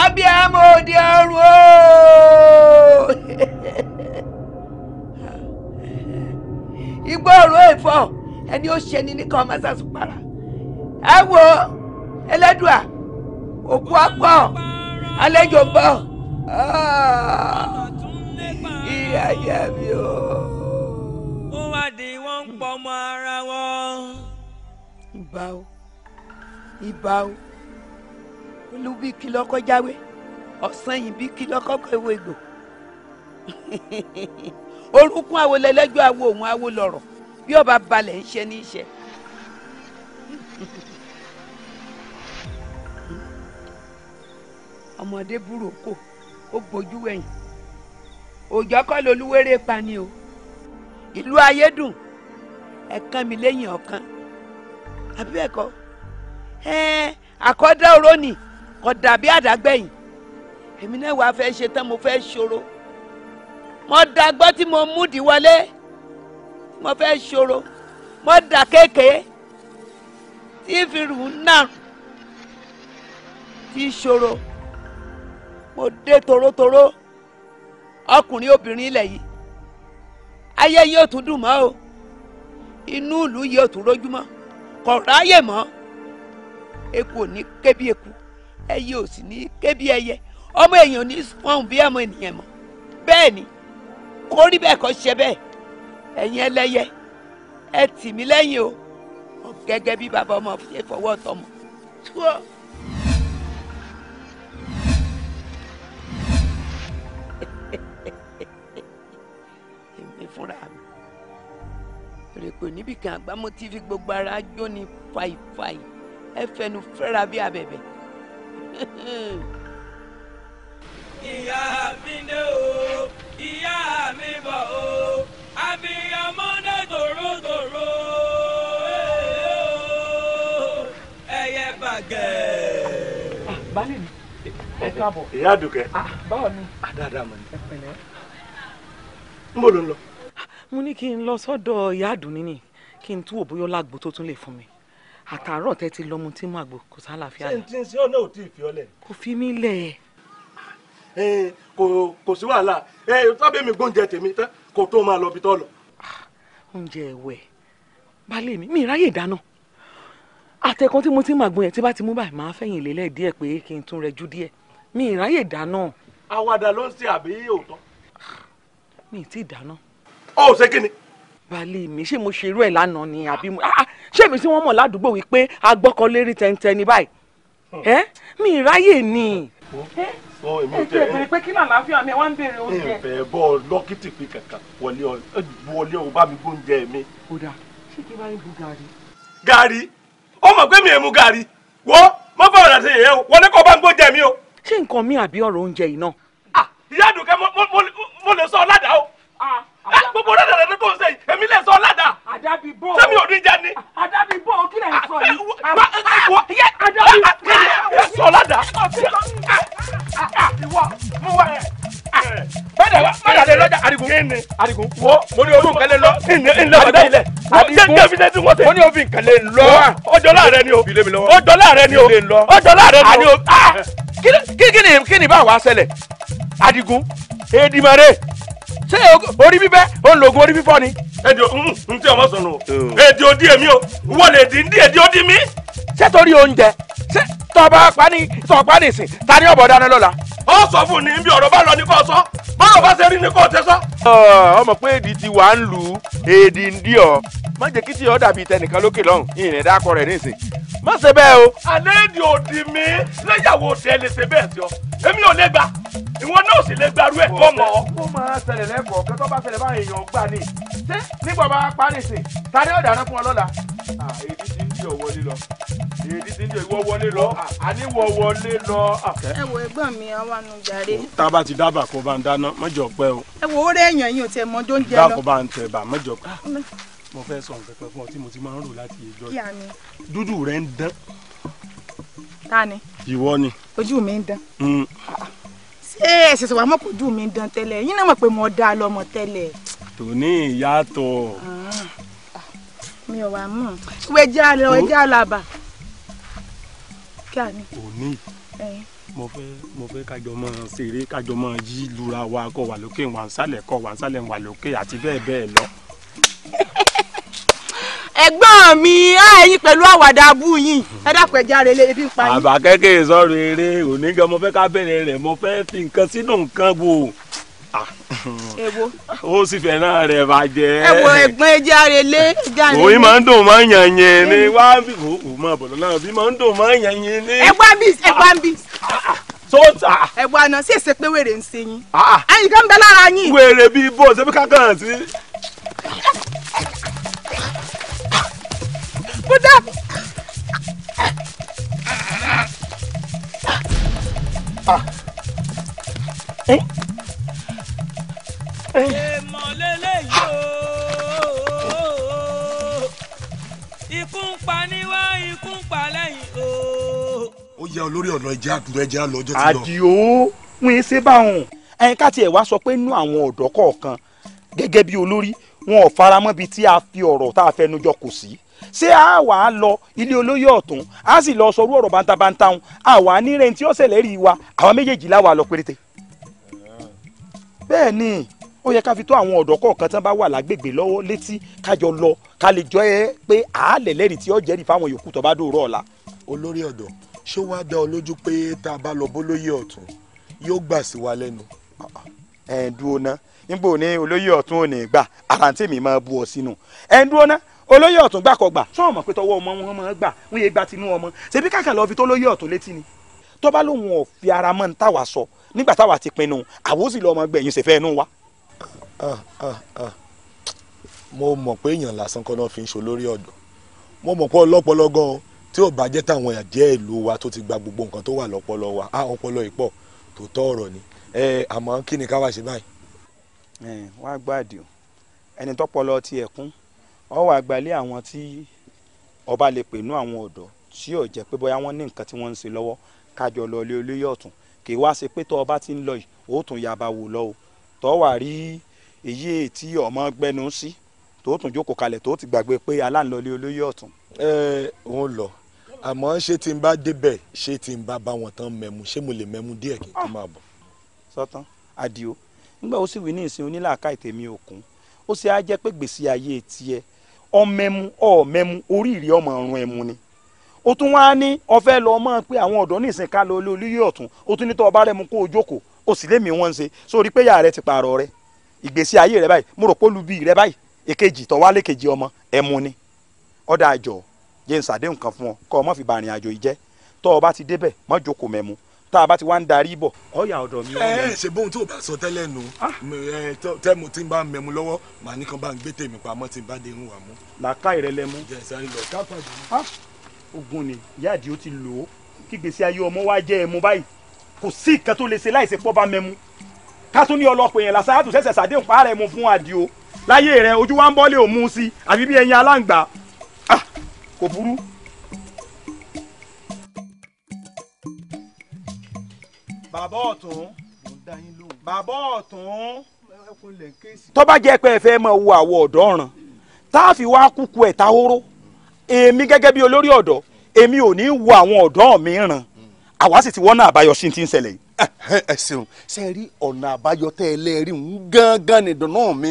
abiyamọ òde ọrùn ooo <laughs> igbó òrò ẹni ó ṣe ni nìkan ọmọ sàṣùpàrà ẹ ìyáyá mi o. ó wá di wọ́n ń pọ̀ mọ́ ara wọn. ìbá o ìbá o olúbíkí lọ́kọ́ jáwé ọ̀sán yìí bíkí lọ́kọ́ kẹwé gbò <laughs> orúkún àwo lẹ́lẹ́jọ́ àwo òun àwo lọ̀rọ̀ bí ọba balẹ̀ ń ṣe ní í <laughs> ọmọdé burú kò ó gbójú wẹ̀yìn òjò kọ́ lolúwéré pa ni o ìlú ayédùn ẹ̀kan mi lẹ́yìn ọ̀kan àbí ẹ̀kọ́ ẹ̀ẹ́n àkọ́dá oró nì kò dàbí àdágbẹ̀yìn èmi náà wàá fẹ́ ṣe tán mo fẹ́ ṣòro mo da gbọ́ tí mo mú di wọlé mo fẹ́ ṣòro mo dà kéèké tí fi rù ú náà tí ṣòro mo dé torótoró. Toro, toro ọkùnrin obìnrin ilẹ̀ yìí ayé yìí tún dùn mọ́ o inú ìlú yìí ò tún rójúmọ́ kò ráyè mọ́ eku ò ní ké bí eku ẹyẹ ò sì ní ké bí ẹyẹ ọmọ èèyàn ò ní fọhùn bí ọmọ ènìyàn mọ́ bẹ́ẹ̀ ni kó rí bẹ́ẹ̀ kó ṣe bẹ́ẹ̀ ẹ̀yin ẹlẹ́yẹ ẹ tì mí lẹ́yìn o gẹ́gẹ́ bí bàbá ọmọ ṣe fọwọ́ tọmọ. fúnra mi rèpè níbìkan àgbámọ́ tí fi gbogbo ara jó ni fàìfàì ẹ fẹnu fẹ́ra bí abẹ̀bẹ̀. <laughs> ìyá mi dé o ìyá mi bọ̀ o abiyamọ dé tòrótòró ẹyẹ bàgẹ́. Ah, balẹ̀ mi ẹ káàbọ̀. ìyá àdùkẹ́. Ah, báwo ni. àdáadáa ah, mọ̀ ni. ẹ pẹ̀lẹ́. n lọ mo ní kí n lọ sọ́dọ̀ ìyá àdùnní ni kí n tú òbóyọ́ lágbo tó tún lè fún mi àtàárọ̀ tẹ́ ti lọ́mú tí mo àgbo kò sálàáfíà. ṣé n ti ṣe ọ̀nà ò tí ì kò fi mí lẹ̀. kò sí wàhálà tọ́bí mi gbóúnjẹ tèmi tán kò tó máa lọ bí tọ́ lọ. Ah, oúnjẹ ẹ̀wẹ̀ balẹ̀ mi mi ráyè dáná àtẹ̀kọ́ tí mo ti máa gbọ́n yẹn tí bá ti mú báyìí máa fẹ̀yìn lélẹ̀ díẹ̀ pé kí n tún rẹjú díẹ̀ mi ìráyè dáná. àwàdà ló ń ṣe àbí òótọ́. Ah, mi ì tí ì dáná ó ṣe kí ni. mi ṣé mo se ẹ̀ lánàá ni àbí mo ah, ah, ṣé mi sí wọn mọ̀ ládùúgbò wípé agbọ́kọlé rí tẹ́ntẹ́ ní báyìí hmm. mi ráyè ni. sọ ẹ pé kí mi wá ń bèrè oúnjẹ. ẹ bẹ bọ lọkìtì pé kankan wọlé ọ bá mi gbóúnjẹ mi. kódà ṣé kí bá bu gàrí. gàrí ó mọ̀ pé mi mu gàrí wọ́n fẹ́ o wọlé kọ́ bá mi o. ṣé nǹkan mi àbí ọ̀rọ̀ oúnjẹ yìí náà. Ah, ìyá àdùnkẹ́ mo lè sọ ọ́ ládàá gbogbo rẹ̀ rẹ̀ rẹ̀ kò ń sẹ́yìn èmi lè sọ ọ̀làdà. àdàbí bò ó sẹ́mi ò ní jẹ ni. àdàbí bò ó kí lẹ̀ ń sọ yìí. àdàbí bò ó sọ ọ̀làdà. ìwọ mú wa rẹ̀. bẹ́ẹ̀ wá bẹ́ẹ̀ lè lọ́jà Àdìgún. kíni Àdìgún wo mo ní olú nǹkan lè lọ. ìnlẹ̀ ọ̀dà ilẹ̀. Àdìgún mo ní obì nǹkan lè lọ. ọjọ́ láàrẹ ni o ọjọ́ láàrẹ ni o ọjọ́ ah! láàrẹ ni o. kíni kíni bá wa ṣẹlẹ̀ Àdìgún èdìmọ̀rẹ́. se orí bíbẹ́ ó orí fífọ́ ni. èdè n tí ọmọ sọnù èdè òdì èmi o wọ́n lè dín dín èdè òdì mi. ṣé torí oúnjẹ ṣé tọba pa tọpa nìsín ta ni ọbọ dáná lọ́la. ó sọ fún ní bí ọ̀rọ̀ bá lọ ní kò sọ bọ́dọ̀ bá ṣe rí ní kò tẹ́ sọ. ọmọ pé èdè ti wà ń lu èdè ń ọ má jẹ́ kí tí ọ dàbí tẹnìkan lókè lọ́hùn ìrìn dákọ má ṣe bẹ́ẹ̀ o. àlẹ́ẹ̀dì òdì mi lẹ́yàwó tẹ lè ṣe bẹ́ẹ̀ sí ọ èmi ò lè gbà ìwọ náà ò sì lè gbàrú ẹ̀ kọ́ mọ́. ó máa ṣẹlẹ̀ lẹ́kọ̀ọ́ pé tó bá ṣẹlẹ̀ bá èèyàn gbà ní. ṣé nígbà bá parí sí ta ni ó dáná fún ọ lọ́la. èyí ti ń di ọ̀wọ́ lílọ èyí ti ń di ìwọ wọlé lọ àníwọ̀ wọlé lọ. ẹ wo ẹ̀gbọ́n mi àwọn ànújàre. tá a bá ti dábàá kó bá ń dáná mọ́jọ pẹ́ o. ẹ wo ó rẹ̀ èèyàn yìí ò tẹ mọ́jọ́ ń jẹ lọ. dákò bá ń tẹ bà mọ́jọ pẹ́ mo fẹ́ sọ nǹkan kan fún ọ tí mo ti máa ń rò láti ìjọ yìí dúdú rẹ ń dán. ta ni. ìwọ ni. ojú mi ń dán. Hmm. ṣé ẹ̀sẹ̀ sọ̀rọ̀ àmọ́ kò ojú mi ń dán tẹ́lẹ̀ yín náà mọ̀ pé mo dá lọ́mọ tẹ́lẹ̀. tòní ìyàtọ̀. Ah, mi ò wá mọ̀ wẹ́ jẹ́ àlọ́ ẹ jẹ́ àlàbà. kí òní mo fẹ́ mo fẹ́ kájọ mọ ṣeré kájọ mọ yí lura wa kọ wà lókè wà ń sálẹ̀ kọ wà ń sálẹ̀ wà lókè àti bẹ́ẹ̀ bẹ́ẹ̀ lọ. <laughs> ẹ̀gbọ́n mi ẹ̀yin pẹ̀lú àwàdà abú yìí ẹ dàpọ̀ ẹja rẹ lé ebi ń pa yín. àbá kékeré sọ̀rọ̀ eré òní gan mo fẹ́ ká bẹ̀rẹ̀ rẹ̀ mo fẹ́ fi nǹkan sínú nǹkan wò. èwo. ó sì fẹ́ràn rẹ̀ bàjẹ́. ẹ wo ẹ̀gbọ́n ẹja rẹ lé ẹja rẹ lé. òyìn máa ń dùn máa ń yàn yẹn ni wá bí kò kò máa bọ̀ lọ́la òbí máa ń dùn máa ń yàn yẹn ni. ẹ wá bí ẹ wá bí. tó ta. ẹ wá náà sí èsè pé wèrè ń ṣe yín. ẹyin kan bẹ lára yín. wèrè bíi bó ṣe bí kákan sí. kó dá mi. èèmọ̀ lélẹ́yìí o ikú ń pa níwá ikú ń pa lẹ́yìn o. ó yẹ olórí ọ̀nà ẹ̀jẹ̀ àdúrà ẹ̀jẹ̀ àlọ́ ọjọ́ lọ. àdìo pín in ṣe báwọn ẹ̀yin ká tiẹ̀ wá sọ pé nínú àwọn ọ̀dọ́ kọ̀ọ̀kan gẹ́gẹ́ bí olórí wọn ò faramọ́ bíi tí a fi ọ̀rọ̀ tá a fẹnu jọ kò sí ṣé a wà á lọ ilé olóyè ọ̀tún a sì lọ sọrú ọ̀rọ̀ bántabántá wọn àwa nírẹ̀ tí ó ṣẹlẹ̀ rí wa àwa méjèèjì láwa lọ péréte. bẹ́ẹ̀ ni ó yẹ ká fi tó àwọn ọ̀dọ́ kọ̀ọ̀kan tán bá wà lágbègbè lọ́wọ́ létí kájọ lọ ká lè jọ ẹ pé àálẹ̀ lẹ́rìí tí ó jẹ́rìí fáwọn yòókù tó bá dòrò ọ̀la. olórí ọ̀dọ́ ṣé wàá dá ọ lójú pé tá a bá lọ bólóyè ọ̀tún yóò gbà sí wa lẹ́nu. ẹ̀ ń dúró ná nígbò ní olóyè ọ̀tún ò ní gbà àràǹtẹ̀mí máa bu ọ sínú ẹ̀ olóyè ọ̀tún gbàkọ̀gbà sọ ọmọ pé tọwọ́ ọmọ wọn máa gbà wọn yé gba tinú ọmọ ṣebí kàkà lọ fi tó lóyè ọ̀tún létí ni tó bá lóun ò fi ara mọ́ ní táwa sọ nígbà táwa ti pinnu àwòsí lọ́mọ gbẹ̀yìn ṣèfẹ́ inú wa. Ah, ah, ah. mo mọ̀ pé èèyàn lásán kan náà fi ń ṣolórí ọ̀dọ́ mo mọ̀ pé ọlọ́pọlọ gan tí ò bá jẹ́ táwọn àjẹ́ ìlú wa tó ti gba gbogbo nǹkan tó wà lọ́pọlọ wa á ọpọlọ ìpọ̀ tó tọ́ ọ̀rọ̀ ni àmọ́ kí ni ká wá ṣe báyìí. wọ́n á gbáàdì ọ wà gbalé àwọn tí ọba lè pè nú àwọn ọ̀dọ́ tí yóò jẹ́ pé bóyá wọ́n ní nǹkan tí wọ́n ń ṣe lọ́wọ́ kájọ lọ olóyè ọ̀tún kì í wá ṣe pé tọ́ ọba ti ń lọ yìí ó tún yaba wò lọ o tọ́ wà rí èyí tí ọmọ gbẹnu sí tó tún jókòó kalẹ̀ tó ti gbàgbé pé aláǹlọ ilé olóyè ọ̀tún. ẹ ẹ òun lọ àmọ́ ṣé tí n bá débẹ̀ ṣé tí n bá bá wọn tán mẹ́mu ṣé mo lè mẹ́mu díẹ̀ kí n tó máa bọ̀. sọtán adio nígbà ó sì wí ní ìsìn onílàákà ìtẹ̀mí òkun ó sì á jẹ́ pé gbèsè ayé tiẹ̀ ọmẹmu ọmẹmu oríire ọmọ ọrùn ẹmu ni ó tún wá ní ọfẹ lọ ọmọ pé àwọn ọ̀dọ́ nísìnyí ká lọ olóyè ọ̀tún ó tún ní tọ ọba rẹ mu kó o jókòó o sì lémi wọn ṣe sórí pé yàrá rẹ ti pààrọ̀ rẹ ìgbésí ayé rẹ báyìí mo rò pé olùbí rẹ báyìí èkejì tọ wálé kejì ọmọ ẹmu ni ọdà àjọ jẹ́ nsàdéhùn kan fún ọ kọ́ ọ fi bàrìn àjò yìí jẹ́ tọ́ ọ ti débẹ̀ mọ́ jókòó mẹ́mu tá a bá ti wá ń darí bọ̀. ọ̀yà ọ̀dọ̀ mi. ẹ ẹ ṣe bóun tó bá sọ tẹ́lẹ̀ nù ah. tẹ́ mo ti bá ń mẹ́mu lọ́wọ́ màá ní kan bá ń gbé tèmi pamọ́ tí n bá dé ń wà mú. làákà ìrẹ̀lẹ̀ mú. jẹ sáré lọ kápá jù. Ah, ogun ni yáàdì ó ti lò ó kí gbèsè ayé ọmọ wa jẹ́ ẹmu báyìí kò sí ìkan tó lè ṣe láìsí pọ́ bá mẹ́mu ká tún ní ọlọ́pọ̀ yẹn làṣà àtúnṣe ṣẹ̀ṣẹ̀ àdéhùn pààrẹ̀ mu fún àdìo láyé rẹ ojú wa ń bọ́lé òmu sí àbí bí ẹyin aláǹgbá ah, kò burú bàbá ọ̀tún bàbá ọ̀tún tó bá jẹ́ pé ẹ fẹ́ máa wo àwọ̀ ọ̀dọ́ ọ̀ràn tá a fi wá kúkú ẹ̀ táhóró èmi gẹ́gẹ́ bí olórí ọ̀dọ́ èmi ò ní wo àwọn ọ̀dọ́ mi ràn àwa sì ti wọ́n náà àbáyọ sí ti ń ṣẹlẹ̀ yìí. ẹ ṣeun ṣe rí ọ̀nà àbáyọ tẹ́ ẹ lẹ́ẹ̀rí ń gángan nìdán náà mi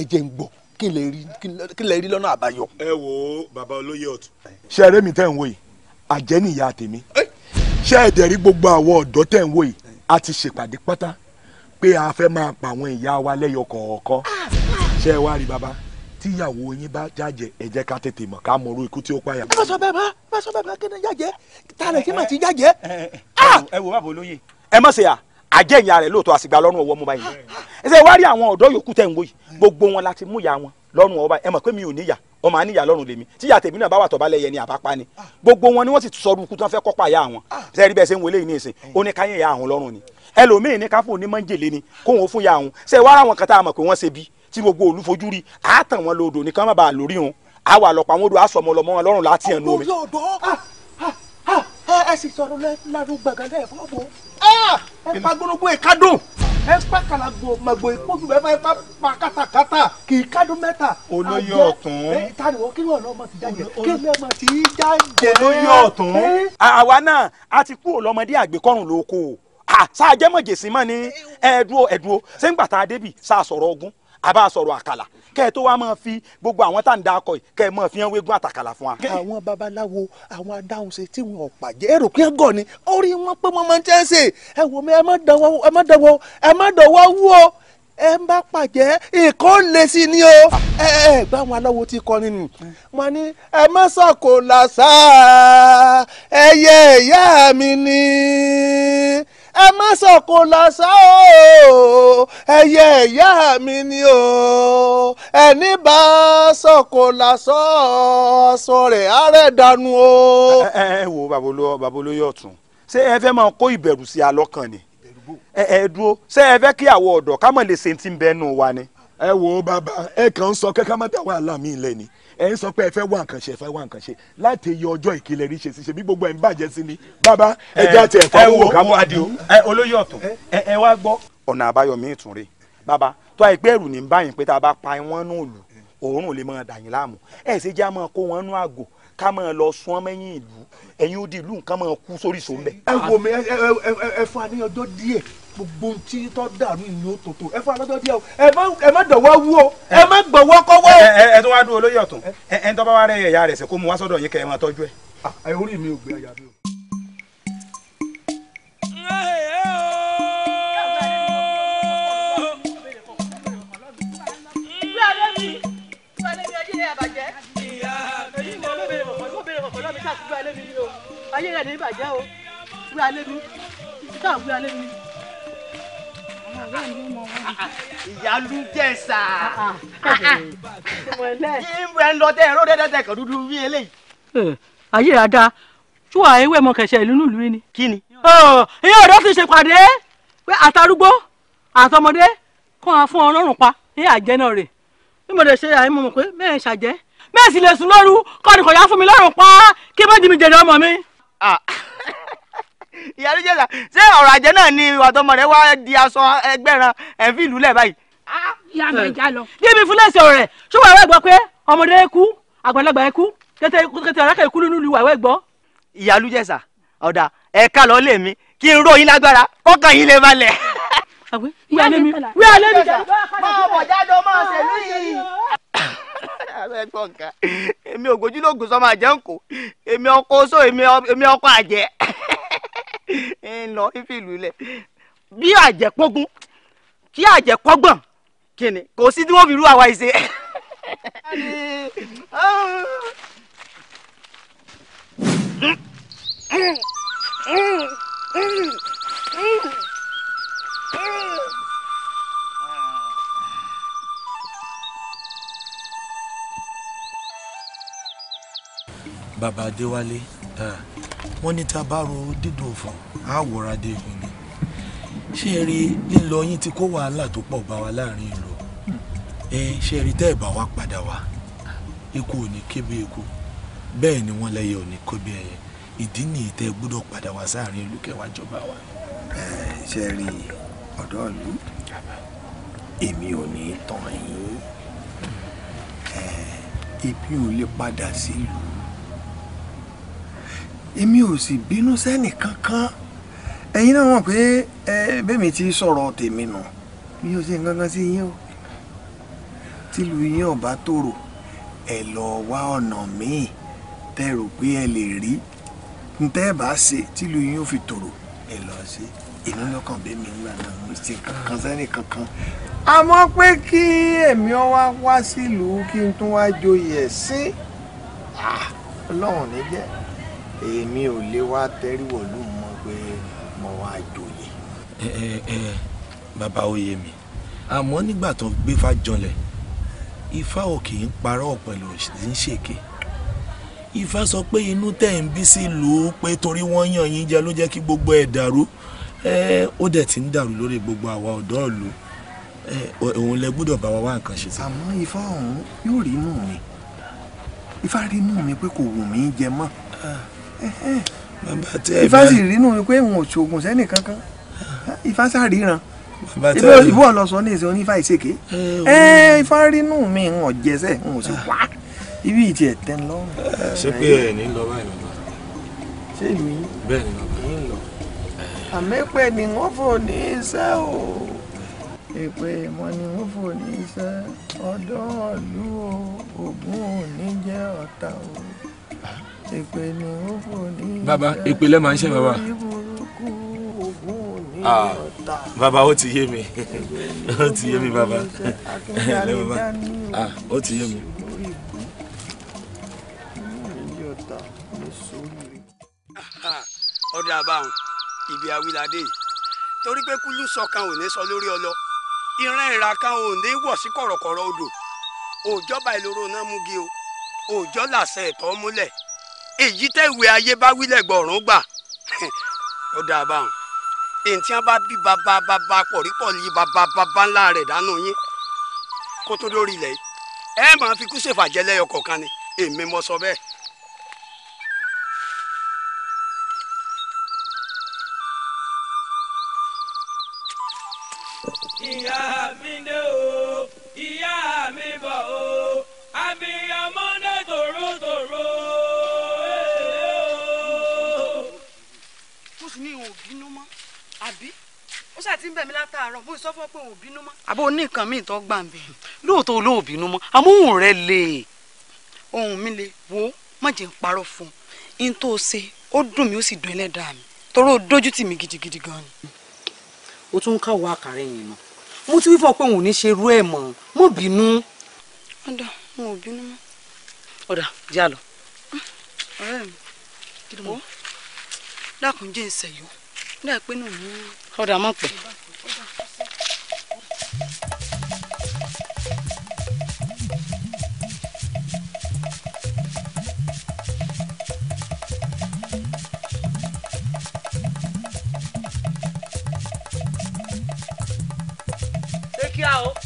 ẹ jẹ́ ń gbọ́ kí lè rí lọ́nà àbáyọ. ẹ wo bàbá olóyè ọ̀tún. ṣe eré mi tẹ́ ń wò yìí àjẹ́ nìyá tèmi. ẹ ṣé ẹ̀dẹ̀ rí gbogbo àwọn ọ̀dọ́ tẹ̀ ń wò yìí a ti ṣèpàdé pátá pé a fẹ́ máa pa àwọn ìyá wa lẹ́yọ kọ̀ọ̀kan ṣé ẹ wá rí baba tíyàwó yín bá jájẹ ẹ jẹ́ ká tètè mọ̀ ká mọ orú ikú tí ó pààyà. bá a sọ bẹ́ẹ̀ bá bá sọ bẹ́ẹ̀ bá kí ni jájẹ tá kí màá ti jájẹ. ẹ ah! wò bàbá olóye. ẹ mọ̀ sí ya àjẹ́ ìyá rẹ̀ lóòótọ́ àsìgbà lọ́rùn ọwọ́ mú báyìí. ẹ sẹ́ wá rí àwọn ọ̀dọ́ yòókù tẹ̀ ń wò yìí gbogbo wọn la ti mú ìyá wọn lọ́rùn ọwọ́ báyìí ẹ mọ̀ pé mi ò níyà wọn máa níyà lọ́rùn lèmi tí ìyá tèmi náà bá wà tọ́ba lẹ́yẹ ni àbápa ni ah. gbogbo wọn ni wọ́n sì sọ̀rọ̀ ikú tí wọ́n fẹ́ kọ́pà ya àwọn sẹ́ẹ̀rí ah. bẹ́ẹ̀ ṣe ń wọlé yìí ní ìsìn eh. ó ní káyé ya àwọn lọ́rùn ni ẹlòmíín ní káfọ́ ní mọ́ńjèlé ni kóhun ó fún ya àwọn ṣe wàá àwọn kan tá a mọ̀ pé wọ́n ṣe bí tí gbogbo olúfojú rí àátàn wọn lòdò ní kán má bàa lórí wọn àwa àlọ́pàá àwọn odò àsọmọ lọmọ wọn lọ́rùn ah! ẹ sì sọ̀rọ̀ ẹ pàgbọ́nogún dùn ẹ pa kàlàgbò màgbò ìkójú ẹ bá pa kátàkátà kì í kádùn olóyè ọ̀tún. ẹ ìtàní wọn kí ni ti jáde kí ni ti jáde. olóyè ọ̀tún. àwa náà a ti kú òlọmọdé àgbékọ́rùn lóko sáà jẹ́mọ̀jèsí mọ́ ni ẹ̀ẹ́dúró ẹ̀dúró ṣé tá a débì sáà sọ̀rọ̀ ogun a bá sọ̀rọ̀ àkàlà kẹ́ ẹ tó wá máa fi gbogbo àwọn tá à ń da akọ yìí kẹ́ ẹ máa fi hàn wégún àtàkàlà fún wa. àwọn babaláwo àwọn adáhunṣe tí wọn ò pàjẹ́ èrò pé gọ̀ ni ó rí wọn pé wọn máa ń tẹ́ ṣe ẹ wò mí ẹ má dọwọ́ ẹ má dọwọ́ ẹ má dọwọ́ wú o ẹ ń pàjẹ́ nǹkan lè sí ni o ẹ ẹ gbá àwọn aláwo ti kọrin nù wọn ni ẹ má sọkò làṣà ẹyẹ ìyá mi ni ẹ má sọ̀kò lọ́sọ̀ o ẹyẹ ìyá mi ni o ẹni bá sọ̀kò lọ́sọ̀ ọ̀sọ̀ rẹ̀ àárẹ̀ dànù o. ẹ ẹ wo babolóyè ọ̀tún ṣé ẹ fẹ́ máa kó ìbẹ̀rù sí alọ́kàn ni ẹ ẹ dúró ṣé ẹ fẹ́ kí àwọn ọ̀dọ́ ká mọ̀ lè ṣe ti ń bẹ́ẹ̀ nù wa ni. ẹ wo bàbá ẹ kàn ń sọ kẹ́kẹ́ má dá wàhálà mi lẹ́ni ẹ ń sọ pé ẹ fẹ́ wá nǹkan ṣe ẹ fẹ́ wá nǹkan ṣe láti iye ọjọ́ ìkìlẹ̀ rí ṣe sí ṣe bí gbogbo ẹ̀ ń bàjẹ́ sí ni bàbá ẹ já tiẹ̀ fọwọ́ wò káwọ́ adìo ẹ olóyè ọ̀tún ẹ wá gbọ́. ọ̀nà àbáyọ mi ìtún rè bàbá tó àìpẹ́ ẹ̀rù ní báyìí pé tá a bá pa wọ́n nù lù òórùn lè máa dàyín láàmú ẹ̀ ṣe já máa kó wọn nú àgò ká máa lọ sún ọmọ ẹ̀yìn ìlú ẹ̀yìn ó di ìlú nǹkan máa kú sórí sòun bẹ́ẹ̀. ẹ wò mí ẹ fún àníyànjọ díẹ̀ gbogbo tí tọ́ dàrú ìlú òtòtò ẹ fún alọ́jọ́ díẹ̀ o ẹ má dọ̀wọ́ wú o ẹ má gbọ̀wọ́ kọ́wọ́. ẹ ẹ tó wá dúró lóye ọ̀tún ẹ ẹ ń tọ́ba wá rẹ ẹ̀yà rẹ̀ sẹ́ kó mu wá sọ́dọ̀ yín kẹ́ ẹ máa tọ́jú ẹ. ẹ orí mi ò gbé ẹ̀yà mi o. ayé rẹ̀ ní ìbàjẹ́ o wúra lé mi ìtàn wúra lé mi ìyálú jẹ̀sà ìmọ̀ ẹ̀ ń lọ tẹ́ ẹ̀rọ dẹ́dẹ́dẹ́ kan dúdú bí eléyìí. ayé ada tí ewé mọ kẹsẹ̀ ìlú nílùú ni. kí ni. ìyá ọ̀dọ́ ti ṣèpàdé pé àtàrúgbó àtọmọdé kọ́ ọ fún ọlọ́run pa ní àjẹ́ náà rè bí mo lè ṣe àìmọ̀ mọ̀ pé mẹ́ẹ̀ ṣàjẹ́ mẹ́ẹ̀ sì lè sùn lóru kọ́ni kò yá fún mi lọ́rùn pa kí mẹ́jì mi jẹ̀dọ̀ ọmọ mi. ìyá àdújẹsà ṣé ọ̀rọ̀ àjẹ́ náà ni ọ̀dọ́mọ rẹ wá di aṣọ ẹgbẹ́ran ẹ̀fín ìlú lẹ̀ báyìí. ìyá mi ìjà lọ. bíbí fúlẹ̀sì ọ̀rẹ́ ṣùgbọ́n àwọn ẹ̀gbọ́n pé ọmọdé kú àgbàlagbà kú kété kété ọ̀rẹ́kẹ̀ kú nínú ìlú àwọn ẹ̀gbọ́n. ìyá àdújẹsà ọ̀dà ẹ̀ka lọ lé mi kí n ró yín lágbára kọ́kàn yín lè balẹ̀. èmi ògójúlógún sọ máa jẹun kò èmi ọkọ sọ èmi ọkọ àjẹ. ń lọ fífìlú lẹ̀ bí àjẹpọ́gún kí àjẹpọ́gbọ̀n kìnnì kò sí tí wọ́n fi rú àwa ìṣe. Bàbá Adéwálé. Uh wọ́n ní tá a bá ro dídùn fún á wọra dé fún ni ṣé ẹ rí lílọ yín ti kó wàhálà tó pọ̀ bá wa láàrin ìlú ẹ ṣé ẹ rí tẹ́ ẹ̀ bá wa padà wá ikú ò kébé ikú bẹ́ẹ̀ ni wọ́n lẹ́yẹ ò ní kébé ìdí nìyí tẹ́ ẹ gbọ́dọ̀ padà wá sáàrin ìlú kẹwàá jọba wa. ẹ ṣe rí ọ̀dọ́ ìlú èmi ò ní tàn yín èmi ò lè padà sílùú èmi ò sì bínú sẹ́nì kankan ẹ̀yin náà mọ̀ pé bẹ́mi ti sọ̀rọ̀ tèmi nù mi ò ṣe nǹkan kan sí yín o tìlú yín ọ̀bá tòrò ẹ lọ wá ọ̀nà míì tẹ́ rò pé ẹ lè rí ntẹ́ bá ṣe tìlú yín ò fi tòrò ẹ lọ ṣe èmi lọ́kàn bẹ́mi ńlá náà mo ṣe kankan sẹ́nì kankan àmọ́ pé kí èmi ọ wá wá sílùú kí n tún wá joyè sí ọlọ́run ní èmi ò lè wá tẹríwọ̀lú mọ́ pé mo wá joyè. bàbá oyè mi àmọ́ nígbà tó gbéfà janlẹ̀ ifá ò kì í parọ́ pẹ̀lú ń ṣèké ifá sọ pé inú tẹ̀ ń bí sí lù ú pé torí wọ́n yàn yín jẹ ló jẹ́ kí gbogbo ẹ̀ dàrú ó dẹ̀ ti ń dàrú lórí gbogbo àwa ọ̀dọ́ ìlú òun lẹ gbọ́dọ̀ bá wa wá nǹkan ṣe sí. àmọ́ ifá ọ̀hún yóò rí inú mi ifá rí inú mi pé kò wù mí jẹ mọ́. Ah bàbá tí ẹ bá ifá sì rínú ni pé wọn ò ṣoògùn sẹ́nì kankan ifá sàríran ìbú ọ̀ lọ sọ ní ìsìn onífà ìṣèké ifá rínú mi ń ọ̀jẹsẹ̀ ń ò sì ah. wá ibi ìtì ẹ̀ tẹ́ ń lọ́rùn. ṣé pé ẹ̀ ní lọ báyìí lọ. ṣé mi bẹ́ẹ̀ ni bàbá ń lọ. àmẹ́pẹ́ ni wọ́n fò ní iṣẹ́ o èpè mọ́ ni wọ́n fò ní iṣẹ́ ọdọ́ ọ̀lú o ògún ò ní jẹ́ ọ̀tá o. Baba, èpè lẹ́ẹ̀ máa ń ṣe bàbá. Ah, bàbá ó ti yé mi ó ti yé mi bàbá ah, ó ti yé mi. ọdẹ àbáhùn ibi awilade torí pé kúlú sọkan ò ní sọ lórí ọlọ ìran ìra kan ò ní wọ̀ sí kọ̀rọ̀kọ̀rọ̀ odò òòjọ́ bá ìloro náà mú gi o òòjọ́ làṣẹ ẹ̀tọ́ múlẹ̀ èyí tẹ̀wé ayé bá wílẹ̀ gbọ̀rún gbà ó dáa báwọn èyí tí bá bí bàbá bàbá pọ̀rípọ̀ yí bàbá bàbá ńlá rẹ̀ dánú yín kó tó lórí ilẹ̀ yìí ẹ máa fi kú ṣèfàjẹ́ lẹ́yọ kọ̀ọ̀kan ni èmi mo sọ bẹ́ẹ̀. ìyá mi dé o. ṣáà ti ń bẹ̀ mí látàárọ̀ mo sọ fún ọ pé òun ò bínú mọ́. àbó o ní nǹkan míì tó gbà ń bẹ̀. lóòótọ́ olóò bínú mọ́ amóhùn rẹ lè. ohun mi lè wo má jẹ́ ń parọ́ fún un n tó ṣe ó dùn mí ó sì dùn ẹlẹ́dàá mi torí ó dójú tì mí gidigidi gan ni. o tún ń káwọ àkàrà ẹ̀yìn mọ́ mo ti wí fún ọ pé òun ò ní ṣe irú ẹ̀ mọ́ mo bínú. ọ̀dà mo ò bínú mọ́. ọ̀dà jẹ́ àlọ́. ọ̀rẹ́ mi kí ló mọ̀ dákun jẹ́ ìṣẹ̀yọ́ dáa pé nù ọ̀dà mọ̀ pẹ́. Take care. Oh.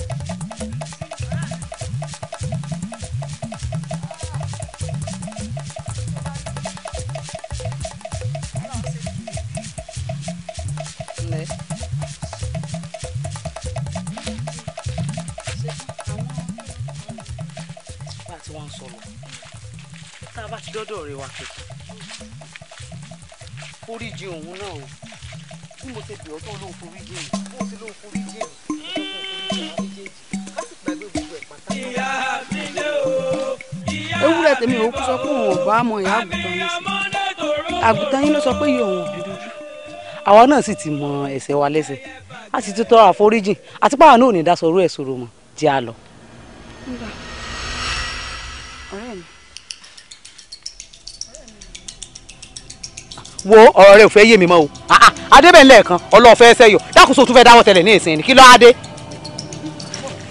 lọ́dọ̀ ọ̀rẹ́ wa kẹ foríjì òun náà o bí mo ṣe bẹ̀rẹ̀ tó lóun foríjì èyí bó ṣe lóun foríjì èyí ìyá mi lé o ìyá mi lé ewúrẹ́ tèmi ò sọ pé òun ò bá mọ ìyá àgùntàn yín sí àgùntàn yín ló sọ pé iye òun ò bí dúdú àwa náà sì ti mọ ẹ̀ṣẹ̀ wa lẹ́ṣẹ̀ a sì ti tọrọ àforíjì àti pàwọn náà ò ní dá sọ̀rọ̀ ẹ̀ sọ̀rọ̀ mọ́ jẹ́ a lọ. ọ̀rẹ́ mi wo ọ̀rọ̀ rẹ ò fẹ́ yé mi mọ́ o ah, ah, adébẹ̀ ńlẹ̀ kan ọlọ́ọ̀fẹ́ ẹsẹ̀ yọ dákúnso tún fẹ́ dáwọ́ tẹ̀lẹ̀ ní ìsìn kí ló á dé.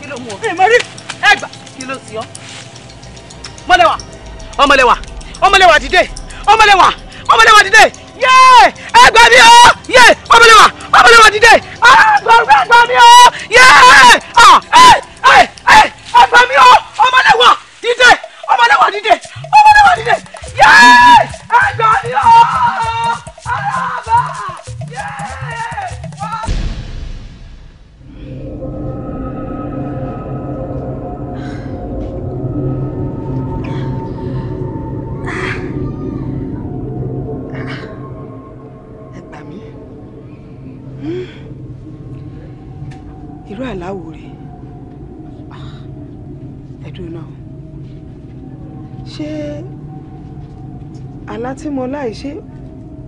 kí ló mú ọ ẹ mọ rí ẹgbà kí ló sì ọ. mọ́lẹ́wà ọmọlẹ́wà ọmọlẹ́wà dìde ọmọlẹ́wà ọmọlẹ́wà dìde yé ẹgbà mi ọ yé ọmọlẹ́wà ọmọlẹ́wà dìde ẹgbà mi ọ yé ah, ẹgbà mi ọ ọmọlẹ́wà dìde ọmọlẹ́wà dìde ọmọlẹ́wà dìde yé ẹgbà mi ọ. àlá tí mo láì ṣe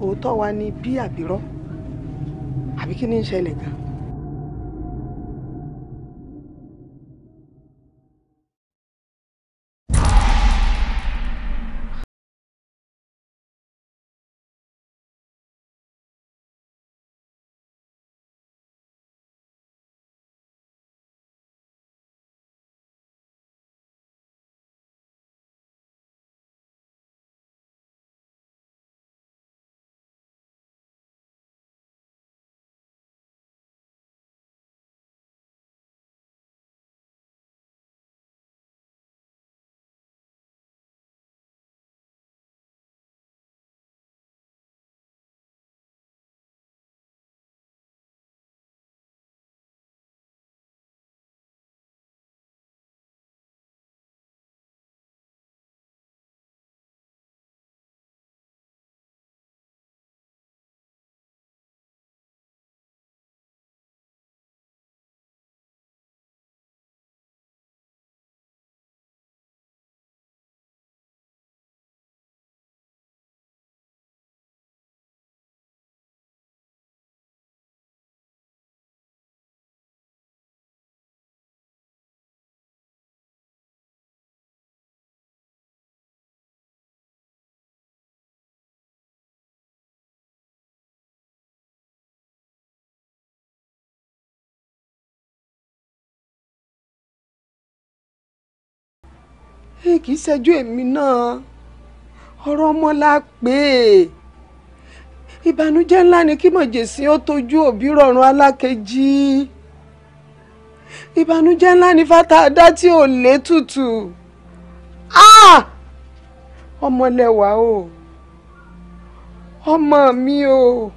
òótọ́ wa ni bí àbírọ́ àbí kí ni ń ṣẹlẹ̀ gan ẹ kì í ṣẹjú èmi náà ọ̀rọ̀ ọmọ la pè é ìbànújẹ́ ńlá ni kí mọ̀jèsín ó tójú òbí rọ̀rùn alákejì ìbànújẹ́ ńlá ni fata adá tí ò lé tutù ah! ọmọlẹ́wà o ọmọ mi o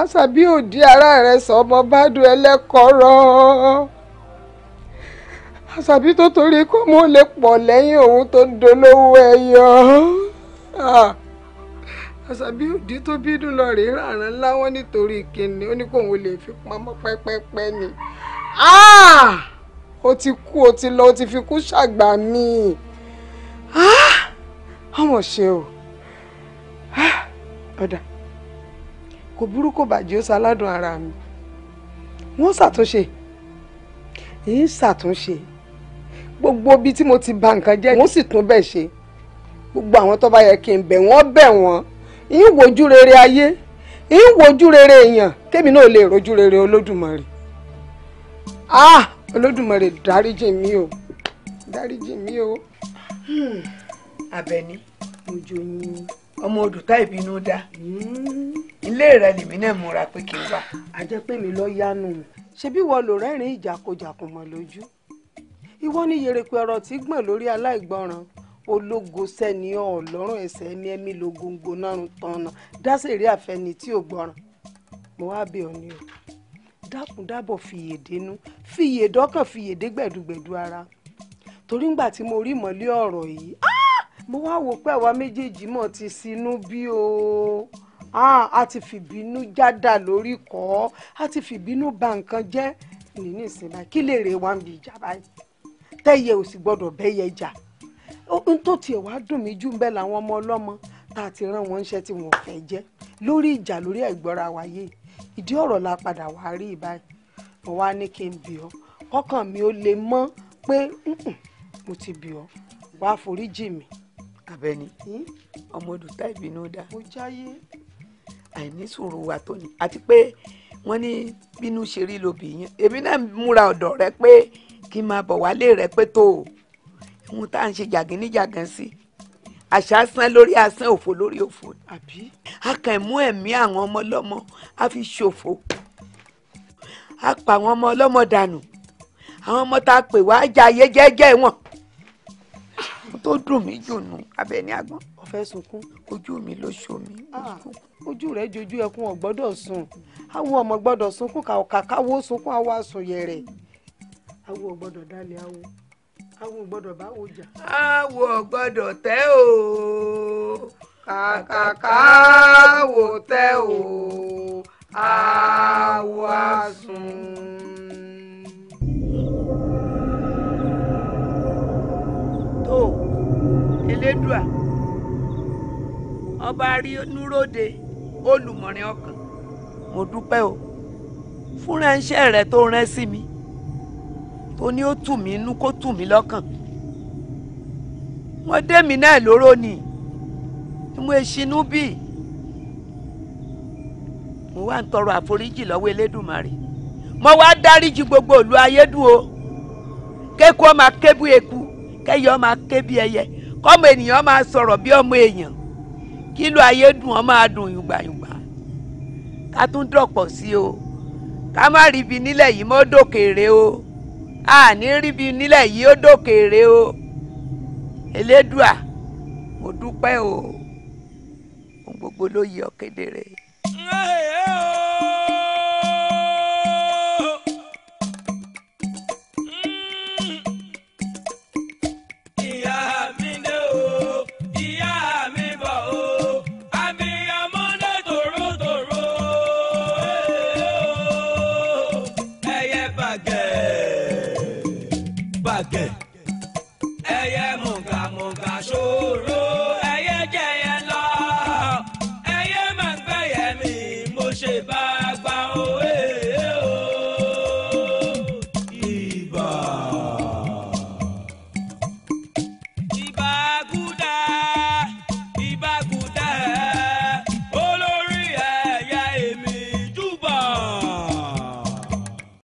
àṣàbí òdi ara rẹ sọ ọmọ bá dùn ẹlẹ́kọ̀ọ́rọ́ àṣàbí tó torí kó mo lè pọ̀ lẹ́yìn òun tó ń dolówó ẹyọ ah, àṣàbí òdì tó bídùn lọ rèé ràrán láwọn nítorí kìnìún ó ní kóun lè fi pamọ́ pẹ́pẹ́pẹ́ ni ah, ó ti kú ó ti lọ ó ti fi kú ṣàgbà mi ah, ọmọ ṣe o ọ̀dà kò burú bàjẹ́ ó ṣaládùn ara mi wọ́n ṣàtúnṣe èyí ṣàtúnṣe gbogbo ibi tí mo ti bà nǹkan jẹ́ mo sì tún bẹ̀ ṣe gbogbo àwọn tó bá yẹ kí n bẹ̀ wọ́n bẹ̀ wọ́n ìyín wojú rere ayé ìyín wojú rere èèyàn kémi náà lè rojú rere olódùmarè ah olódùmarè dáríjì mi o dáríjì mi o. Àbẹ̀ní hmm. ojú yín ọmọ odùtá ìbínú dá hmm. ilé rẹ lèmi náà múra pé kí n wà. àjẹpẹ́ mi lọ yánu ṣebí wọ́n lò rẹ́rìn-ín ìjàkọ̀jàkọ̀ mọ́ lójú ìwọ ní yèrèpè ọ̀rọ̀ tí gbọ̀n lórí aláìgbọràn ológo sẹ́ni ọ̀lọ́rùn ẹ̀sẹ̀ ẹ̀mí ẹ̀mí lógóńgó nárun tọ̀nà dáṣẹ̀rí àfẹ́ni tí ò gbọ́ràn mo wá bẹ̀ ọ́ ni o dákun dábọ̀ fìyèdénú fìyèdọ́kàn fìyèdé gbẹ̀dùgbẹ̀dù ara torí ngbà tí mo rí ìmọ̀lẹ́ ọ̀rọ̀ yìí ah! mo wá wò pé àwa méjèèjì mọ̀ ti sinú bí o ah! a ti fìbínú jádà lórí kọ́ a ti fìbínú ba nǹkan jẹ́ nínú ìsinmi kí lè rè wá ń bi ìjà báyìí tẹ́yẹ ò sì gbọ́dọ̀ bẹ́yẹ jà ohun tó tiẹ̀ wá dùn mí jù ń bẹ làwọn ọmọ ọlọ́mọ tá a ti rán wọn ṣẹ́ tí wọn ò fẹ́ jẹ́ lórí ìjà lórí àìgbọ́ra wáyé ìdí ọ̀rọ̀ la padà wá rí ìbáyìí mo wá ní kí n bì ọ́ kọ́kàn mi ò lè mọ̀ pé mo ti bì ọ́ wá foríjì mi. Àbẹ̀ní ọmọ olùtá ìbínú dá. mo jáyé. àìní sùúrù wa tó àti pé wọ́n ní bínú ṣe rí lóbì yẹn èmi náà múra ọ̀dọ̀ rẹ pé kí n máa bọ̀ wálé rẹ pé tó o ohun tá à ń ṣe jàgínníjàgán sí àṣà asán lórí asán òfò lórí òfò àbí a kàn mú ẹ̀mí àwọn ọmọ ọlọ́mọ a fi ṣòfò a pa àwọn ọmọ ọlọ́mọ dànù àwọn ọmọ tá a pè wá jayé jẹ́jẹ́ wọn tó dùn mí jùnú abẹni agbọn. ọ̀fẹ́ sunkún. ojú mi ló ṣo mi. Ah, ojú rẹ̀ jojú ẹkún ò gbọ́dọ̀ sùn àwọn ọmọ gbọ́dọ̀ sunkún kàkàwó sunkún àwa sùn yẹrẹ awo ò gbọ́dọ̀ awo awo ò gbọ́dọ̀ báwo jà. awo ò gbọ́dọ̀ tẹ́ o kàkàkà wò tẹ́ o awo asun. tó elédùà ọba rí núròde olùmọ̀rin ọkàn mo dúpẹ́ o fún ránṣẹ́ rẹ tó rán sí mi ó ní ó tù mí inú kó tù mí lọ́kàn wọ́n dé mi náà lóró ni mo èṣinú bí mo wá ń tọrọ àforíjì lọ́wọ́ Elédùmarè mo wá dáríjì gbogbo ìlú ayédùn o kéku ó máa eku kẹ́yẹ ó máa ké bí ẹyẹ kọ́mọ ènìyàn máa sọ̀rọ̀ bí ọmọ èèyàn kílò ayédùn ó máa yùgbàyùgbà ká tún dọ̀pọ̀ sí o ká má ríbi nílẹ̀ yìí mọ́ dòkèrè o a ní ríbi nílẹ̀ yìí ó dòkèèrè o elédùà mo dúpẹ́ o gbogbo ló yẹ kedere. Hey, hey.